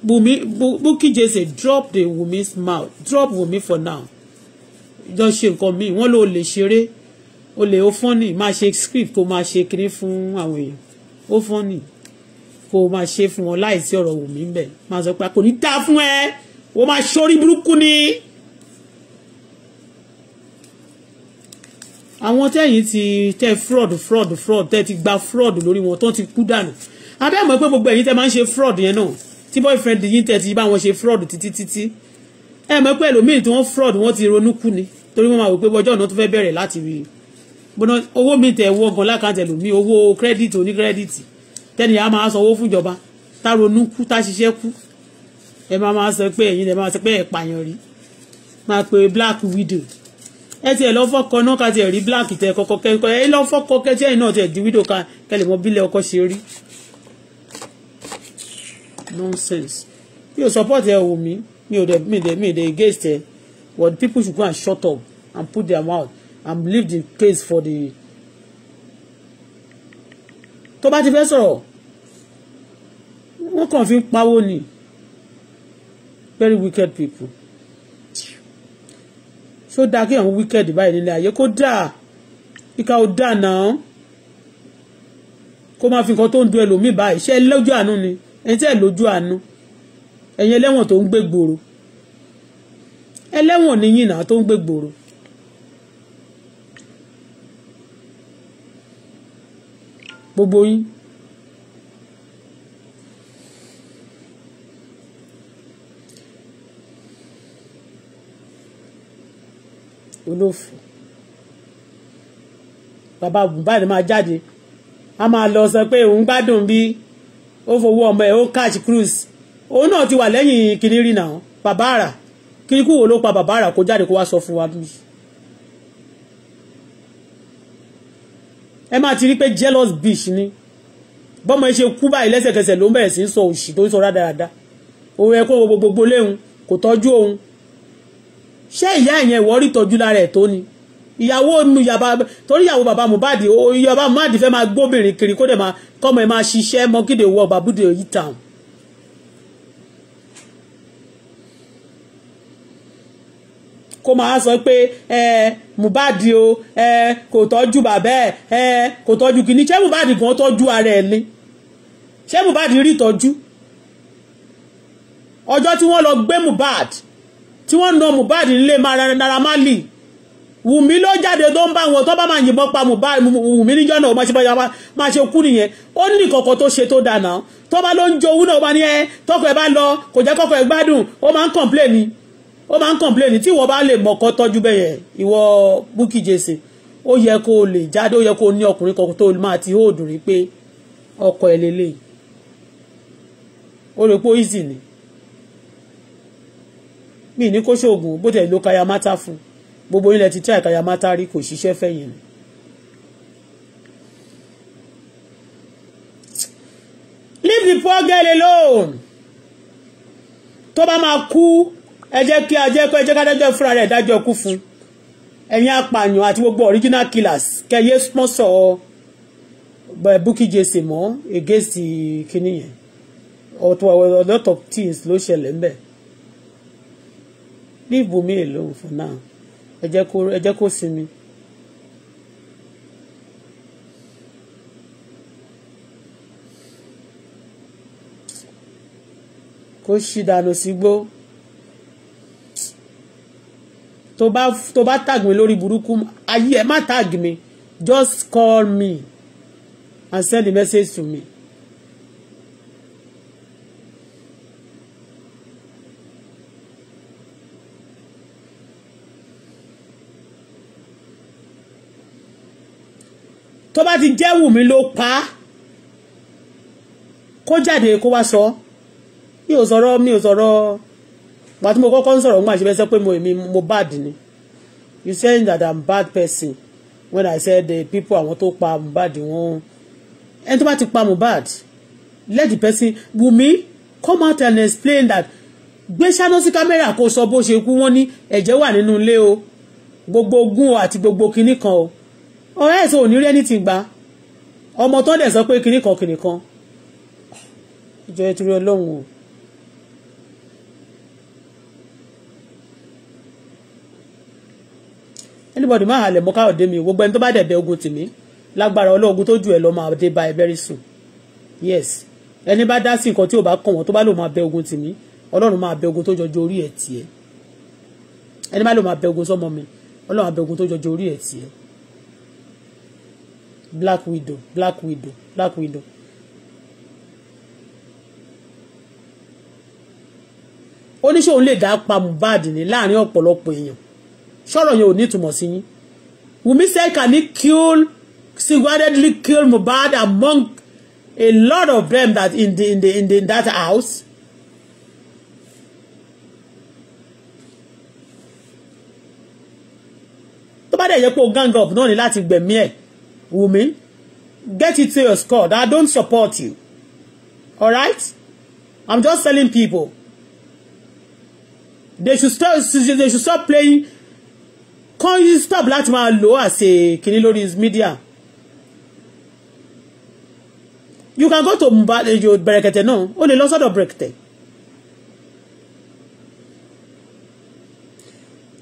Wumi Bukky jese drop the Wumi's mouth drop Wumi for now jọ ṣe nǹkan míì wọ́n ló lè ṣeré o lè ó fọ́nì máa ṣe script kó máa ṣe kiri fún àwọn èèyàn ó fọ́nì kó o máa ṣe fún wọn láìsí ọ̀rọ̀ wù mí bẹ̀ máa sọ pé kò ní dáa fún ẹ o máa ṣorí burúkú ni. àwọn tẹ́yìn ti tẹ́ fraud fraud fraud tẹ́ ti gba fraud lórí wọn tó ti kú dànù abẹ́mọ̀ pé gbogbo ẹ̀yin tẹ́ máa ń ṣe fraud yẹn náà tí boyfriend yín tẹ́ ti bá wọn ṣe fraud títí títí ẹ mọ̀ pé ẹlòmíì tí wọ́n fraud wọ́n ti ronú kú ni torí wọ́n máa wò pé ọjọ́ ọ̀nà tó fẹ́ bẹ̀rẹ̀ láti rí i owó mi tẹ̀ wọ́n gan lákàntẹ̀ lòmíì owó credit oní credit tẹ́ni a máa sanwó fún ìjọba tá ronú kú tá ṣiṣẹ́ kú ẹ máa máa sọ pé ẹ̀yin lè máa sọ pé ẹ̀ pààyàn rí máa pe black widow ẹ tiẹ̀ lọ́ fọ́kọ náà ká tiẹ̀ rí black tẹ kọ́kọ́ kẹ́kọ́ ẹ lọ́ fọ́kọ kẹ́tí ẹ̀yin náà tiẹ̀ di widow ká kẹlẹ̀ mọ bílẹ̀ ọkọ ṣe rí nonsense mi ò support ẹ wò mí mi ò dẹ̀ mi dẹ̀ mi dẹ̀ against ẹ but people should go and shut up and put their mouth and leave the case for the tó bá ti fẹ́ sọ̀rọ̀ wọ́n kàn fi ń pawó ni very wicked people ṣó dáa kí àwọn wicked báyìí nílé ayé kó dáa ìka ò dáa náà kó máa fi nǹkan tó ń du ẹlòmíì báyìí ṣe lójú àánú ni ẹni tí ẹ lójú àánú ẹ̀yin ẹlẹ́wọ̀n tó ń gbé gbòòrò ẹlẹ́wọ̀n níyìn náà tó ń gbé gbòòrò. gbogbo yín olófò bàbá Mohbad máa jáde a máa lọ sọ pé òun gbádùn bí ó fowó ọmọ ẹ̀ ó catch cruise òun náà ti wà lẹ́yìn kiri rí náà bàbá àrà kíríkù wo ló pa bàbá àrà kó jáde kó sọ fún wa bí. ẹ máa pé jealous ni bọ́mọ ẹ ṣe kú ló ń bẹ̀rẹ̀ sí í sọ òṣì tó ń sọ rádaràda òun ẹ kó gbogbo léhun ṣé ìyá ìyẹn ìwọ rí tọ́jú lára ẹ̀ tó ni ìyàwó nu yàbá torí ìyàwó bàbá Mohbad yàbá Mohbad fẹ́ máa gbóbìnrin kiri kó dẹ̀ máa kọ́mọ ẹ̀ máa ṣiṣẹ́ mọ́gídé wọ bàbúdé yìí tàn. kó máa sọ pé ẹ Mohbad o ẹ kò tọ́jú bàbá ẹ ẹ kò tọ́jú kìíní ṣé Mohbad gan tọ́jú ara ẹ̀ ni ṣé Mohbad rí tọ́jú ọjọ́ tí wọ́n lọ gbé Mohbad tí wọ́n na Mohbad nílé Naira Marley Wùmí ló jáde tó ń bá wọn tó bá máa yìnbọn pa Mohbad Wùmí níjọ náà máa ṣe ṣe kú nìyẹn ó ní ìkọ̀kọ̀ tó ṣe tó dànà tó bá ló ń jowú náà lọ kò kọkọ ẹ gbádùn ó máa ń ó máa ń tí ìwọ bá lè mọ̀kọ́ tọ́jú o lè jáde ó yẹ kó o ní ọkùnrin kan tó máa ti hóòdù rí pé ọkọ ẹ ó mi ní kó ṣoògùn bó tẹ̀ ló kayamata fún gbogbo ilẹ̀ ti tí àìkayamata rí kò ṣiṣẹ́ fẹ̀yìn ni. leave the poor girl alone tó bá máa kú ẹ jẹ́ kí ajẹ́ kó ẹ jẹ́ kádájọ́ fúnra rẹ̀ dájọ́ kú fún ẹ̀yin apààyàn àti gbogbo original killers kẹyẹ sponsor Bukky Jesse mọ́ against kínní yẹn ọ̀tọ̀ a lot of things ló ṣẹlẹ̀ ń leave Wunmi alone for now ẹ jẹ́ kó ẹ jẹ́ kó sinmi. kó ṣì dànù sígbó tó bá tag mi lórí burúkú ayé ẹ má tag mi just call me and send the message to me tó bá ti jẹ́ Wùmí ló pa á kó jáde kó wá sọ mi ò sọ̀rọ̀ mi ò sọ̀rọ̀ pàtó mo kọ́kọ́ ń sọ̀rọ̀ ń gbà ṣe fẹ́ pé mo èmi mo bad ni you saying that i'm bad person when i said the people àwọn tó pa Mohbad wọn ẹni tó bá ti pa Mohbad let the person Wùmí come out and explain that gbé ṣáná sí kámẹ́rà kó sọ bó ṣe kú wọ́n ní ẹ̀jẹ̀ wà nínú ilé o gbogbo ogún àti gbogbo kinní kan o ọ̀rẹ́ ẹ̀ sọ ò ní rí ẹni tí gbà ọmọ tó dẹ̀ sọ pé kinní kan kinní kan ìjọ ẹ ọlọ́run o. anybody máa halẹ̀ mọ́ káyọ̀dé mi gbogbo ẹni tó bá dẹ̀ bẹ ogun tì mí lágbára ọlọ́ọ̀gùn tó ju ẹ̀ lọ máa bá ẹ very soon yes ẹni bá dá sí nǹkan tí ò bá kàn wọ́n tó bá lò máa bẹ ogun tì mí ọlọ́run máa bẹ ogun tó jọjọ orí ẹ̀ tiẹ̀ ẹni bá lò máa bẹ ogun sọ́mọ mi ọlọ́run máa bẹ ogun tó jọjọ orí ẹ̀ tiẹ̀ black widow black widow black widow. ó ní ṣé òun lè dá pa Mohbad ní láàrin ọ̀pọ̀lọpọ̀ èèyàn ṣọ́rọ̀ yẹn ò ní ìtumọ̀ sí yín Wunmi said can he kill single kill Mohbad among a lot of them that in the in the in, the, in that house. tó bá dẹ̀ yẹ kó gang up náà ni láti gbẹ̀mí ẹ̀ Wumi, get it to your squad. I don't support you. All right? I'm just telling people. They should stop, they should stop playing. Can you stop láti máa lò as a kini media? You can go to Mbale, eh, Brekete, no. only lè lọ sọ́dọ̀ Brekete.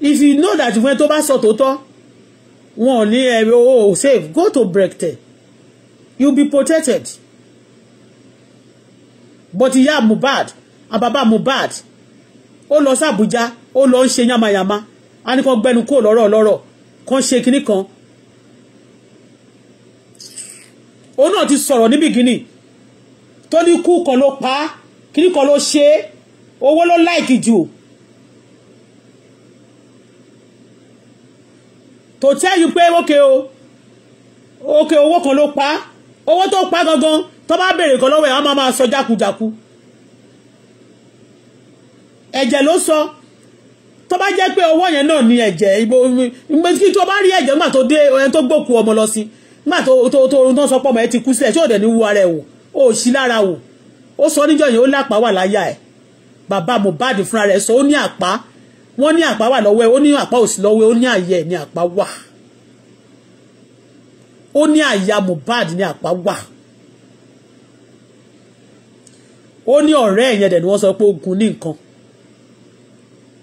If you know that you went over sọ tòótọ́, wọn ò ní ẹ̀rọ eh, o oh, oh, safe go to brekte you be protected but ìyá Mohbad àbàbà Mohbad ó lọ sí Àbújá ó lọ ń ṣe yamayama a ní kan gbẹnu kúrò lọ́rọ̀ lọ́rọ̀ kan ṣe kinní kan òun náà ti sọ̀rọ̀ níbi gíní tó ní kú kan ló pa kinní kan ló ṣe owó ló láìkì jù. Like to tell you pé okay o okay owó kan ló pa owó tó pa gangan tó bá béèrè kan lọ́wọ́ ẹ̀ wọ́n máa máa sọ jákujàku ẹ̀jẹ̀ ló sọ tó bá jẹ́ pé owó yẹn náà ni ẹ̀jẹ̀ ibo kí tó bá rí ẹ̀jẹ̀ nígbà tó dé ẹni tó gbòkú ọmọ lọ sí nígbà tó tó tó sọ pọ̀ ọmọ ẹ ti kú sílẹ̀ tí ò dẹ̀ ní wu ara ẹ̀ wò ó sì lára wò ó sọ níjọ́ yẹn ó lápá wà láyà ẹ̀ bàbá Mohbad fúnra rẹ̀ sọ ó ní àpá wọ́n ní àpá wà lọ́wọ́ ẹ̀ ó ní àpá òsì lọ́wọ́ ẹ̀ ó ní àyà ẹ̀ ní àpá wà ó ní àyà Mohbad ní àpá wà ó ní ọ̀rẹ́ ẹ̀yẹn dẹ̀ ni wọ́n sọ pé ogun ní nǹkan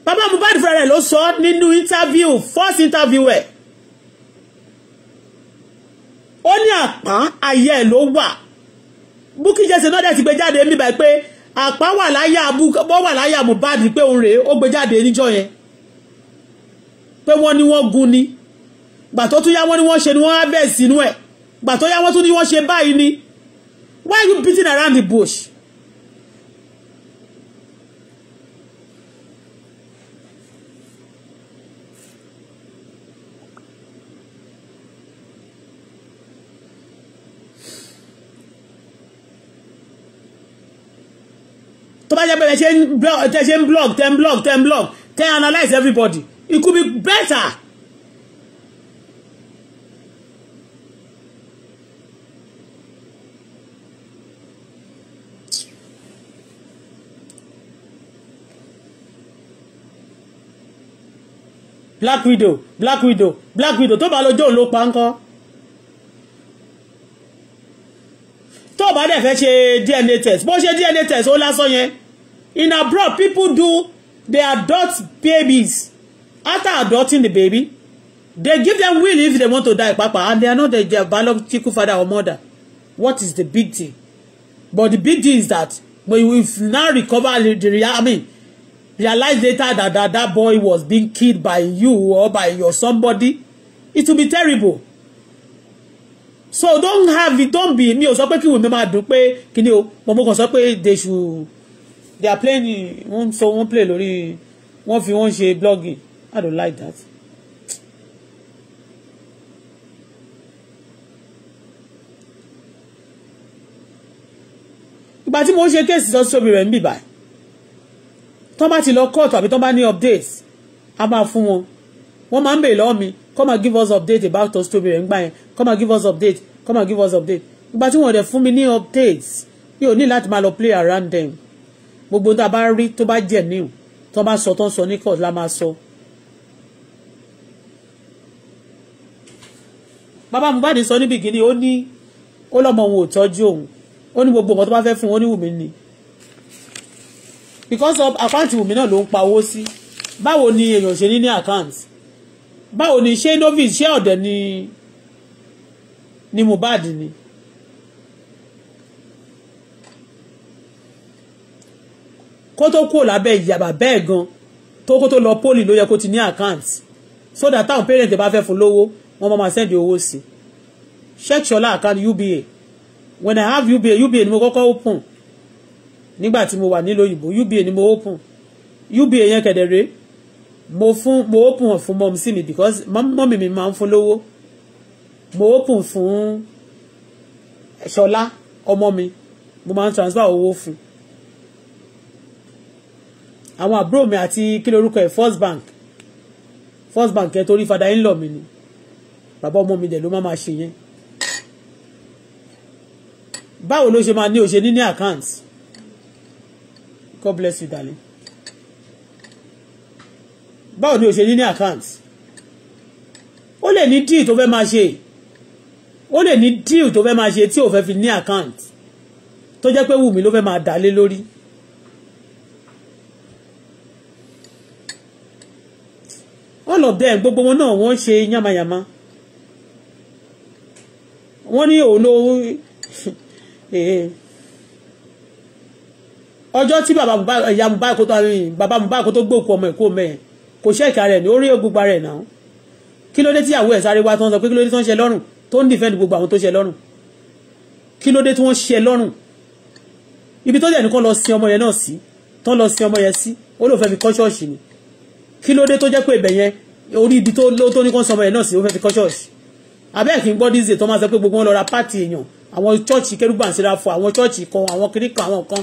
bàbá Mohbad fúnra ló sọ nínú interview first interview ẹ̀ ó ní àpá àyà ẹ̀ ló wà Bukky náà dẹ̀ ti gbé jáde mi báyìí pé àpá wà láyà abú bọ́ wà láyà Mohbad pé òun rèé ó gbé jáde níjọ́ yẹn pé wọ́n ní wọ́n gun ni gbà tó tún yá wọ́n ní wọ́n ṣe ni wọ́n á bẹ̀ sínú ẹ̀ gbà tó yá wọ́n tún ní wọ́n ṣe báyìí ni why you beating around the bush tó bá jẹ́ pé ẹ ṣe ń blog ten blog ten blog ten analyze everybody it could be better. black widow black widow black widow tó bá lọ jó ló pa ńkọ́. bá dẹ̀ fẹ́ ṣe DNA test bó ṣe DNA test ó lásán yẹn in abroad people do they adopt babies after adopting the baby they give them will if they want to die papa and they are not their biological father or mother what is the big thing but the big thing is that when you now recover the real I mean realize later that, that that boy was being killed by you or by your somebody it will be terrible so don't have it don't be mi ò sọ pé kí wèmí máa dùn pé kí ni o mo mọ̀ kàn sọ pé they should they are playing wọ́n so wọ́n play Lori, wọ́n fi wọ́n ṣe blogging I don't like that. ìgbà tí mo ń ṣe kéèsì sọ sóbi rẹ̀ ń bì báyìí tọ́ bá ti lọ kóòtù àbí tọ́ bá ní updates a máa fún wọn wọ́n máa ń bèè mi come and give us update about Tostomire ńgbà yẹn come and give us update come and give us update ìgbà tí wọ́n dẹ̀ fún mi ní updates mi ò ní láti máa lọ play around them gbogbo tá a bá rí tó bá jẹ̀ níwò tó bá sọ tó ń sọ ní court la máa sọ. bàbá Mohbad sọ ní bìgínní ó ní ó lọ́mọ òun ò tọ́jú òun ó ní gbogbo nǹkan tó bá fẹ́ fún un ó ní Wùmí ni because of àkáǹtì Wùmí náà ló ń pa owó sí báwo ni èèyàn ṣe ní ní àkáǹtì báwo ni ṣé novice ṣé ọ̀dẹ̀ ni ni Mohbad ni. kó tó kúrò lábẹ́ ìyàbá bẹ́ẹ̀ gan tó kó tó lọ pólì ló yẹ kó ti ní account so that táwọn parent bá fẹ́ fún lówó wọ́n máa send owó sí check ṣọlá account UBA when I have UBA UBA ni mo kọ́kọ́ open nígbà tí mo wà nílò òyìnbó UBA ni mo open UBA yẹn kẹ̀dẹ̀ rèé mo fún mo open fún mọ́mí sí mi because mọ́mí mi máa ń fún lówó mo open fún ṣọlá ọmọ mi mo máa ń transfer owó fún àwọn àbúrò mi àti kí lorúkọ ẹ̀ first bank first bank ẹ torí fada ń lọ mi ni bàbá ọmọ mi dẹ̀ ló má máa ṣe yẹn báwo ló ṣe máa ní òṣè níní account God bless you darling báwo ni o ṣe ní ní account ó lè ní deal tó fẹ́ máa ṣe ó lè ní deal tó fẹ́ máa ṣe tí ò fẹ́ fi ní account tó jẹ́ pé Wùmí ló fẹ́ máa dà lé lórí. all of them gbogbo wọn náà wọ́n ṣe yamayama wọ́n ní òun ló eh, ọjọ́ tí bàbá Mohbad kó tó gbóòkú ọmọ ẹ̀kọ́ mẹ́rin kò ṣẹ́ẹ̀kì ara ẹ̀ ní orí gbogbo ara ẹ̀ náà kí ló dé tí àwọ̀ ẹ̀ sáré wá tó ń sọ pé kí ló dé tó ń ṣe lọ́rùn tó ń defend gbogbo àwọn tó ṣe lọ́rùn kí ló dé tí wọ́n ṣe lọ́rùn ibi tó dẹ̀ nìkan lọ sin ọmọ yẹn náà sí tó lọ sin ọmọ yẹn sí ó lò fẹ́ fi kọ́ ṣọ́ọ̀ṣì ni kí ló dé tó jẹ́ pé ibẹ̀ yẹn orí ibi tó ló tó ní kó ń sọmọ yẹn náà sí ó fẹ́ fi kọ́ ṣọ́ọ̀ṣì abẹ́ẹ̀ kí n gbọ́ díze tó máa sọ pé gbogbo wọn lọ ra pátì èèyàn àwọn chọ́ọ̀chì kérúbà ń fún àwọn chọ́ọ̀chì kan àwọn kiri àwọn kan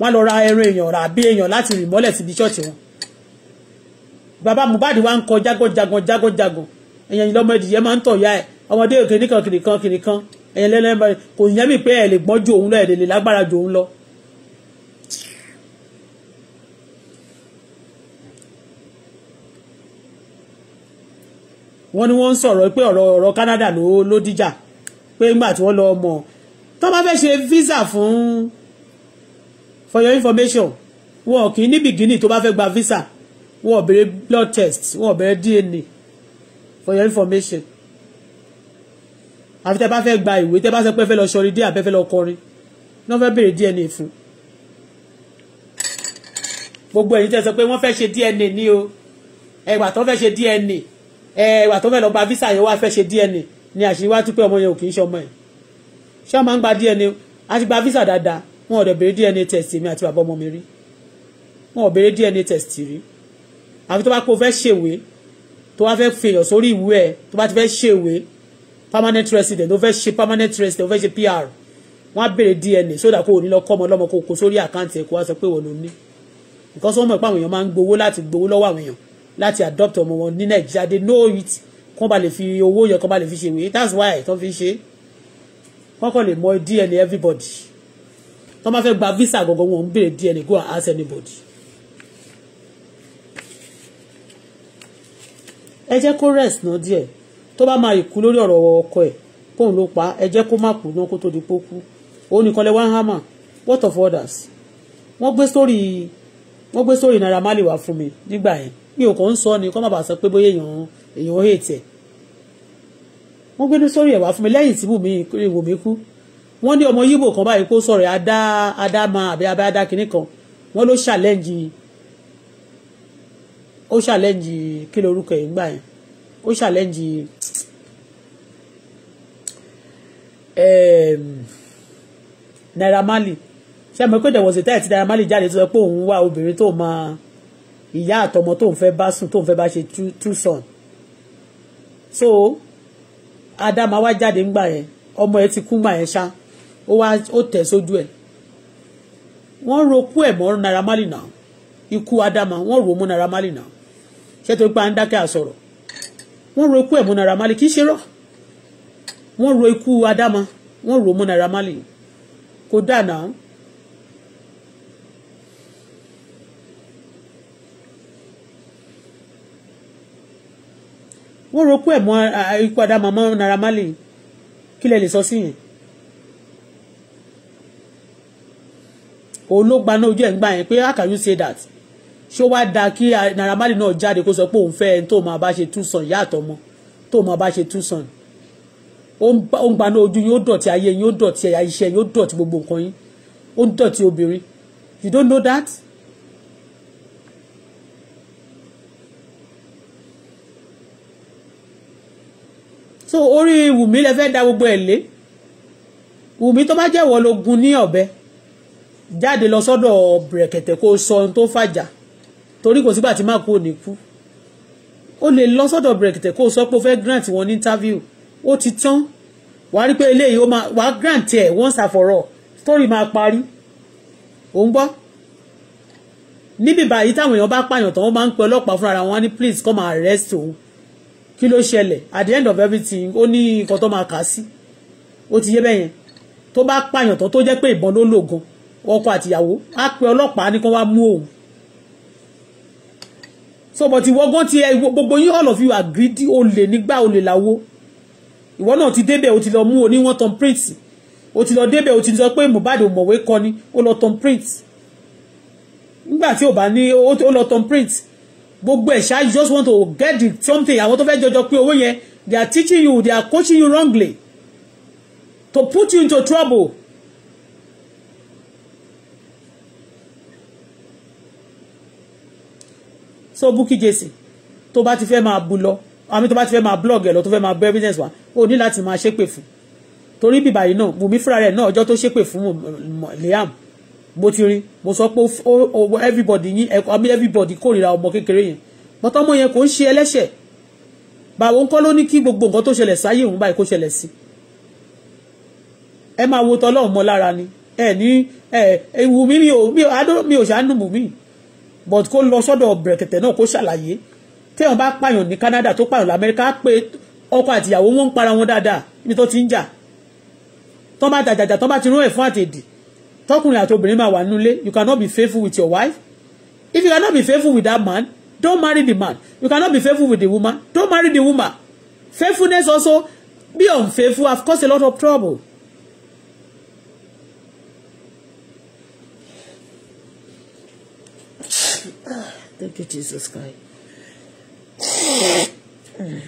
wọ́n lọ ra ẹran èèyàn rà èèyàn láti rìn mọ́lẹ̀ síbi chọ́ọ̀chì wọn bàbá Mohbad wa ń kọ jágọ̀jàgọ̀ jágọ̀jàgọ̀ ẹ̀yàn ìlọmọ ìdìyẹ máa ń tọ̀ ya ẹ̀ ọmọdé òkè nìkan kìnìkan kìnìkan ẹ̀yàn lẹ́lẹ́mọ kò yẹ mí pé ẹ̀ lè gbọ́n ju òun lọ ẹ̀ lè lágbára ju òun lọ. wọ́n ní wọ́n ń sọ̀rọ̀ pé ọ̀rọ̀ Canada ló dìjà pé ńgbà tí wọ́n lọ mọ̀ tó bá fẹ́ ṣe visa fún for your information wọn kì í ní bìgínì tó bá fẹ́ gba visa wọn ò blood test wọn ò DNA for your information àfi tẹ́ bá fẹ́ gba ìwé tẹ́ bá sọ pé fẹ́ lọ sọrí dé àbẹ́ fẹ́ lọ kọrin náà fẹ́ béèrè DNA fún gbogbo ẹ̀yin tẹ́ sọ pé wọ́n fẹ́ ṣe DNA ní o ẹgbà tó fẹ́ ṣe DNA ẹgbà tó fẹ́ lọ gba visa yẹn wá fẹ́ ṣe DNA ni àṣírí wá tún pé ọmọ yẹn ò kì í ṣe ọmọ ẹ̀ ṣé ọmọ ń gba DNA a ti gba visa dáadáa wọn ò dẹ̀ béèrè DNA test mi àti bàbá ọmọ mi rí wọn ò béèrè DNA test rí àfi tó bá kó fẹ́ ṣèwé tó wá fẹ́ fèèyàn sórí ìwé ẹ̀ tó bá ti fẹ́ ṣèwé permanent resident tó fẹ́ ṣe permanent resident tó fẹ́ ṣe PR wọ́n á béèrè DNA sódà kó o ní lọ kọ́ ọmọ ọlọ́mọ kó o kó sórí àkáǹtì ẹ̀ kó wá sọ pé wọ́n ló ní nǹkan sọ mọ̀ pé àwọn èèyàn máa ń gbowó láti gbowó lọ́wọ́ àwọn èèyàn láti adopt ọmọ wọn ní Nàìjíríà they know it kán ba lè fi owó yẹn kán ba lè fi ṣèwé that's why tán fi ṣe wọ́n kàn lè mọ DNA everybody tán bá fẹ́ gba visa gangan wọn ń béèrè DNA go and ask anybody ẹ jẹ́ kó rest náà díẹ̀ tó bá máa ìkú lórí ọ̀rọ̀ ọkọ ẹ̀ kóun ló pa ẹ jẹ́ kó má kú náà kó tó di pó kú òun nìkan lẹ wá ń hámà what of others wọ́n gbé sórí wọ́n gbé sórí Naira Marley wá fún mi nígbà yẹn mi ò kàn ń sọ ni kó má bàa sọ pé bóyá èèyàn èèyàn hate tiẹ̀ wọ́n gbé sórí ẹ̀ wá fún mi lẹ́yìn tí Wùmí wò mí kú wọ́n ní ọmọ Yíbò kan báyìí kó sọ̀rọ̀ adá adá máa àbí abẹ́ adá kinní kan wọ́n ló ṣàlẹ́ǹjì ó ṣàlẹ́jì kí lorúkọ yìí gbà yẹn ó ṣàlẹ́jì ehm, Naira Marley ṣe mọ̀ pé there was a time tí Naira Marley jáde tó sọ pé òun wá obìnrin tó máa ìyá àtọmọ tó ń fẹ́ bá sùn tó ń fẹ́ bá ṣe true son so adama wá jáde ńgbà yẹn ọmọ ẹ ti kú mà yẹn ṣá ó wá ó tẹ̀ sójú ẹ̀ wọ́n ro kú ẹ̀ mọ́ Naira Marley náà ikú adama wọ́n rò mọ́ Naira Marley náà ṣé tó pa ń dákẹ́ àsọ̀rọ̀ wọ́n ro ikú ẹ̀ mọ́ Naira Marley kì í ṣe rọ́ wọ́n ro ikú Adama wọ́n ro mọ́ Naira Marley kò dáná. wọ́n ro ikú ẹ̀ mọ́ ikú Adama mọ́ Naira Marley kí lè sọ sí yẹn. òun ló ojú ẹ̀ ń gbà say that ṣó wá da kí Naira Marley náà jáde kó sọ pé òun fẹ́ ẹni tó máa bá ṣe túsàn ìyá àtọmọ tó máa bá ṣe túsàn ó ń gbaná ojú yóò dọ̀tí ayé yóò dọ̀tí ẹ̀yà iṣẹ́ yóò dọ̀tí gbogbo nǹkan yín ó ń dọ̀tí obìnrin you don't know that. so orí wùmí lè fẹ́ da gbogbo ẹ̀ lé wùmí tó bá jẹ́wọ́ ló gun ní ọ̀bẹ jáde lọ sọ́dọ̀ brẹ̀kẹ̀tẹ̀ kó sọ ohun tó fàjà torí kò sígbà tí má kú ò ní kú ó lè lọ sọ́dọ̀ brèkìtẹ̀ kó o sọ pé o fẹ́ grant wọn ní interview ó ti tán wàá rí pé eléyìí ó máa wàá grant ẹ̀ once and for all story máa parí ò ń gbọ́ níbi báyìí táwọn èèyàn bá pààyàn tán wọ́n máa ń pe ọlọ́pàá fúnra wọn ní please come and arrest òun kí ló ṣẹlẹ̀ at the end of everything ó ní nǹkan tó máa kà á sí ó ti yé bẹ́ẹ̀ yẹn tó bá pààyàn tán tó jẹ́ pé ìbọn ló lò gan ọkọ àtìyàwó á pe ọlọ́pàá ní kí wọ́n wá mú òun so but ìwọ gan ti gbogbo yín all of you are greedy olè nígbà olè làwo ìwọ náà ti débẹ̀ o ti lọ mú oní wọn tan print o ti lọ débẹ̀ o ti sọ pé Mohbad ò mọ̀wé kọ ni ó lọ tan print nígbà tí ò bá ní ó lọ tan print gbogbo ẹ̀ ṣáà just want to get the something àwọn tó fẹ́ jọjọ pé owó yẹn they are teaching you they are coaching you wrongly to put you into trouble so Bukky Jesse tó bá ti fẹ́ máa bu lọ àmì tó bá ti fẹ́ máa blog ẹ̀ lo tó fẹ́ máa bẹ́ business wa ó ní láti máa ṣépè fún torí bíbá yìí náà Wùmí fúnra rẹ̀ náà ọjọ́ tó ṣépè fún Liam mo ti rí mo sọ pé everybody yín ẹ̀kọ́ àmì everybody kórìíra ọmọ kékeré yẹn bọ́tọ́ ọmọ yẹn kò ń ṣe ẹlẹ́ṣẹ̀ bàbá òun kọ́ ló ní kí gbogbo nǹkan tó ṣẹlẹ̀ sáyé òun báyìí kó ṣẹlẹ̀ sí ẹ máa wo tọ́lọ́ọ̀ mọ́ lára ni ẹ ní ẹ ewu mi mi ò mi ò ṣàánú mi but kó lọ sọ́dọ̀ bẹ̀rẹ̀kẹ̀tẹ̀ náà kó ṣàlàyé téèyàn bá pààyàn ní Canada tó pààyàn lamẹ́ríkà pé ọkọ àtìyàwó wọn ń para wọn dáadáa ibi tó ti ń jà tó bá dàjàjà tó bá ti rún ẹ̀ fún àtẹ̀dì tọkùnrin àti obìnrin máa wà nílé you cannot be faithful with your wife if you cannot be faithful with that man don't marry the man you cannot be faithful with the woman don't marry the woman faithfulness also be unfaithful have caused a lot of trouble. Thank you, Jesus Christ. Mm.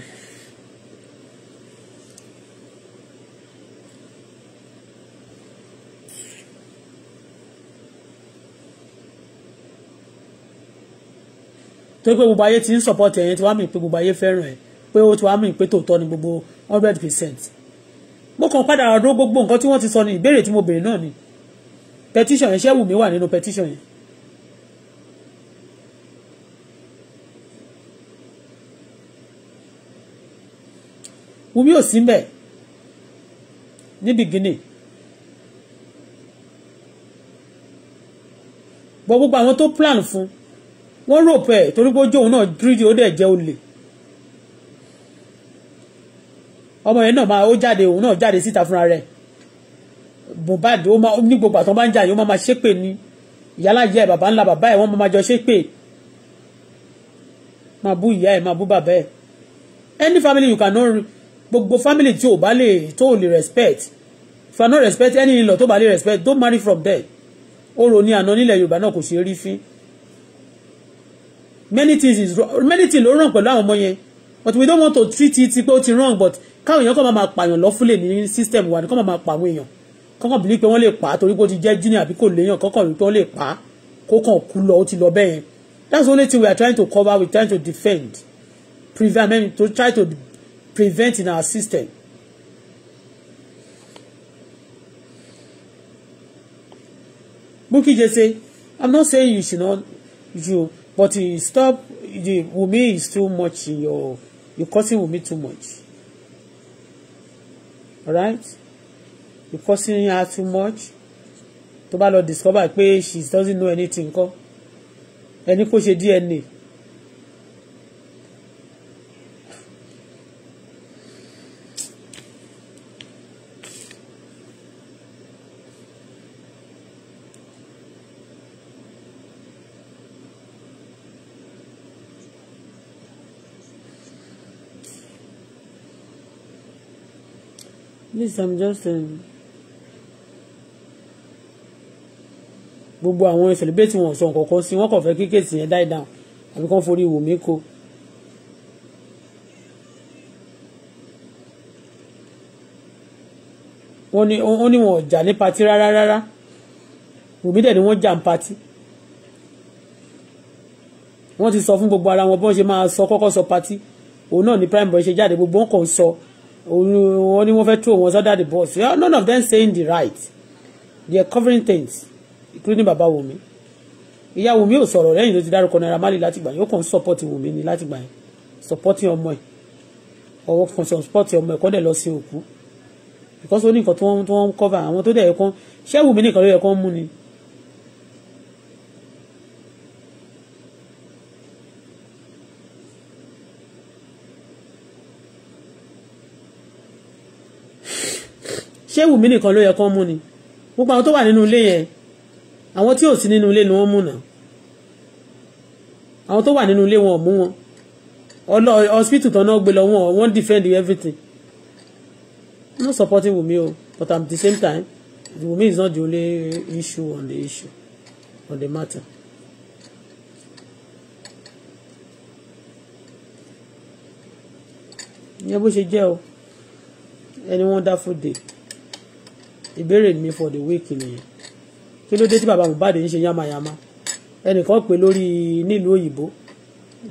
tó pé gbogbo ayé ti ń support ẹ̀yẹn tí wàá mìíràn pé gbogbo ayé fẹ́ràn ẹ̀ pé ó ti wàá mìíràn pé tòótọ́ ni gbogbo hundred percent. mo kàn padà ró gbogbo nǹkan tí wọ́n ti sọ ní ìbéèrè tí mo béèrè náà ni petition yẹn ṣé Wùmí wà nínú petition yẹn Wùmí ò sí mbẹ̀ ní beginning bọ́ gbogbo àwọn tó plan fún wọ́n rope. pẹ́ torí pé ojú òun náà dírídì ó dẹ̀ jẹ́ olè ọmọ yẹn náà máa ó jáde òun náà jáde síta fúnra rẹ̀ Mohbad ó máa ní gbogbo àtọ́ bá ń jà yìí ó máa máa ṣépè ní ìyálà ìyá ẹ̀ bàbá ńlá bàbá ẹ̀ wọ́n máa máa jọ ṣépè máa bú ìyá ẹ̀ máa bú bàbá ẹ̀ any family you can know gbogbo family tí o bá lè tó lè respect if I no respect any in-law tó bá lè respect don't marry from there ọ̀rọ̀ ni àná nílẹ̀ Yorùbá náà kò ṣe rí fín many things is wrong many things ló ràn pẹ̀lú àwọn ọmọ yẹn but we don't want to treat it pé ó ti wrong but káwọn èèyàn kàn máa máa pààyàn lọ́fúnlẹ̀ ní system wa ni kàn máa máa pa àwọn èèyàn kọ́kàn bí pé wọ́n lè pa á torí pé ó ti jẹ́ junior àbí kò léèyàn kọ́kàn rí pé wọ́n lè pa á kó kàn kú lọ ó ti lọ bẹ́ẹ̀ that's the only thing we are trying to cover we are trying to defend prevent I mean to try to prevent in our system. just say, I'm not saying you should not, you, but you stop, the Wunmi is too much in your, you're causing Wunmi too much. Alright? You're causing her too much. Tó bá lọ discover pé she doesn't know anything kọ́. Ẹni kó ṣe DNA. this i'm just um, gbogbo àwọn celebrate wọn sọ nǹkan kan sí wọn kàn fẹ́ kí kéèsì yẹn die down àbí kàn forí wò mí ko. wọ́n ní wọ́n ní wọn jà ní patí rárá rárá Wùmí dẹ̀ ni wọ́n jà ń patí wọ́n ti sọ fún gbogbo ara wọn bọ́n ṣe máa sọ kọ́kọ́ sọ patí òun náà ní prime boy ṣe jáde gbogbo wọn kàn sọ. So wọ́n ní wọ́n fẹ́ throw wọn under the bus none of them saying the right they are covering things including baba wumi ìyá wumi ò sọ̀rọ̀ lẹ́yìn tó ti dárúkọ Naira Marley látìgbà yìí ó kàn support wumi ni látìgbà yìí supporting ọmọ ẹ̀ ọwọ́ kan supporting ọmọ ẹ̀ kọ́ dẹ̀ lọ sí òkú because ó ní nǹkan tí wọ́n ń cover àwọn tó dẹ̀ yẹ kán ṣé wumi nìkan ló yẹ kán mú ni. ṣé wùmí nìkan ló yẹ kán mú ni gbogbo àwọn tó wà nínú ilé yẹn àwọn tí ò sí nínú ilé ni wọ́n mú náà àwọn tó wà nínú ilé wọn ò mú wọn ọlọ hospital tán náà gbé lọ wọn wọ́n defend everything I'm not supporting Wumi o but at the same time Wumi is not the only issue on the issue on the matter. ìyẹn bó ṣe jẹ́ o anyone wonderful day ìbéèrè mi for the week nìyẹn kí ló dé tí bàbá Mohbad ń ṣe yamayama ẹnìkan pè lórí nílùú òyìnbó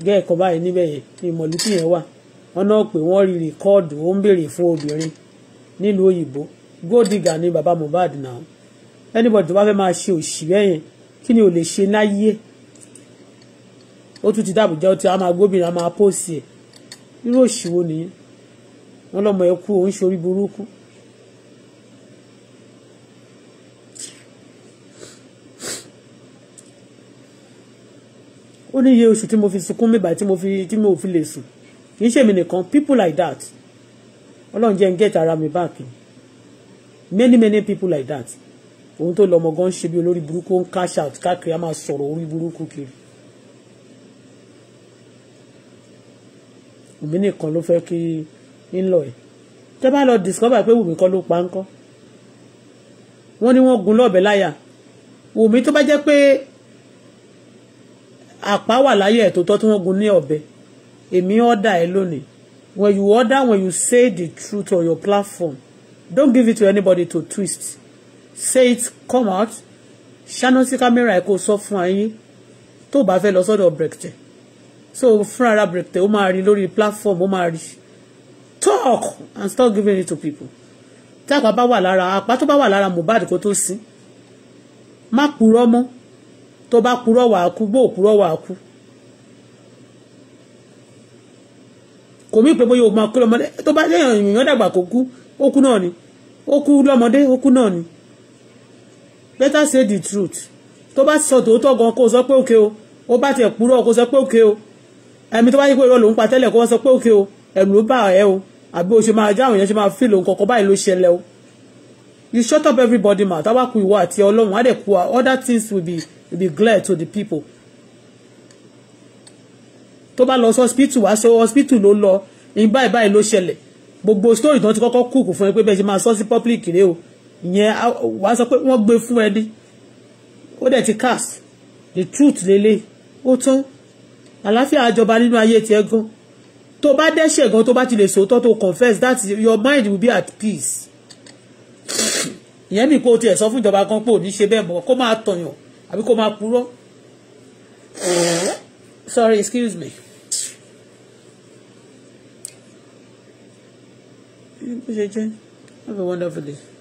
gẹ́ẹ̀kan báyìí níbẹ̀ yẹn ni mọ̀lúkì yẹn wà wọn náà pé wọ́n rí rìkọ́ọ̀dù ó ń béèrè fún obìnrin nílùú òyìnbó gódìgà ni bàbá Mohbad náà anybody tó bá fẹ́ máa ṣe òṣìṣẹ́ yẹn kí ni ò lè ṣe náyé ó tún ti dàbújá ó ti a máa gómìnà a máa pòsì ẹ̀ irú òṣìwò nìyẹn wọn lọmọ ẹ kú òun ṣorí burúkú ní iye oṣù tí mo fi sunkún mi báyìí tí mo fi tí mo fi lè sùn kì í ṣèmi nìkan people like that ọlọ́run jẹ́ ń gẹ̀ẹ́tì ara mi back many many people like that òun tó lọ ọmọ gan ṣe bí olórí burúkú ó ń cash out káàkiri a máa sọ̀rọ̀ orí burúkú kiri Wùmí nìkan ló fẹ́ kí ń lọ ẹ̀ tẹ́ bá lọ discover pé Wùmí kọ́ ló pa ń kọ́ wọ́n ní wọ́n gun lọ́ọ̀bẹ láyà Wùmí tó bá jẹ́ pé àpá wà láyé ẹ̀ tó tọ́ tí wọ́n gún ní ọ̀bẹ èmi ọ̀dà ẹ lónìí when you order when you say the truth on your platform don't give it to anybody to twist say it come out ṣáná sí kámẹ́rà ẹ̀ kó sọ fún ayé tó bá fẹ́ lọ sọ́dọ̀ brèkìtẹ̀ so fún ara brèkìtẹ̀ ó máa rí lórí platform ó máa rí talk and stop giving it to people tápá bá wà lára apá tó bá wà lára Mohbad kó tó sin má purọ́ mọ́ tó bá purọ́ wàá kú bó purọ́ wàá kú kò mí pé bóyá o máa kú lọ́mọdé tó bá léèyàn èèyàn dàgbà kó kú ó kú náà ni ó kú lọ́mọdé ó kú náà ni better say the truth tó bá sọ tòótọ́ gan kó o sọ pé òkè o ó bá tiẹ̀ purọ́ kó o sọ pé òkè o ẹ̀mí tó bá yí pé irọ́ lòún pa tẹ́lẹ̀ kó wọ́n sọ pé òkè o ẹ̀rù ló bà ẹ́ o àbí o ṣe máa já àwọn èèyàn ṣe máa fi lòun kọ̀ọ̀kan báyìí ló ṣẹlẹ̀ o you shut up everybody ma tábà kú ìwọ àti ọlọ́run á dẹ̀ kú other things will be will be glad to the people tó bá lọ sí hospital wá sí hospital ló lọ ní báyìí báyìí ló ṣẹlẹ̀ gbogbo story tó ti kọ́kọ́ kúkú fún ẹ pé bẹ́ẹ̀ ṣe máa sọ sí public rẹ o ìyẹn wàá sọ pé wọ́n gbé fún ẹ ní ó dẹ̀ ti cast the truth lélẹ̀ ó tán àlàáfíà àjọba nínú ayé tiẹ̀ gan tó bá dẹ́ṣẹ̀ gan tó bá ti lè sòótọ́ tó confess that your mind will be at peace ìyẹn mi kò tiẹ̀ sọ fún ìjọba kan pé ò ní ṣe bẹ́ẹ̀ mọ́ kó máa tọ̀yàn àbí kó máa purọ́ sorry excuse me. have a wonderful day.